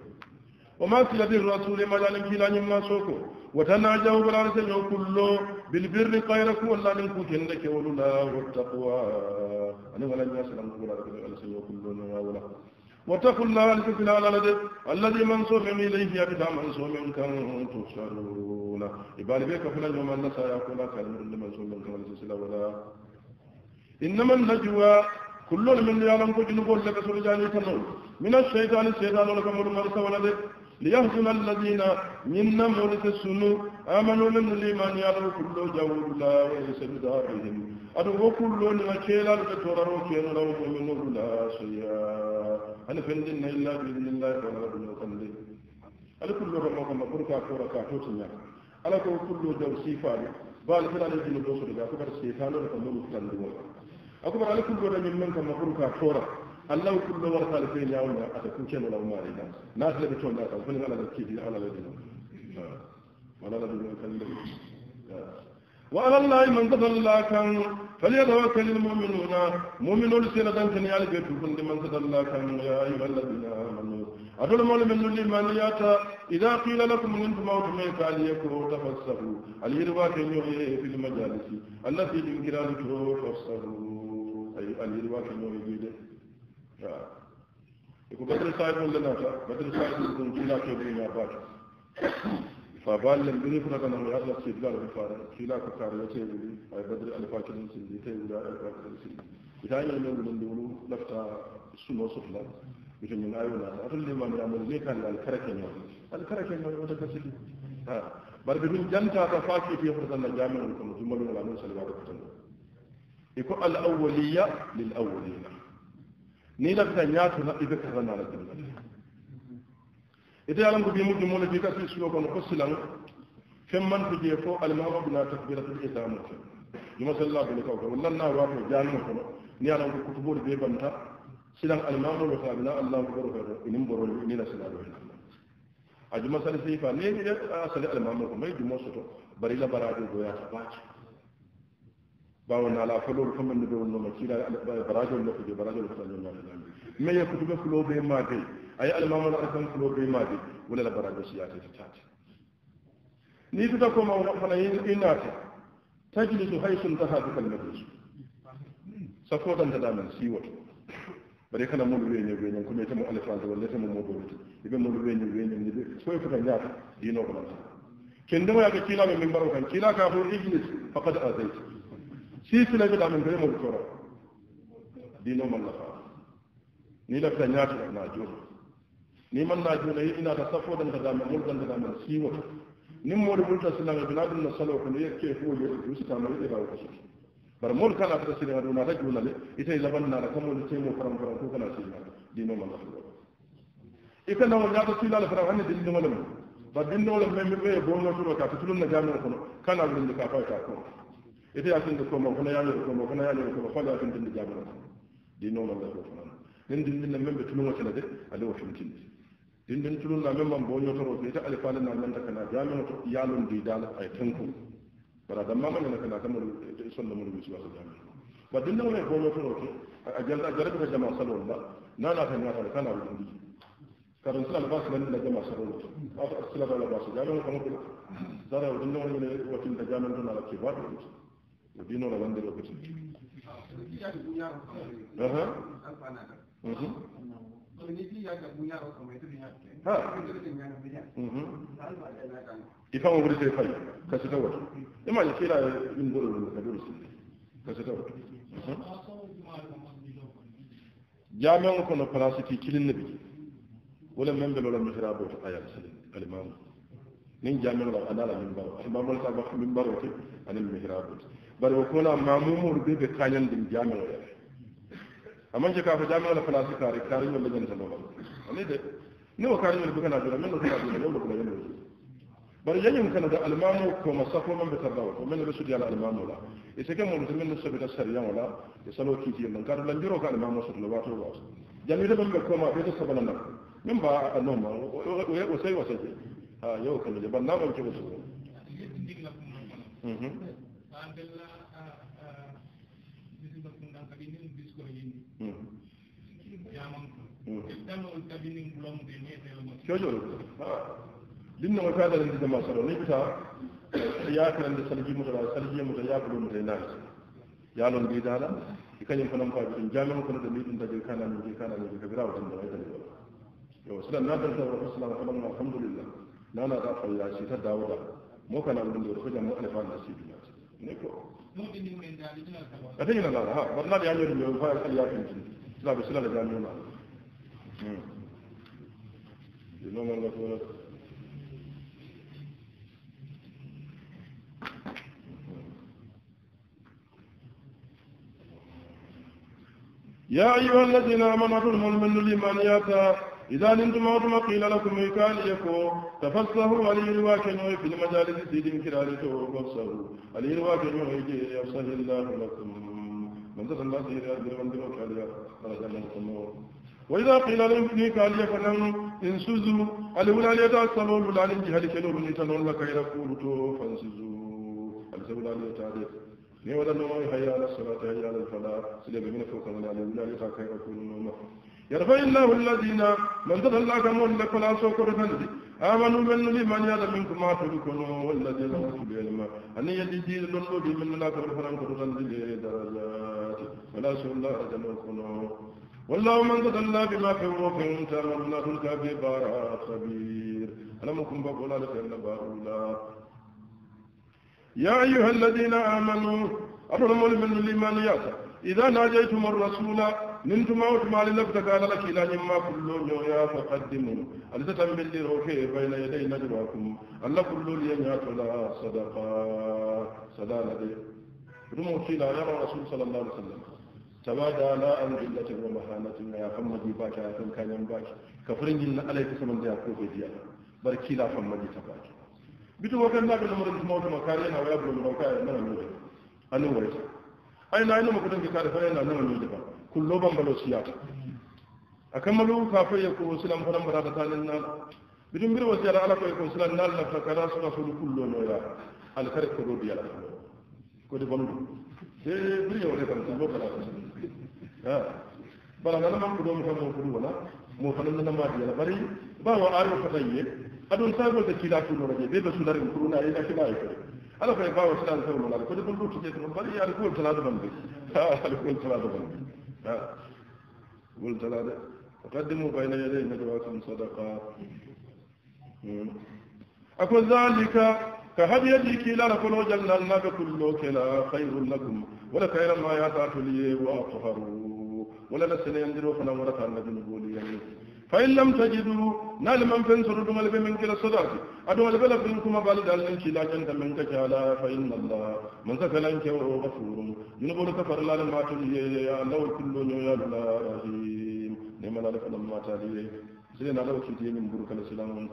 وما في يد الرسول ما لم في لن ما سوكو وتناجوا بالعرس كله بالبر خيرك ولا من كوتين لك والولا والتقوى أنا ولا الناس لم نقول على كل سنة كله ولا واتقوا الله الذي لا لدد الذي منصوب إليه يبدا منصوب كنتم تشعرون يبالي بك فلا يوم النساء يقول كلمة منصوب من تسلا ولا إنما النجوى كل من يعلم نقول لك سرجاني كنول من الشيطان الشيطان لك مرسى ولدك ليهزم الذين من مرث السنو آمنوا من الإيمان يعلم كل جو لا وليس بدارهم أدعو كل من كيلا لك ترى وكيلا لهم من الله سيئا هل فندن إلا بإذن الله فلا بد يصلي هل كل رمى كما بركة كورة كاتوتنا على كل جو سيفاني بال فلا نجد دوسر إذا كبر سيفانه لكم مرتان دوار أكبر على كل رمى من كما بركة كورة الله كل ورثة لفين يوم أتكون كنا لو ما علينا ناس لبتون ناس فنغلا لكيدي على لدينا ولا لدينا كلمة وعلى الله من قدر الله كان فليتوكل المؤمنون مؤمنون على كنيال بيتكم لمن قدر الله كان يا أيها الذين آمنوا أدل مول من للي من إذا قيل لكم من تموت من فعليكم تفسحوا الهروا كن في المجالس التي ينكران تفسحوا أي الهروا كن يهيه يقول بدر صاحب لنا بدر صاحب لنا كيف ينافاك فبال لم بني كنا كنا هو هذا الشيء قال بفار كلا كفار يتي ولي اي بدر الفا كن سن دي تي ولا الفا كن سن اذا يوم من من دولو لفتا سنو سفلا مثل من ايونا أقول لي ما نعمل لي كان الكركن يوم هذا كسيد ها برد من جنتا تفاكي في فرزنا جامع لكم جمل ولا من صلى الله عليه وسلم يكون الاوليه للاولين نيلك تنياتنا اذا كذا نال الدنيا ite alam ko bi mujju mo le bi ka fi sulo ko ko silan fem man to je fo al mama bina takbiratul ihram yuma sallallahu alaihi wa sallam wallan na wa ko jani ko ni alam ko kutubo be banta silan al mama wa sabina allah akbar ko inim boro ni la sallallahu alaihi wa sallam ajuma sal sifa ne ni asali al mama ko mai jumo soto bari la barado do ya tabaci bawon ala falo ko man be wonno ma kila barado lo ko barado ko sallallahu alaihi wa sallam me ya kutubo fulo be ma dai ay almamul arkan fulo be maade wala la baraga ta ce ni tuta ko ma wona fana inate tajlisu haythu intaha bika almajlis safo tan tada man siwoto bare kana mun ruwe ne be ne ko metamo alfanta wala tamo mo do ne be mun ruwe ne be ne ko be so futa nyaata dino ko ta ken dama ka kila mai min barokan kila ka fu ijlis faqad azait si sila ne da min be mo ko dino man la fa ni la tanya ta na juro ni man naa juuna yi inaata sappo danta daame mulganta daame siiwota nim moode multa sinaga binaa ɗum no salo ko no yeet kee fof yeeɗi ustitaama yeɗi raw ko sii bara mool kala ta sinaga ɗum naata juuna le itay labannaara kamoni teemo param param ko kana siinaata ɗino man aɗu ikkandao ñaata siilaale fara hannde dindiŋole ma ba dindiŋole ma mi ɓeye boŋoturo kaa to tulum no jaamen kono kana lindi kaa fay kaa koma ite yaatinde koma kono yaañoro koma kono yaañoro koma fal yaatin dindi jaamen kono ɗinoman lao fanan nin dindinne men ɓe tulumotene de ale o fimtinde din din tulun na memman bo nyoto ro ta alifa na nan ta kana jami'u to yalon di dal ay tanku bara da mamma na kana tamul son da murbi su jami'u ba din nan ne bo nyoto ro a jalla jarabi ka jama salu alaihi na na ta nyata kana wudin di sala sila albasu nan da jama'a sallallahu alaihi ba ta sila da albasu jami'u kuma kula zara wudin nan ne wakin da na la alake ba da da dino da wanda ha ha ifan wuri sai fai ka su tawar ima ya kira yin gudu da kabiru su ka su tawar jami'an ku na farasiti kilin nabi wala men belo la misra bo aya salim al-imam nin jami'an la adala min baro imam al-sabah min baro ti anil mihrab bari ko na mamumur be be kanyan din jami'an amman je ka jami'a la falasi kare kare ne lajen ta ani de ni wa kare ne bukana dole min bukana dole yau bukana yau bar yayin kana da almamu ko masafo man bitar dawo almamu la ise kan mun min nasu da sariyan wala ya salo ki ji man kar lan ka almamu sallallahu alaihi wasallam jami'a ban ko ma ta sabana nan min ba annon ma wa sai wa sai ha yau kan da ban na ban ki musu mhm cojol linnogo fe adala ndijama solo ni ɓita yakarande saljimuta saljimuta yakulumuta e naati yaalon mbiɗaɗa e kañum fanan faabi ɗum jamima kono ɗo mbiɗum tajir kanami je kanami je kabirawo tan dawa tan yo sila nadarta wa rasulama faɗanma alhamdulillah nanaɗa falla sita dawda mo kana ɗum ɗo fojam mo alefanda sibilaati ne ko atañinanaɗa ha barnaɗe yañori mbe fa aliyafintin لا بس لا لا يا أيها الذين آمنوا ظلموا من الإيمانيات إذا نمتم وطم قيل لكم يكال يكو تفسهوا علي الواكن في المجالس كرار كرارته وفسهوا علي الواكن ويجي يفسه الله لكم من تسلى سيدين من دمك عليها رجل الأمور وإذا قيل لهم في قال لك أن انسزوا قال لهم لا يدع الصلول ولا لهم جهة لكلهم اللي تنور لك إلى قولته فانسزوا قال لهم لا يتعرف ني ولا نوى هيا على الصلاة هيا على الفلاة سلبي من فوق من علي ولا يدع كيف يكون يرفع الله الذين من تظل لك مولك فلا سوكر فنزي آمنوا من لمن يرى منكم ما تركنوا والذين هم سبيلما أن يجدي لنود من الله كبر فلن كرسل درجات ولا سوى الله والله من قد الله بما في وفهم تعملنا تلك ببارا خبير ألم كن بقول لك أن بارولا يا أيها الذين آمنوا أرموا من يرد إذا ناجيتم الرسول نمت موت ما للفت قال لك إلى نما كل نويا فقدموا أليس تنبل لروحه بين يدي نجواكم ألا كل لينا تلا صدقا صدا لدي رمو كيلا يا رسول صلى الله عليه وسلم تبادى لا أن علة ومهانة يا فمدي باك يا فم كان ينباك كفرين جلنا عليك سمن ديا كوفي ديا بل كيلا فمدي تباك بيتو وكان ناك الأمر الموت مكارينا ويبلو مكارينا نوري أنوري أين أين مكتنك كارفين أنوري أ kulloban balo siyata akamalu ka fa yakko silam faram barata tanin nan bidin bir wasi ala ko yakko silam nan la fakara su rasul kullo no ya al kare ko do diala ko de bandu de bir yo de kan bo kala ha bala nan man ko do mo ko do wala mo fanan nan ma diala bari ba wa aru fatayye adun sago da kila ko no raje be be sunar ko na ila kila ko ala ko ba wa silam ko no la ko de bandu tije ko bari ya ko tala do bandu ha ko tala do bandu قلت لا تقدموا بين يدي نجواكم صدقات أكو ذلك كهب يديك إلى نكون وجل النبي كله كلا خير لكم ولا خير ما يتعطوا لي وأطهروا ولا نسلين دروخنا مرة النبي نقول يعني fa in du tajidu na lam man fen suru dumal min kila sadaqi adu mal bala fen kuma bal dal min kila jan dal min kaja la fa in allah man ka lan ke o gafur min bo ta far la lan ma tu ye ya allah kullu ni ya allah rahim ni man ala fa ma ta di ye sire na lawo ki ti min buru kala silam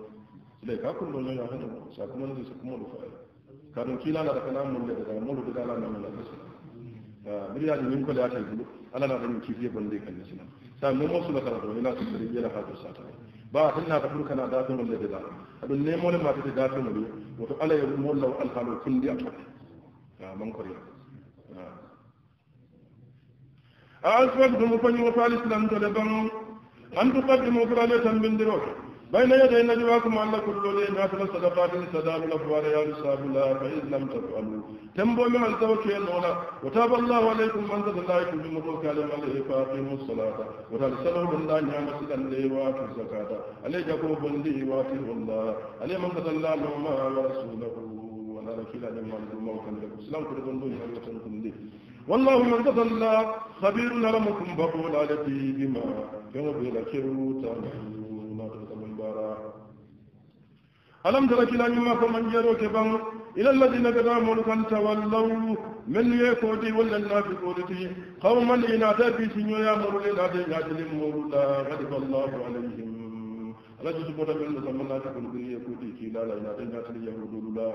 sile ka kun do ya ha sa kuma ni sa kuma lu fa ka dun kila na da kana mun le da mun du da la na mun la sa miliyaji min ko laati bulu ala na ɗum kifiye bonde kan nisina sa min mo sula kala ɗo ila so sari jela ha dur sata ba tinna ta ɓur kana dafe ngol lede la aɗum ne mole ma tete dafe ngol woto ala ye mollaw alhaalo kundi a toɓe mankori a asfat ɗum ko fañi wo fa alislam to de ban an tuqaddimu firale tan bindiroke بين يدي نجواكم أن كل ذي نافل صدقات سدام الأفوار يا رساب الله فإذ لم تفعلوا تنبو من التوكل الأولى وتاب الله عليكم من ذات الله يكون من بمروك عليهم عليه فاقيموا الصلاة وترسلوا بالله نعم سدن لي وآتوا الزكاة عليه جاكوب لي واتوا الله عليه من ذات الله نعم ورسوله ولا ركيل عليهم عليه الموت لكم سلام كل ذنبه يرسلكم لي والله من ذات الله خبير نرمكم بقول على بما كما بلا كروتا alam tara kila ñuma ko man jero ke ban ila alladina kada mulu kan tawallaw men ye ko di wala nafiqoɗo ti qawman inata bi siñoya murule nate ñatilim morula gadiba allahu alayhim ala jusu bota men ɗo samma nata kon guri ye koti kiilala inata ñatili yahudulula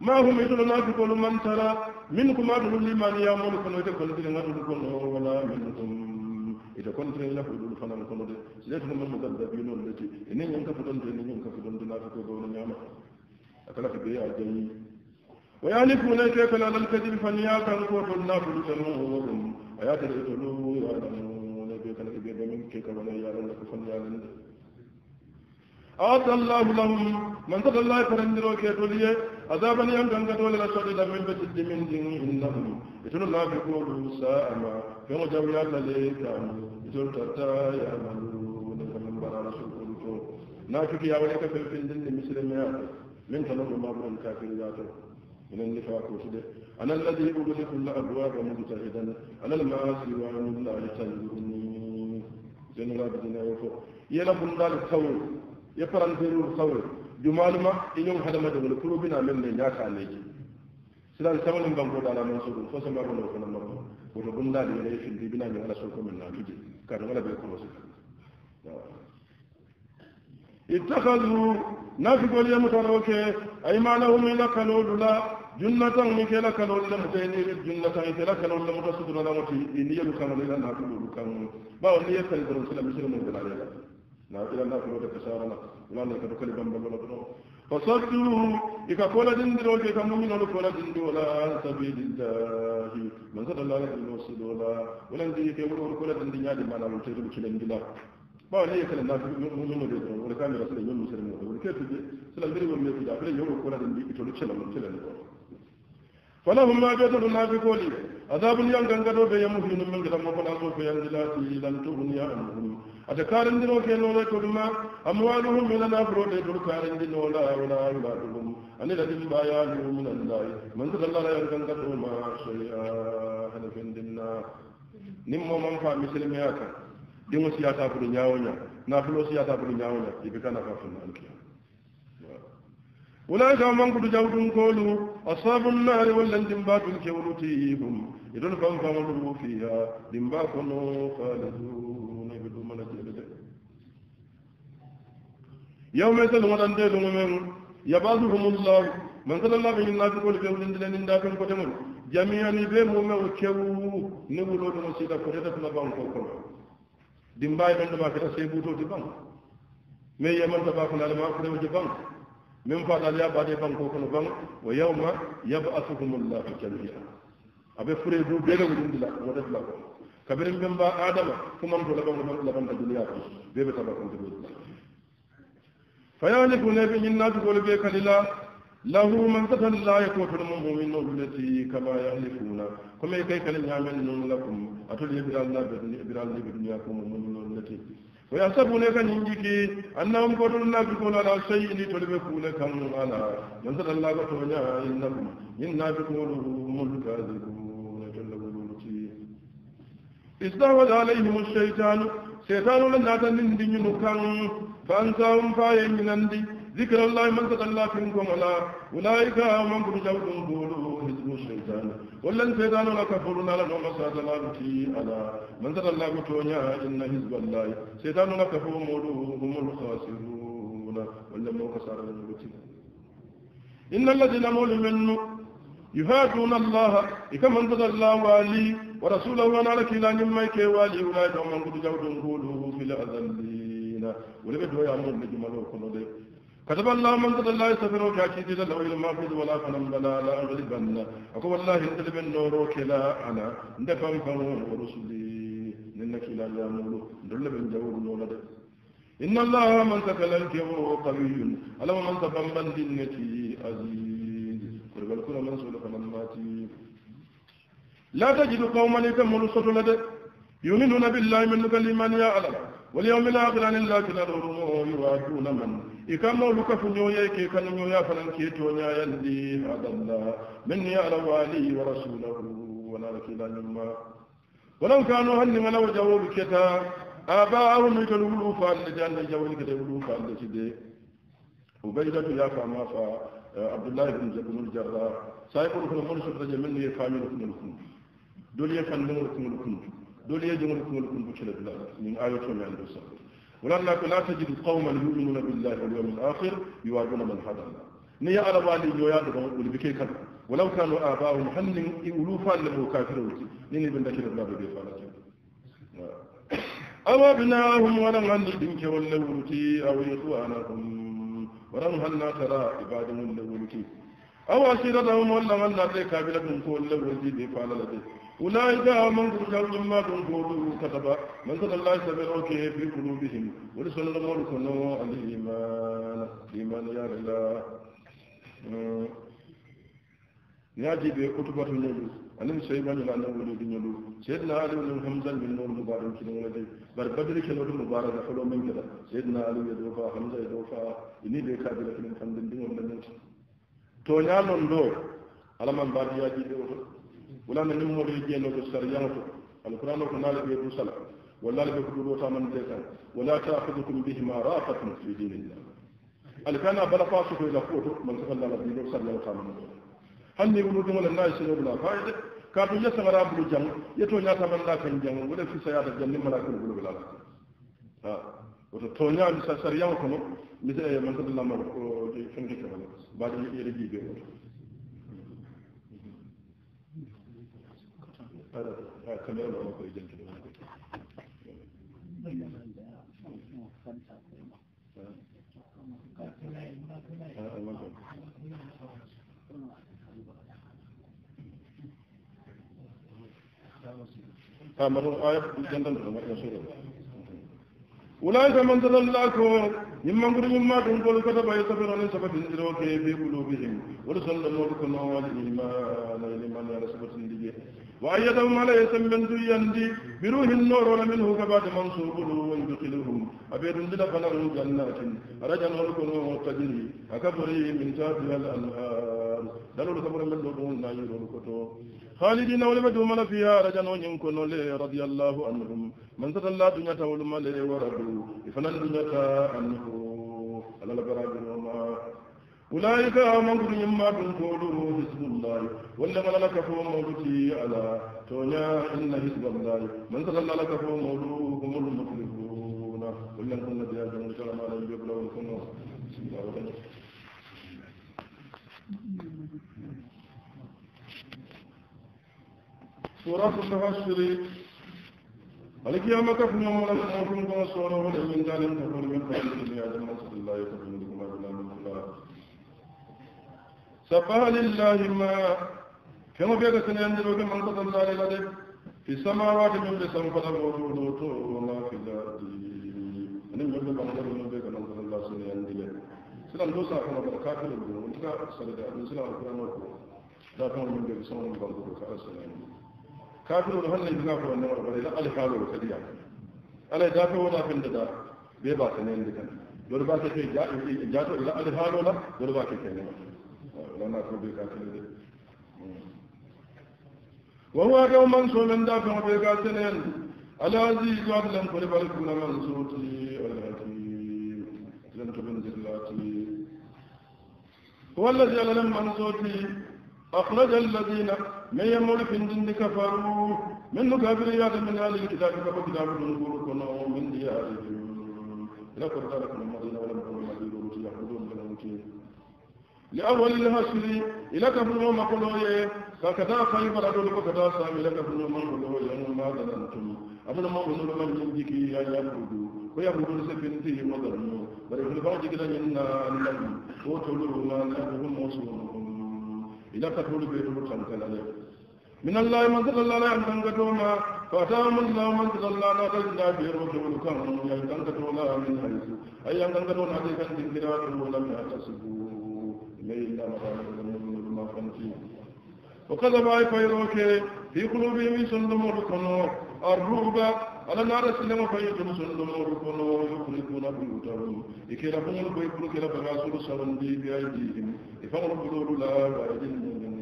ma hum itulo nafiqolu man tara min kuma ɗulu limaniya molu konoyte kon ɗiɗi gaɗulu kono wala min tum ita kontre la ko dul fanan ko de le to man mudal da bi non lati ne nyon ka fudon de nyon ka fudon de na ko do na nyama akala ko ya jayi wa yalifuna kayfa la al kadhib fan ya kan ko ful na ful tanuhum ayatu tulu ya tanuhum ne be kan ke be min ke ka wala ya ran ko fan ya ran أعطى الله لهم من تقل الله فرند لي كيتولي عذابا يمكن كتولي لشرد من بجد من دين إنهم يتولي الله يقولوا ساء ما فيما جاويا لليك يتولي تتا يعملون فمن برا رسول قلت ناكك يا وليك في الفندن يأتي من تنظر ما كافر كافرياتهم من النفاق وشده أنا الذي أغلق كل أبواب مجتهدا أنا المعاصي وعن الله تنظرني زين الله بدنا يفوق يلا ذلك قول يفرن في يقرنتنور صور ما إنهم هذا ما دول قلوبنا من من جاك نجاك عليك سلال سمال بانكو دالا منصور فسمع بنا من مرمو وربنا لا لي في الدبنا من على سلكم من ناكيد كان ولا بيكون وسيلة اتخذوا نافق وليم تروكي أي ما لهم إلا كنول لا جنة مكي لكنول لم تيني جنة مكي لكنول لم تصدر لمتي إني يلو كنول إلا نافق ولو كنول باو نية كنول سلام سلام من دلالة na ila na ko da kasara na ila na ka kali bamba la do fasaktu ika kola din do ke kam min no kola din do la sabilillah man sada la ilaha illa huwa dola wala din ke wuro kola din din ya di mana mun tare bikin gila ba ne kala na fi mun mun do wala kan rasul yin musulmi wala ke tuje sala biri mun me kuja bire yoro kola din di to lu la, mun cela do فلهم عاقبة المنافقون عذاب ينغنغدو بي يمهن من غدا مفلاسو في انجلاتي لن تغني عنهم أتكارن دينو كينو لكلما أموالهم من الأفرو ليتر كارن دينو لا ولا أولادهم أن لدن بايانه من الله من ذل الله ينغنغدو ما شيئا هلفن دينا نمو من فهم مسلمياتا دينو سياسة فرنياونا نافلو سياسة فرنياونا يبقى نفافنا الكيام أولئك من قد جاودون كولو أصحاب النار ولن دمبات الكولتيهم إذن فانفعلوا فيها دمباكم خالدون بدون ملك يوم يسلم أن تيدون من يبعثهم الله من صلى الله من وسلم قول في أولين دلين داكم قدمون جميعا يبهم من كيو نقولوا لهم سيدا قدرت نبان قوكم دمباي من دماغ كتا سيبوتو دبان مي يمن تباكم لما ما قدموا دبان من فعل يا بعد بان كوكن بان ويوم يبعثهم الله جميعا أبي فريدو بيلا وجند لا ودت لا كبير من با آدم كم أنت لبان لبان لبان الدنيا بيبي تبا كنت بيت فيالك نبي الناس قول بيك لله له من قتل لا يكون المؤمن التي كما يهلكون كما يكيك لنعمل لكم أتولي برال الله برال لبنياكم المؤمن التي ويحسبون كان ينجيكي أنهم قدروا لا بكون على شيء لتلبكون كم على ينزل الله بطونا إنهم إنا بقولهم الكاذبون جل وعلا استهوذ عليهم الشيطان شيطان لنا تنين دين كان فأنساهم فاين نندي ذكر الله من تقلى فيكم على أولئك من برجوتم قولوا حزب الشيطان ولن سيدان ولا كفرنا لهم ساد الله بكي على من تقلى بتونيا إن حزب الله سيدان ولا كفر هم الخاسرون ولن موقع سارة إن الذين مول منه يهاجون الله إكمن تقلى والي ورسوله لك إلى نميك والي أولئك من برجوتم قولوا في الأذلين ولقد يقولون يعمل نجم كتب الله من قد الله سفر وكاكي تلا له ما في ولا فنم بلا لا أغلبن أكو الله انتلب النور كلا أنا ندفن فنور ورسلي إنك لا يامل دل بن نولد إن الله من تكلم كبر قوي ألا من دنتي عزيز قرب الكل من سولك من ماتي لا تجد قوما لتمر لدي يؤمنون بالله من نكلمان يا الله واليوم الآخر أن الله كلا ضرور يوعدون من إكام لك فنيويا كي كان نيويا فلن كي تونيا يلي هذا الله من يعلم علي ورسوله ولا إلى الله ولو كانوا هن من وجهوا بكتا آباءهم يكلوا الوفا لجان يجوا لكتبوا الوفا لجدي وبيدة يا فما فا عبد الله بن جبل الجراح سايقول لكم مرشد رجل من يفهم لكم الكون دول يفهم لكم الكون دول يجمل كل كل بشر الله من آية من عند الصبر ولما لا تجد قوما يؤمنون بالله واليوم الآخر يوادون من هدى الله ني على والي يواد بكي كان ولو كانوا آباؤهم يولوفا ألوفا كافر كافرون ني بن ذكر الله فالك آه. أو أبناهم ولم عندهم كولوتي أو إخوانهم ولم هل ترى عبادهم لولتي أو عشيرتهم ولم كابلتهم ذلك كافرة بي فالك أولئك آمنوا رجال مما تنقلوا كتب من كتب الله سبحانه وتعالى في قلوبهم ورسل الله لكم الإيمان إيمان يا الله ñaaji ɓe otubatu ñolu anin seybañol annan wolidi ñolu seydna aliw nen hamsal min noon mubarak kinowona de bar badiri kenoto mubaraka holo men keɗa seydna aliw e dow fa hamsa e dow fa ini ɓe kabila kinen kamden ndingol nanoti to ñaalon ɗo alaman mbaadiyaji ɓe oto wala ne nim moɗo jeeno to sariyan to alqouran o ko naale ɓe du sala walla ale ɓe ko ɗuɗotamande kan wala tahudukum bihima rafatun fi dinillah alkana bala fa sokoy la foto man safallala dino sallahu taala hanni wuludugola nayi sinoɓula fayde kaatu yesagara bulu jang yeto ñatamanɗa kan jang wona fisayata janni malakol bulobelala a woto toñaami sa sariyan kono mise man sadallama fenke kewala mbaɗi yeɗe jiibe oto هذا آية أولئك من تذللكم ممن قد مما تنقل كتب يصبر عن سبب الإدراك في قلوبهم ورسل الله كنا واجبهما لمن يرسل سنديه وأيدهم على يسم من دياندي بروح النور منه كبعد منصوب له ويدخلهم أبيد لنا فنروا جنات رجل الكنوم تجري أكبري من تاتها الأنهار دلوا لكبر من دون نايل الكتو خالدين ولمدوا من فيها رجل ينكن رضي الله عنهم من سد الله دنيا تولم لي وردوا إفنان دنيا أنه على البراجل وما ulaika amaru yimmatun koluru hisbullahi wolle ngalalaka fo mawluti ala toña inna hisballahi man salallalaka fo mawlu humul muflihuna wollen kon nadiya jonde karamala jeblawol kono bisimillahi rahmani suratu lhasri alikiyama kafuñomolaomotum kono sonoo ɗe min ganen kafoñen kaɗiniyajamasatillahi kafuñu سبح لله ما كما بيغا سنين دلو بما انقضى الله لغدب في السماوات من بسم فضل ورودوت وما في الأرض أنا من بما انقضى من بيغا انقضى الله سنين دلو سلام دوسا كما بيغا كافر بيغا انتكا سلدى أبن سلام القرآن وكو لا كما من بيغا سنين دلو كافر سنين كافر ورهن يبقى في النور ولا لا ألف حاله وكذيا ألا يدافع ولا في الندى بيبا سنين دلو دول باكي جاتو إلى ألف حاله ولا دول باكي كينيما لما كوبي كاتلين وهو كم من سو من دافع بكاتلين على ذي جواد لم كل بالك من من سوتي الحكيم لن تبن جلاتي هو الذي على لم من سوتي أخرج الذين من يمر في الدين كفروا من ياد من آل الكتاب فكتاب من قولكم من ديارهم لا قرآن لكم مدينة لأول الهاشر إلى كفر يوم قلوه فكذا خيبر دولك كذا سام إلى كفر يوم قلوه يوم ما ظلمتم أبنا ما وصل ما يمدك يا يا ويا يخرجوا ويخرجوا لسفنته وظلموا بل في البعض كذا ينا لهم وتلوا ما لهم وصولهم إلى كفر يوم كم بيت له من الله من ذل الله لا يمكن قدوما فأتاهم الله من ذل الله لا تجد بير رجل كم يمكن قدوما من حيث أي يمكن قدوما عليك أن تنكرات ولم يحتسبوا ليلا مغنسي وقد ما يفيروك في قلوبهم سندمور كنور الرغبة على نار السلم فيقل سلم كنور يخلقون بيوتهم إكلا فنور بيقل كلا فغاسل سرندي بأيديهم إفنور بلور لا بأيديهم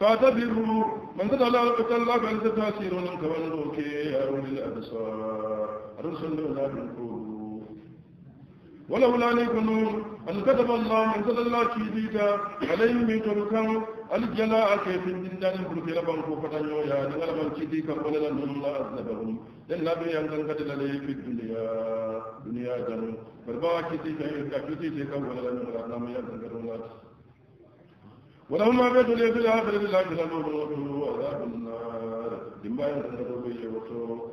فاعتبروا من قد على الله فلتتاسير من كمان روكي أولي الأبصار أرسلنا لنا بالقلوب ولولا ليكنون أن كتب الله من كتب الله كيديتا عليهم من تركم الجلاء كيف الدنيا نقول في لبن كوفة يويا لبن كيديتا ولنا أن الله أذنبهم لأن نبي أن كتب لي في الدنيا دنيا جنون فربا كيديتا يركا كيديتا ولنا أن الله أذنبهم ولهم عبد لي في الآخرة لا يسلمون وعذاب النار لما ينتظروا به وصوره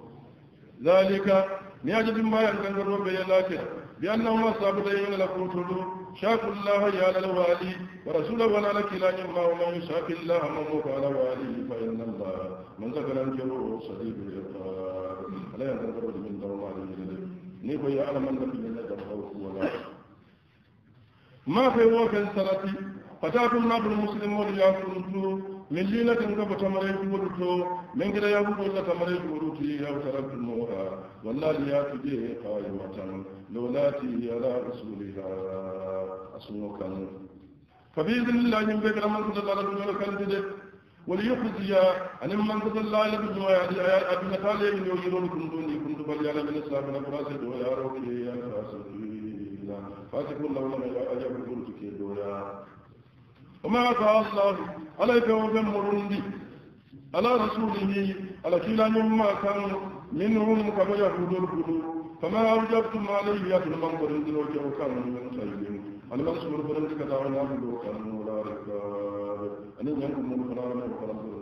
ذلك نياجة ما ينتظروا به الآخرة بأنهم أصحاب لا لقوتلوا شاكوا الله يا الوالي ورسوله ولا لك لا يما ومن يشاك الله مموت على والي فإن الله من ذكر أنجبه صديق الإقرار لا ينظر من دوم عليه لديه نيكو يعلم في من ذكر ولا ما في وكن سلتي فتاكم نبل المسلمون يا سلطوه من لي لك نغب تمرين بوروتو من غير يابو بولا تمرين بوروتو يا ترب النور والله لي اتجي قايو تن لولاتي يا رسولها اسمك فبإذن الله يمكن كرمان كنت تعالى بجوال كنت جد وليخزي أن من قد الله إلا بجوال أبي نتالي من يجرون كنتوني كنت بليانا من السلام نفراسي دويا روكي يا فاسدين فاسدين الله لما يجعل يبقون تكي دويا وما أتى الله عليك وبن مرندي على رسوله على كلا مما كان منهم كما يهود الكل فما أوجبتم عليه يأتي من برند الوجه وكان من خير أنا من سمر برند كذا ولا أبدو ولا ركاب أنا ينكم من خلال من خلال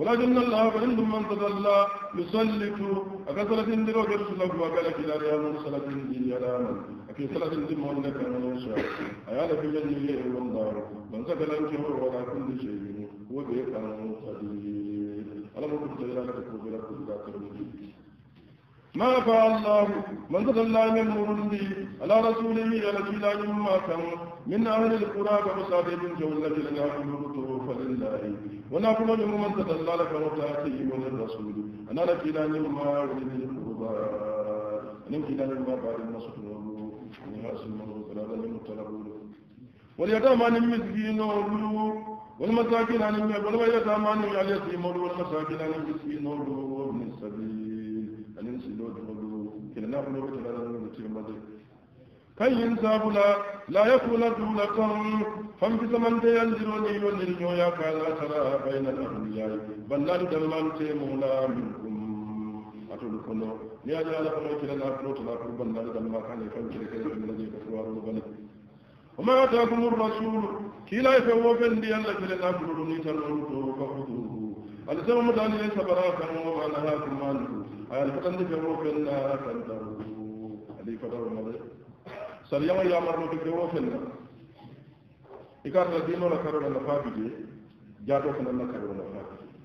ولا جن الله عند من تضلى يسلك أكثر من دلو جرس لك وقالك إلى ريان صلاة دين يلاما أكي صلاة دين من لك من يشاء أيال في جن الله والنار من سكن أنكه ولا كل شيء هو بيك أنا قدير ألم كنت إلى لك تكون بلا كل ذات ما فعل الله من تدلى من مرندي على رسوله على جلال ما كان من أهل القرى وصادق جولة لنا في فلله ونافلو نيم من لك على من الرسول انا لك الى نيم ما ولد القربى نيم الى نيم بعد النصر نيم اسم الله تعالى نيم طلبوا واليتامى نيم مسكين والمساكين عن النبي واليتامى اليتيم والمساكين عن المسكين وابن السبيل أن ينسلوا دخلوا كنا نحن نبت على المسلمين kayin sabula la yakula dula kan fam fi zaman de yandiro ni yonir nyoya kala tara bayna al-anbiya ballan damman te mula minkum atul kono ni ala ala kono kila na kono to na ko ballan damma kan kan kire kire min ladi ko waru bani وما آتاكم الرسول كلا يفوفن دي الله كلا نابلو نيتر ونطور فخذوه الإسلام مدعني ليس براكا وما نهاكم عنه أي الفتن دي فوفن لا تنتهوا هذه فتر مضيئ sal yama to dewo feŋ na i ka tara diinoo la karoo la nafaa bi jee jaatoo fanaŋ na karo la nafaa bi jee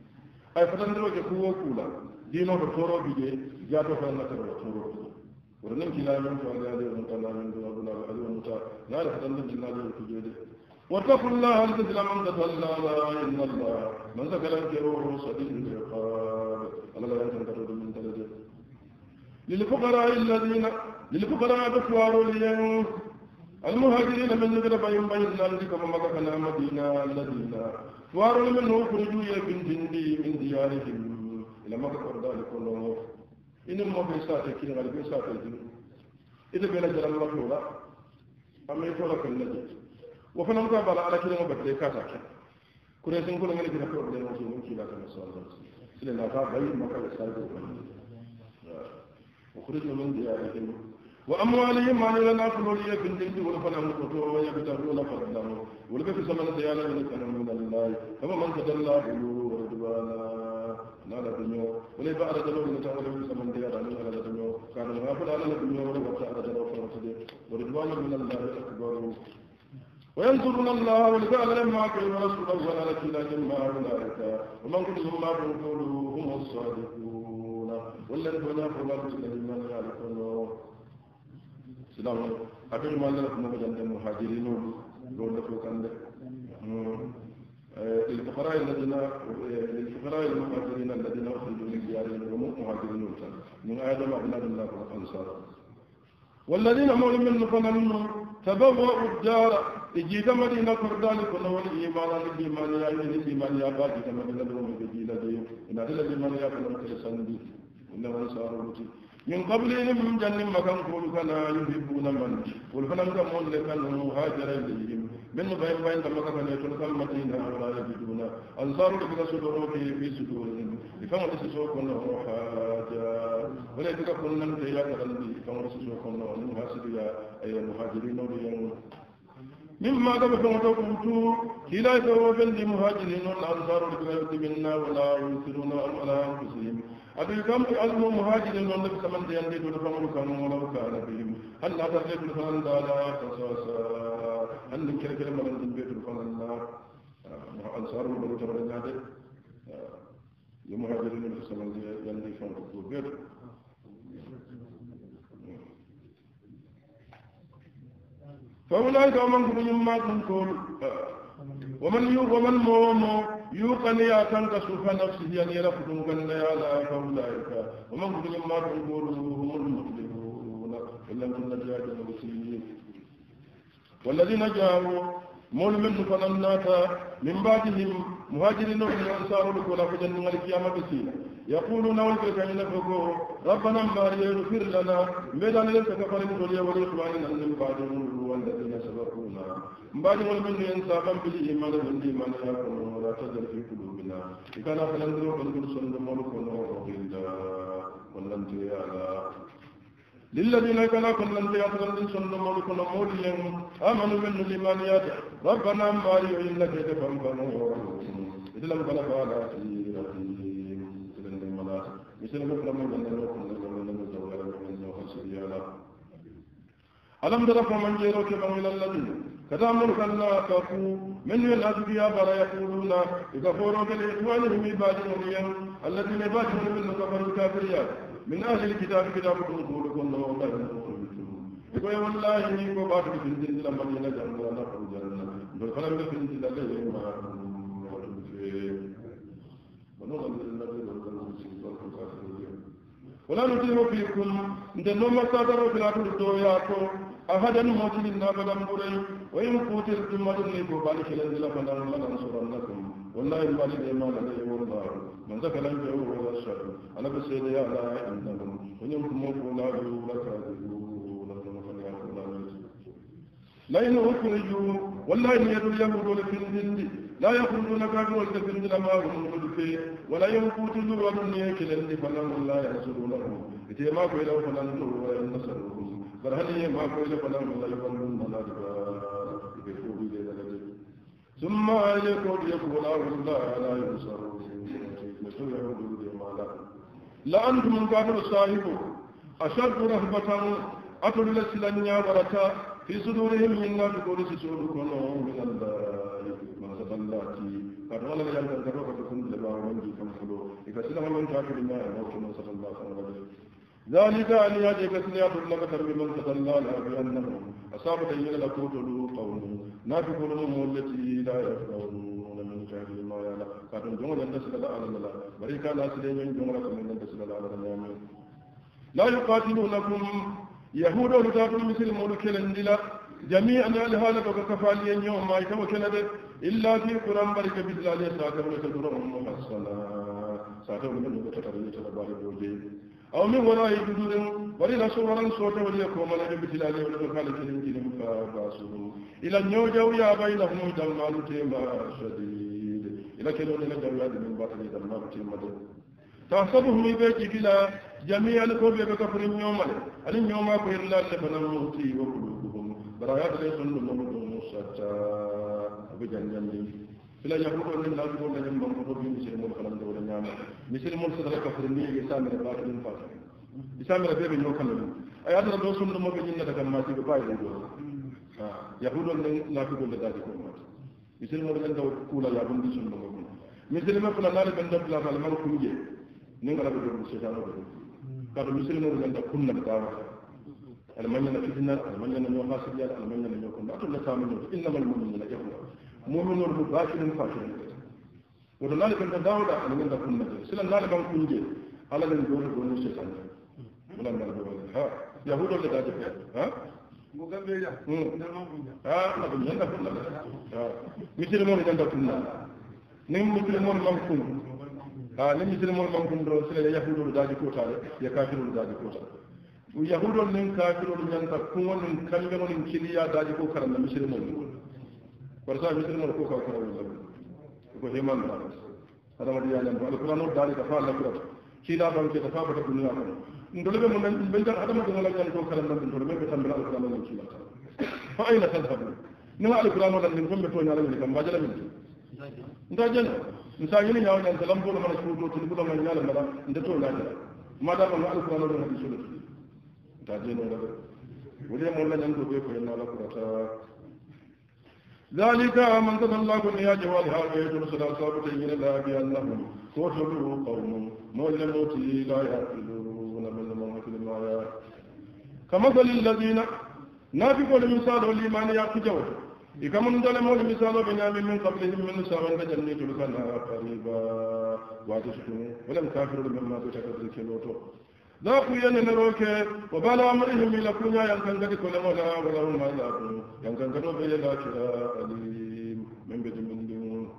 a ye fatandiroo ke kuu wo kuu la diinoo to tooroo bi jee jaatoo fanaŋ na karoo la tooroo bi jee wala niŋ de meŋ to ali ali wonta naa meŋ duna duna ali wonta la ye fatandir dinaa jee ku jee de واتقوا الله أن تسلموا تتلى إن الله من سكن الكروه شديد العقاب الله لا ينتهي من تلده للفقراء الذين المهاجرين من ذكر بين بين ذلك فمكثنا مدينة الذين كفار منه خرجوا يبن جندي من ديارهم إلى مكة ذلك الله إنما في ساعة كنا غالب ساعة الجنوب إذا بلا جل الله كورا أما كل لك وفن وفنا بلا على كنا مبتدئ كاتاك كنا سنقول لك كنا كورا بلا وزيون كي لا تنسوا الله عليه وسلم بين كابي مكة ساعة وخرجوا من ديارهم وأموالهم ما لنا فلولية في الجلد ولفنا مقطوع ويبتغون فضله ولبك سمن سيانا من كان من الله فما من الله حلوه ورجبانا نال الدنيا ولي بعد دلو من تعالى في سمن ديارا من على الدنيا كان الغافل على الدنيا ولي وقت على في فرمسده ورجبان من الله أكبر وينصرون الله ولفعل لما كان رسول الله ولا لكن لا جمع أولئك ومن كلهم ما هم الصادقون والذين هناك الله الذين لا يعرفون silaw atol ma la kuma jande muhajirin do do ko kande للفقراء الذين للفقراء المهاجرين الذين اخرجوا من ديارهم وهم مهاجرون من ادم اولاد الله والانصار والذين مولى من فنن تبوأوا الدار إجيد مدينة فردان كنا والإيمان الإيمان يا إيمان الإيمان يا باقي كما من الروم بجيلة دي إن هذا الإيمان يا كنا متحسن بي إنه أنصار المتي من قبلهم جن مكان قول كنا يحبون من قول كنا مكان مول لكان مهاجر إليهم من بين بين لما كان يتلك المدينة ولا يجدون أنصار لك صدوره في صدورهم فما لسسوا كنا حاجة ولا يتلك كنا نتيا تغلبي فما لسسوا كنا مهاجرين أي المهاجرين وليون مما قبل فما تقولوا كلا يتوفى المهاجرين الأنصار لك يتبنا ولا ينكرون على أنفسهم أبي كم أزم مهاجر من النبي صلى الله عليه وسلم يندل فمر كان ولو كان بهم هل أتى الرجل فأنت على قصاصا هل نكر كلمة من البيت فأنت آه، أنصار ولو ترى النادر آه، يمهاجر من النبي صلى الله عليه وسلم يندل فمر البيت آه. فأولئك من كل ما كنتم ومن يو ومن مومو يوقن يا كان كسوف نفسه أن يرى كتن كن لا لا فأولئك ومن كتن ما تقول هم المفلحون إلا من نجاة المسلمين والذين جاءوا مول من فنناتا من بعدهم مهاجرين من والأنصار لكولا فجنة القيامة بسينا يقولون ولدك علينا فكور ربنا ماري يغفر لنا ميدان يلتك فرنزل ولإخواننا من الروان الذين سبقونا بعدهم من ينساقا بالإيمان من الإيمان يكون ولا تزل في قلوبنا كان فلنزل وقلب سند ملك ونوحيدا ولنزل على للذين كلا كنا يأخذ من سنة ملكنا موليهم آمنوا من الإيمانيات ربنا ماري إنك تفهم فنورهم إذ لم بلغ على سيرتي مثل ما كلام من الله من زوال من الله خسر يا الله ألم تر فمن جرى كمن إلى الذين كتامر كلا كفو من الأذبياء برا يقولون إذا فوروا كالإخوانهم يبادرهم الذين يبادرون من الكفر الكافرين من أهل الكتاب كتاب الرسول كنا والله يقول والله إني كبار في الدين لما ينجح الله خرج لنا بل خلنا في الدين لا يجمع ونقول الذين ولا نطيع فيكم ندلوم سادر في الأرض دوياتو أحد الموتين نابلا بري وإن قتلتم مدني فبان خلال لفنا لكم والله الوالد ما لديه والله من ذاك لم يعوه ولا الشر أنا بسيد يا لا إنهم ونمكم ولا يولا لا إنه خرجوا والله إن يدل يهود لفي الذل لا يخرجون كافر والكافرون لما هم ملكي ولا ينفوت ذرة النية كلن فلان لا يحصل له إذا ما كويل فلان نور ولا ينصر ينصرهم فرهني ما كويل فلن لا يفلون ولا دبار ثم يقول يقول الله لا لا ينصر أنت من الكافر صاحب أشد رهبة أتولى سلنيا ورثا في صدورهم من لا تقول سسوركم من الله masaballati karwala ga yalta da roka da kun da ba wangi kan fulo ikasila wannan ta kudi ma ya kuma sallallahu alaihi wasallam ذلك أن يجب سنيات لك ترمي من تسلى لها بأنه أصابت إلى لكوت له قوم نافق لهم التي لا يفعلون من خير ما يلا كاتم جملة تسلى على الله بريكا لا سليم جملة من تسلى على الله لا يقاتلونكم يهود ولا تاكل مثل ملك الانجلة جميع على هذا كفاليا يوم ما يتم كنده إلا في قرآن بارك في الله عليه ساتر من بالله ساتهم لتدرهم محصنا ساتهم لتدرهم تترمي تتبار بوجه أو من وراء جدود ولنا سورا صوت وليكم من أجل بتلال ولكال فيهم دينهم فباسهم إلى النوجة ويا بينهم دلمال تيما شديد إلى كنون إلى جواد من بطن دلمال تيما تحسبهم بيت كلا جميع الكوبية بكفر يوم عليه أن يوم أكبر الله لفنا موتي وقلوبهم barayatule sundu mamu ɗum satta aɓe janjandi sila yahuɗo nin laajugo nañen bankoto bi misil mon kalamde wona ñaama misil mon sotata kafre ni e samere baatuɗin fata i samere ɓe ɓe ñookano ɗum a yatata ɗo sundumoɓe ñinnata kam masiɓe bawiɗe ɗo yahuɗon nin laajugo nde daadi kon mata misil mon ɓen taw kuula yabundi sundumo ɗum misil me fula naali ɓen dobbila fa alman kuuje nin ala ɓe ɗo seytanoɓe ɗum kato misil mon ɓen ta kunnata tawata ala mañana fitnal ala mañana ñoo hasidiyal ala mañana ñoo kon atolle samañoto innama almuminina ihwa muminol mo basilum fasirin woto laali ɓenta dawɗa ala ganda kunnade sila laali ɓan kunje ala ɓen jooto goni setande bulangal bowale ha yahudolle daje fe ha misiri moon ganda kunna nin misiri moon man kun a nin misiri moon man kun ɗo sila yahudolu daji kotade ye kafirolu daji kotade yahudol nin kafirol ñanta kuŋo nin kallemo nin kiliya daaji ko karanda misirimol par sa misirimol ko kaw karawol ko himan la adamadiya ñanto alqurano daali dafa lafirata kiila banke dafa bata duniya kono ndole ɓe mun ɓe jan adamadiŋo la ñanto karanda ɗum tole ɓe ɓe tambila alqurano ñan kiila fa ayna tadhabun nima alqurano lan nin fomɓe toñala ñini kam mbajala min nda jana nsa yini ñawo ñanta lambolo mana cuuto tilbulo ma ñala mbaɗa nde toñañala madama no alqurano ɗon hadi solati daje no da wuri mun la nyanto be ko na la kurata zalika man kana allah kun ya jawal ha ga yadu sada sabata yin la bi allah ko to lu qawmun mawlamu ti la yaqiluna min mawlamu ma ya kama dalil ladina nafi ko misalo liman ya ku jaw ikamun dole mo misalo bina min min qablihim min sawan ka jannatul kana qariba wa tashkunu wa lam kafiru mimma tashakkaru kiloto لا كويان نروك وبلا أمرهم إلى كنيا ينكن قد كل منا ولهم عذاب ينكن قد بيلا أليم من بيت من دون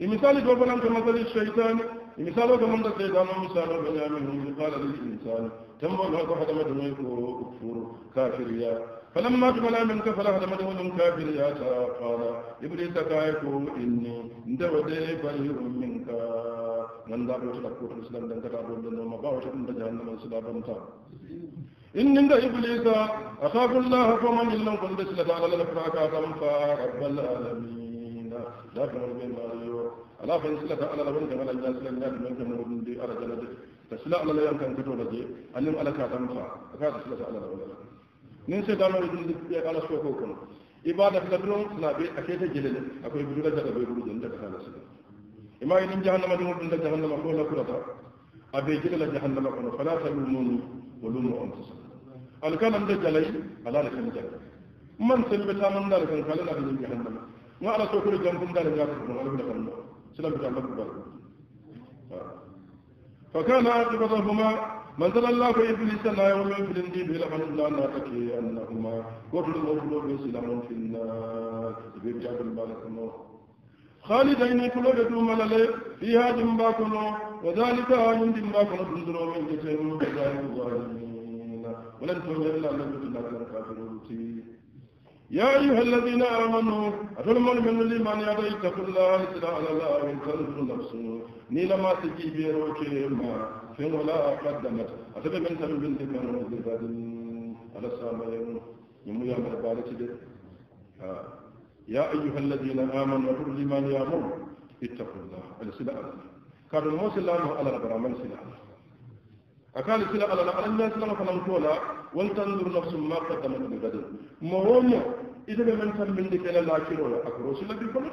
المثال كما كمثال الشيطان المثال كما الشيطان مثال بنيامين قال للإنسان تمو لو كفت مدن كفر كافر يا فلما من كفر فلا مدن كافر يا قال ابليس كايكو اني ندودي بريء منك من دابو تلقوت الاسلام دنك تابو الله ما باوش من جهنم السلام ان إنك إبليس أخاف الله فمن يلم كنت سلك على الأفراك أتم رب العالمين لا تمر ماريو ألا فإن سلك على الأفراك من الجنس لن يكمل من أرجل ta sila ala la yankan kato la je anin ala ka tan fa ka ta sila ta ala la nin se dano idin ya kala so ko kono ibada ka dron na be akete jelele akoy budula daga be buru den daga sala sila ima yin jahannama dum dum daga jahannama ko la kurata abe jelele jahannama kono fala talumuni wa lumu anfusakum alkanan da jalai ala da kan jalai man sun bi tamun da kan kala da jahannama ma ala so kuri jambun da ga su kuma da kan sila bi ta Allah فكان عاقبتهما من ترى الله في إبليس لا يوم في الإنجيل إلى من لا نتكي أنهما وفل في سلام في النار سبيل جاب البالك النور خالدين كل بدوم للي فيها جنباكنا وذلك عين جنباكنا تنظروا من جسم وذلك الظالمين ولن تنظر إلا أن تنظر الكافرون يا أيها الذين آمنوا أتلمون من الإيمان يا ريتك الله إلا على الله من تنظر نفسه نيلما تجي بيروك ما في ولا قدمت أتبع من تنظر بنت من الزباد على السلام السامعين يمو يا مربارك يا أيها الذين آمنوا من الإيمان يا مر اتقوا الله على السلام كارل موسى الله على ربنا رب العالمين akali sila ala la alanna sila fana mutola wal tandur nafsum ma qaddamat li gadin moromo ida be man tan min de kala la kiro la akro sila bi kono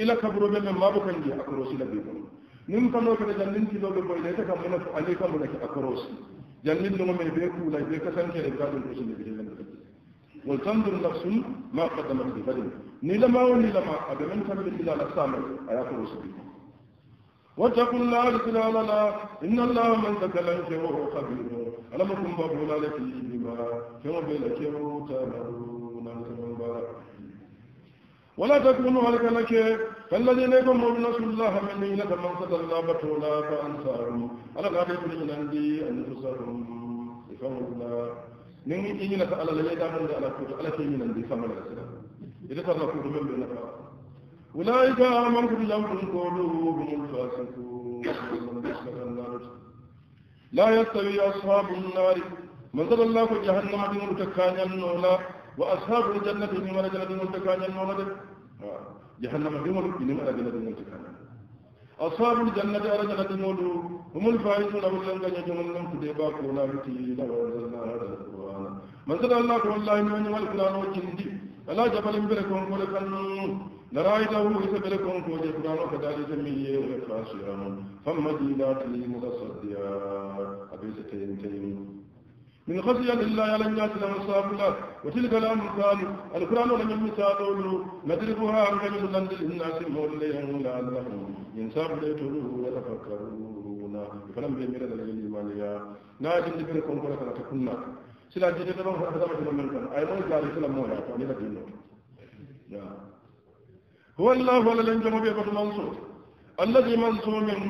ila kabro be man mabu kan di akro sila bi kono nim kano kada jannin ki do be boy de ta kam na ali kam na ki akro sila jannin no me be ku la be kasan ke gadin ko sila bi den wal tandur nafsum ma qaddamat li gadin ni lama wa ni lama abe man tan min ila la samal ayakro sila واتقوا الله لتنا لنا إن الله من تكلم ذكر شعور خبيره ألم كن بقول لك بما شعب لك تابعون ولا تكونوا هلك لك فالذين يقوموا بنصر الله من دينة من صدى الله بطولا فأنصارهم ألا قد يكون عندي أن أنفسهم إفهم الله نعم إني لك ألا لا يدعون على ألا كي من عندي فهم الله إذا ترى كنت من بينك أولئك آمنوا لهم القلوب لا يستوي أصحاب النار من صلى الله في جهنم دون تكاني النولا وأصحاب الجنة في مرجل دون تكاني النولا جهنم دون في مرجل دون تكاني أصحاب الجنة أرجل دون هم الفائزون أولئك يجمعون لهم كتبا كونا بتيلا وأنزلنا هذا القرآن من صلى الله والله من القرآن وجندي ألا جبل بلكم ولكن لرأيته يسبلكم في وجه قرآن وكذلك من يوم خاشعا فما دينات لي متصدعا أبي ستين من خشية الله على الناس لما صابوا وتلك الأمثال القرآن لم يمثال يمثالوا نضربها من يضلل للناس موليهم لعلهم ينساب ليتلوه ويتفكرون فلم يمر للعلم عليا ناجم لبركم فلك لتكن سلا جديد من خلق ذلك من كان أيضا قال سلا مولا فأني لدينه هو الله ولا لنجم بيبت منصور الذي منصور من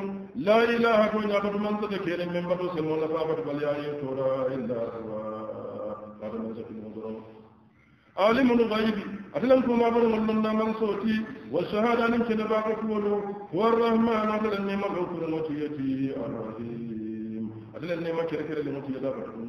لا إله كون يبت منصور كير من بطو سمون فابت بل يأي تورا إلا سوا هذا من سكين وزرم عالم الغيب أتلم كما برم لنا منصوتي والشهادة نمشي نباك كولو هو الرحمن أتلني ملعوك لمتيتي الرحيم أتلني ما كركر لمتيتي الرحيم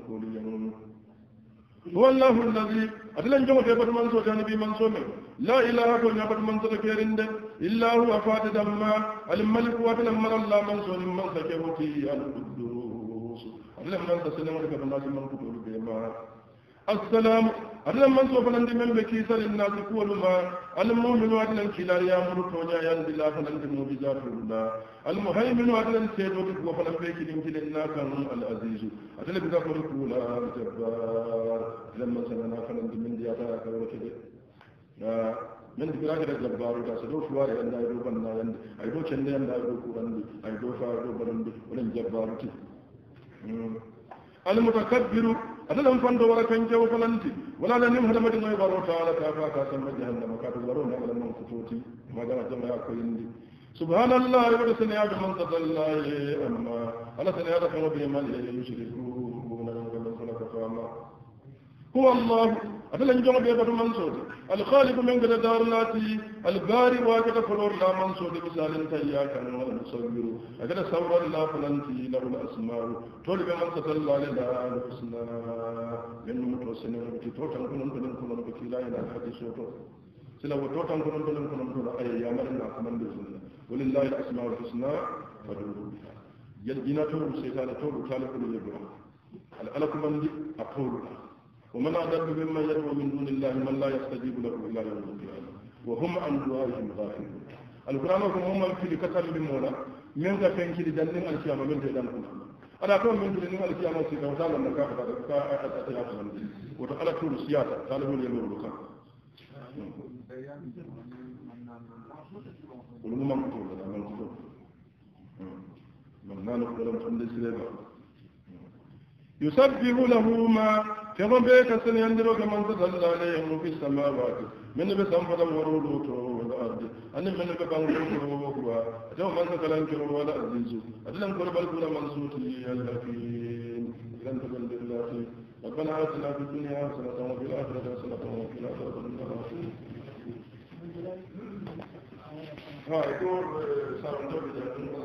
هو الله الذي أتلن جمع بيبت منصور جانبي منصور منه لا إله كل نبت من سكيرين دي إلا هو فات دمما الملك واتنا من الله من سون من سكيوتي القدوس أدلم من سسلم لك بالناس من قدور بما السلام أدلم من سوف نندي من بكيسا الناس كل ما من واتنا كلار يا مرتونيا يندي لا فنندي موجزات الله المهيمن واتنا سيدو تقوى فنبيك الناس للناس الأزيز أدلم بذكر كولا الجبار أدلم من سننا فنندي من دياتا كوركي من dikira ga daga baro da su do fuwa da Allah ya do banna yan ai do cende Allah ya do kuran ai do fa do baran do wannan jabbaru ti al mutakabbiru adalan fando wala kan jaw falanti wala lan nim hadama dinga baro ta'ala ta fa ka san jahannama ka do baro na wala mun kutoti magana jama'a ko yindi سبحان الله ورسل يا من تضل الله أما ألا سنيا رحمه بمن يشركون هو الله أتلا نجوم بيضا منصود الخالق من قد دار ناتي الباري واجد فلور لا منصود بسال انت إياك أنا ولا نصور أجل سور الله فلنتي له الأسماء تولي بمن تتلع تتلى على الحسنى من متوسن ربكي توتا كنون كنون كنون ربكي لا إله حدي سوتو سلا وتوتا كنون كنون كنون كنون أي يا لا كمن بزنا ولله الأسماء الحسنى فدعوه بها يلجنا تولو سيطانة تولو تالكم يبرو الألكم من دي أقولنا ومن أضل مما يدعو من دون الله من لا يستجيب له إلا يوم القيامة وهم عن دعائهم غافلون القرآن هم من في كتاب المولى من كفن كي دلن القيامة من دلن القيامة أنا كم من دلن القيامة سيدا وتعالى من كافر كأتيات من دلن وتعالى كل سياسة تعالى هو يمر لك ولم من قتل من قتل من نال قتل محمد سليمان يسبح له ما كما بيك سنيندرو كما تدل عليهم في السماوات من بسنفة ورولوت والأرض أن من ببنكر وقوى أتوا من تكلنكر ولا أزيز أدلن كل بلكنا منصوت الحكيم لن تكن بالله ربنا آتنا في الدنيا حسنة وفي الآخرة حسنة وقنا عذاب النار ها يقول صار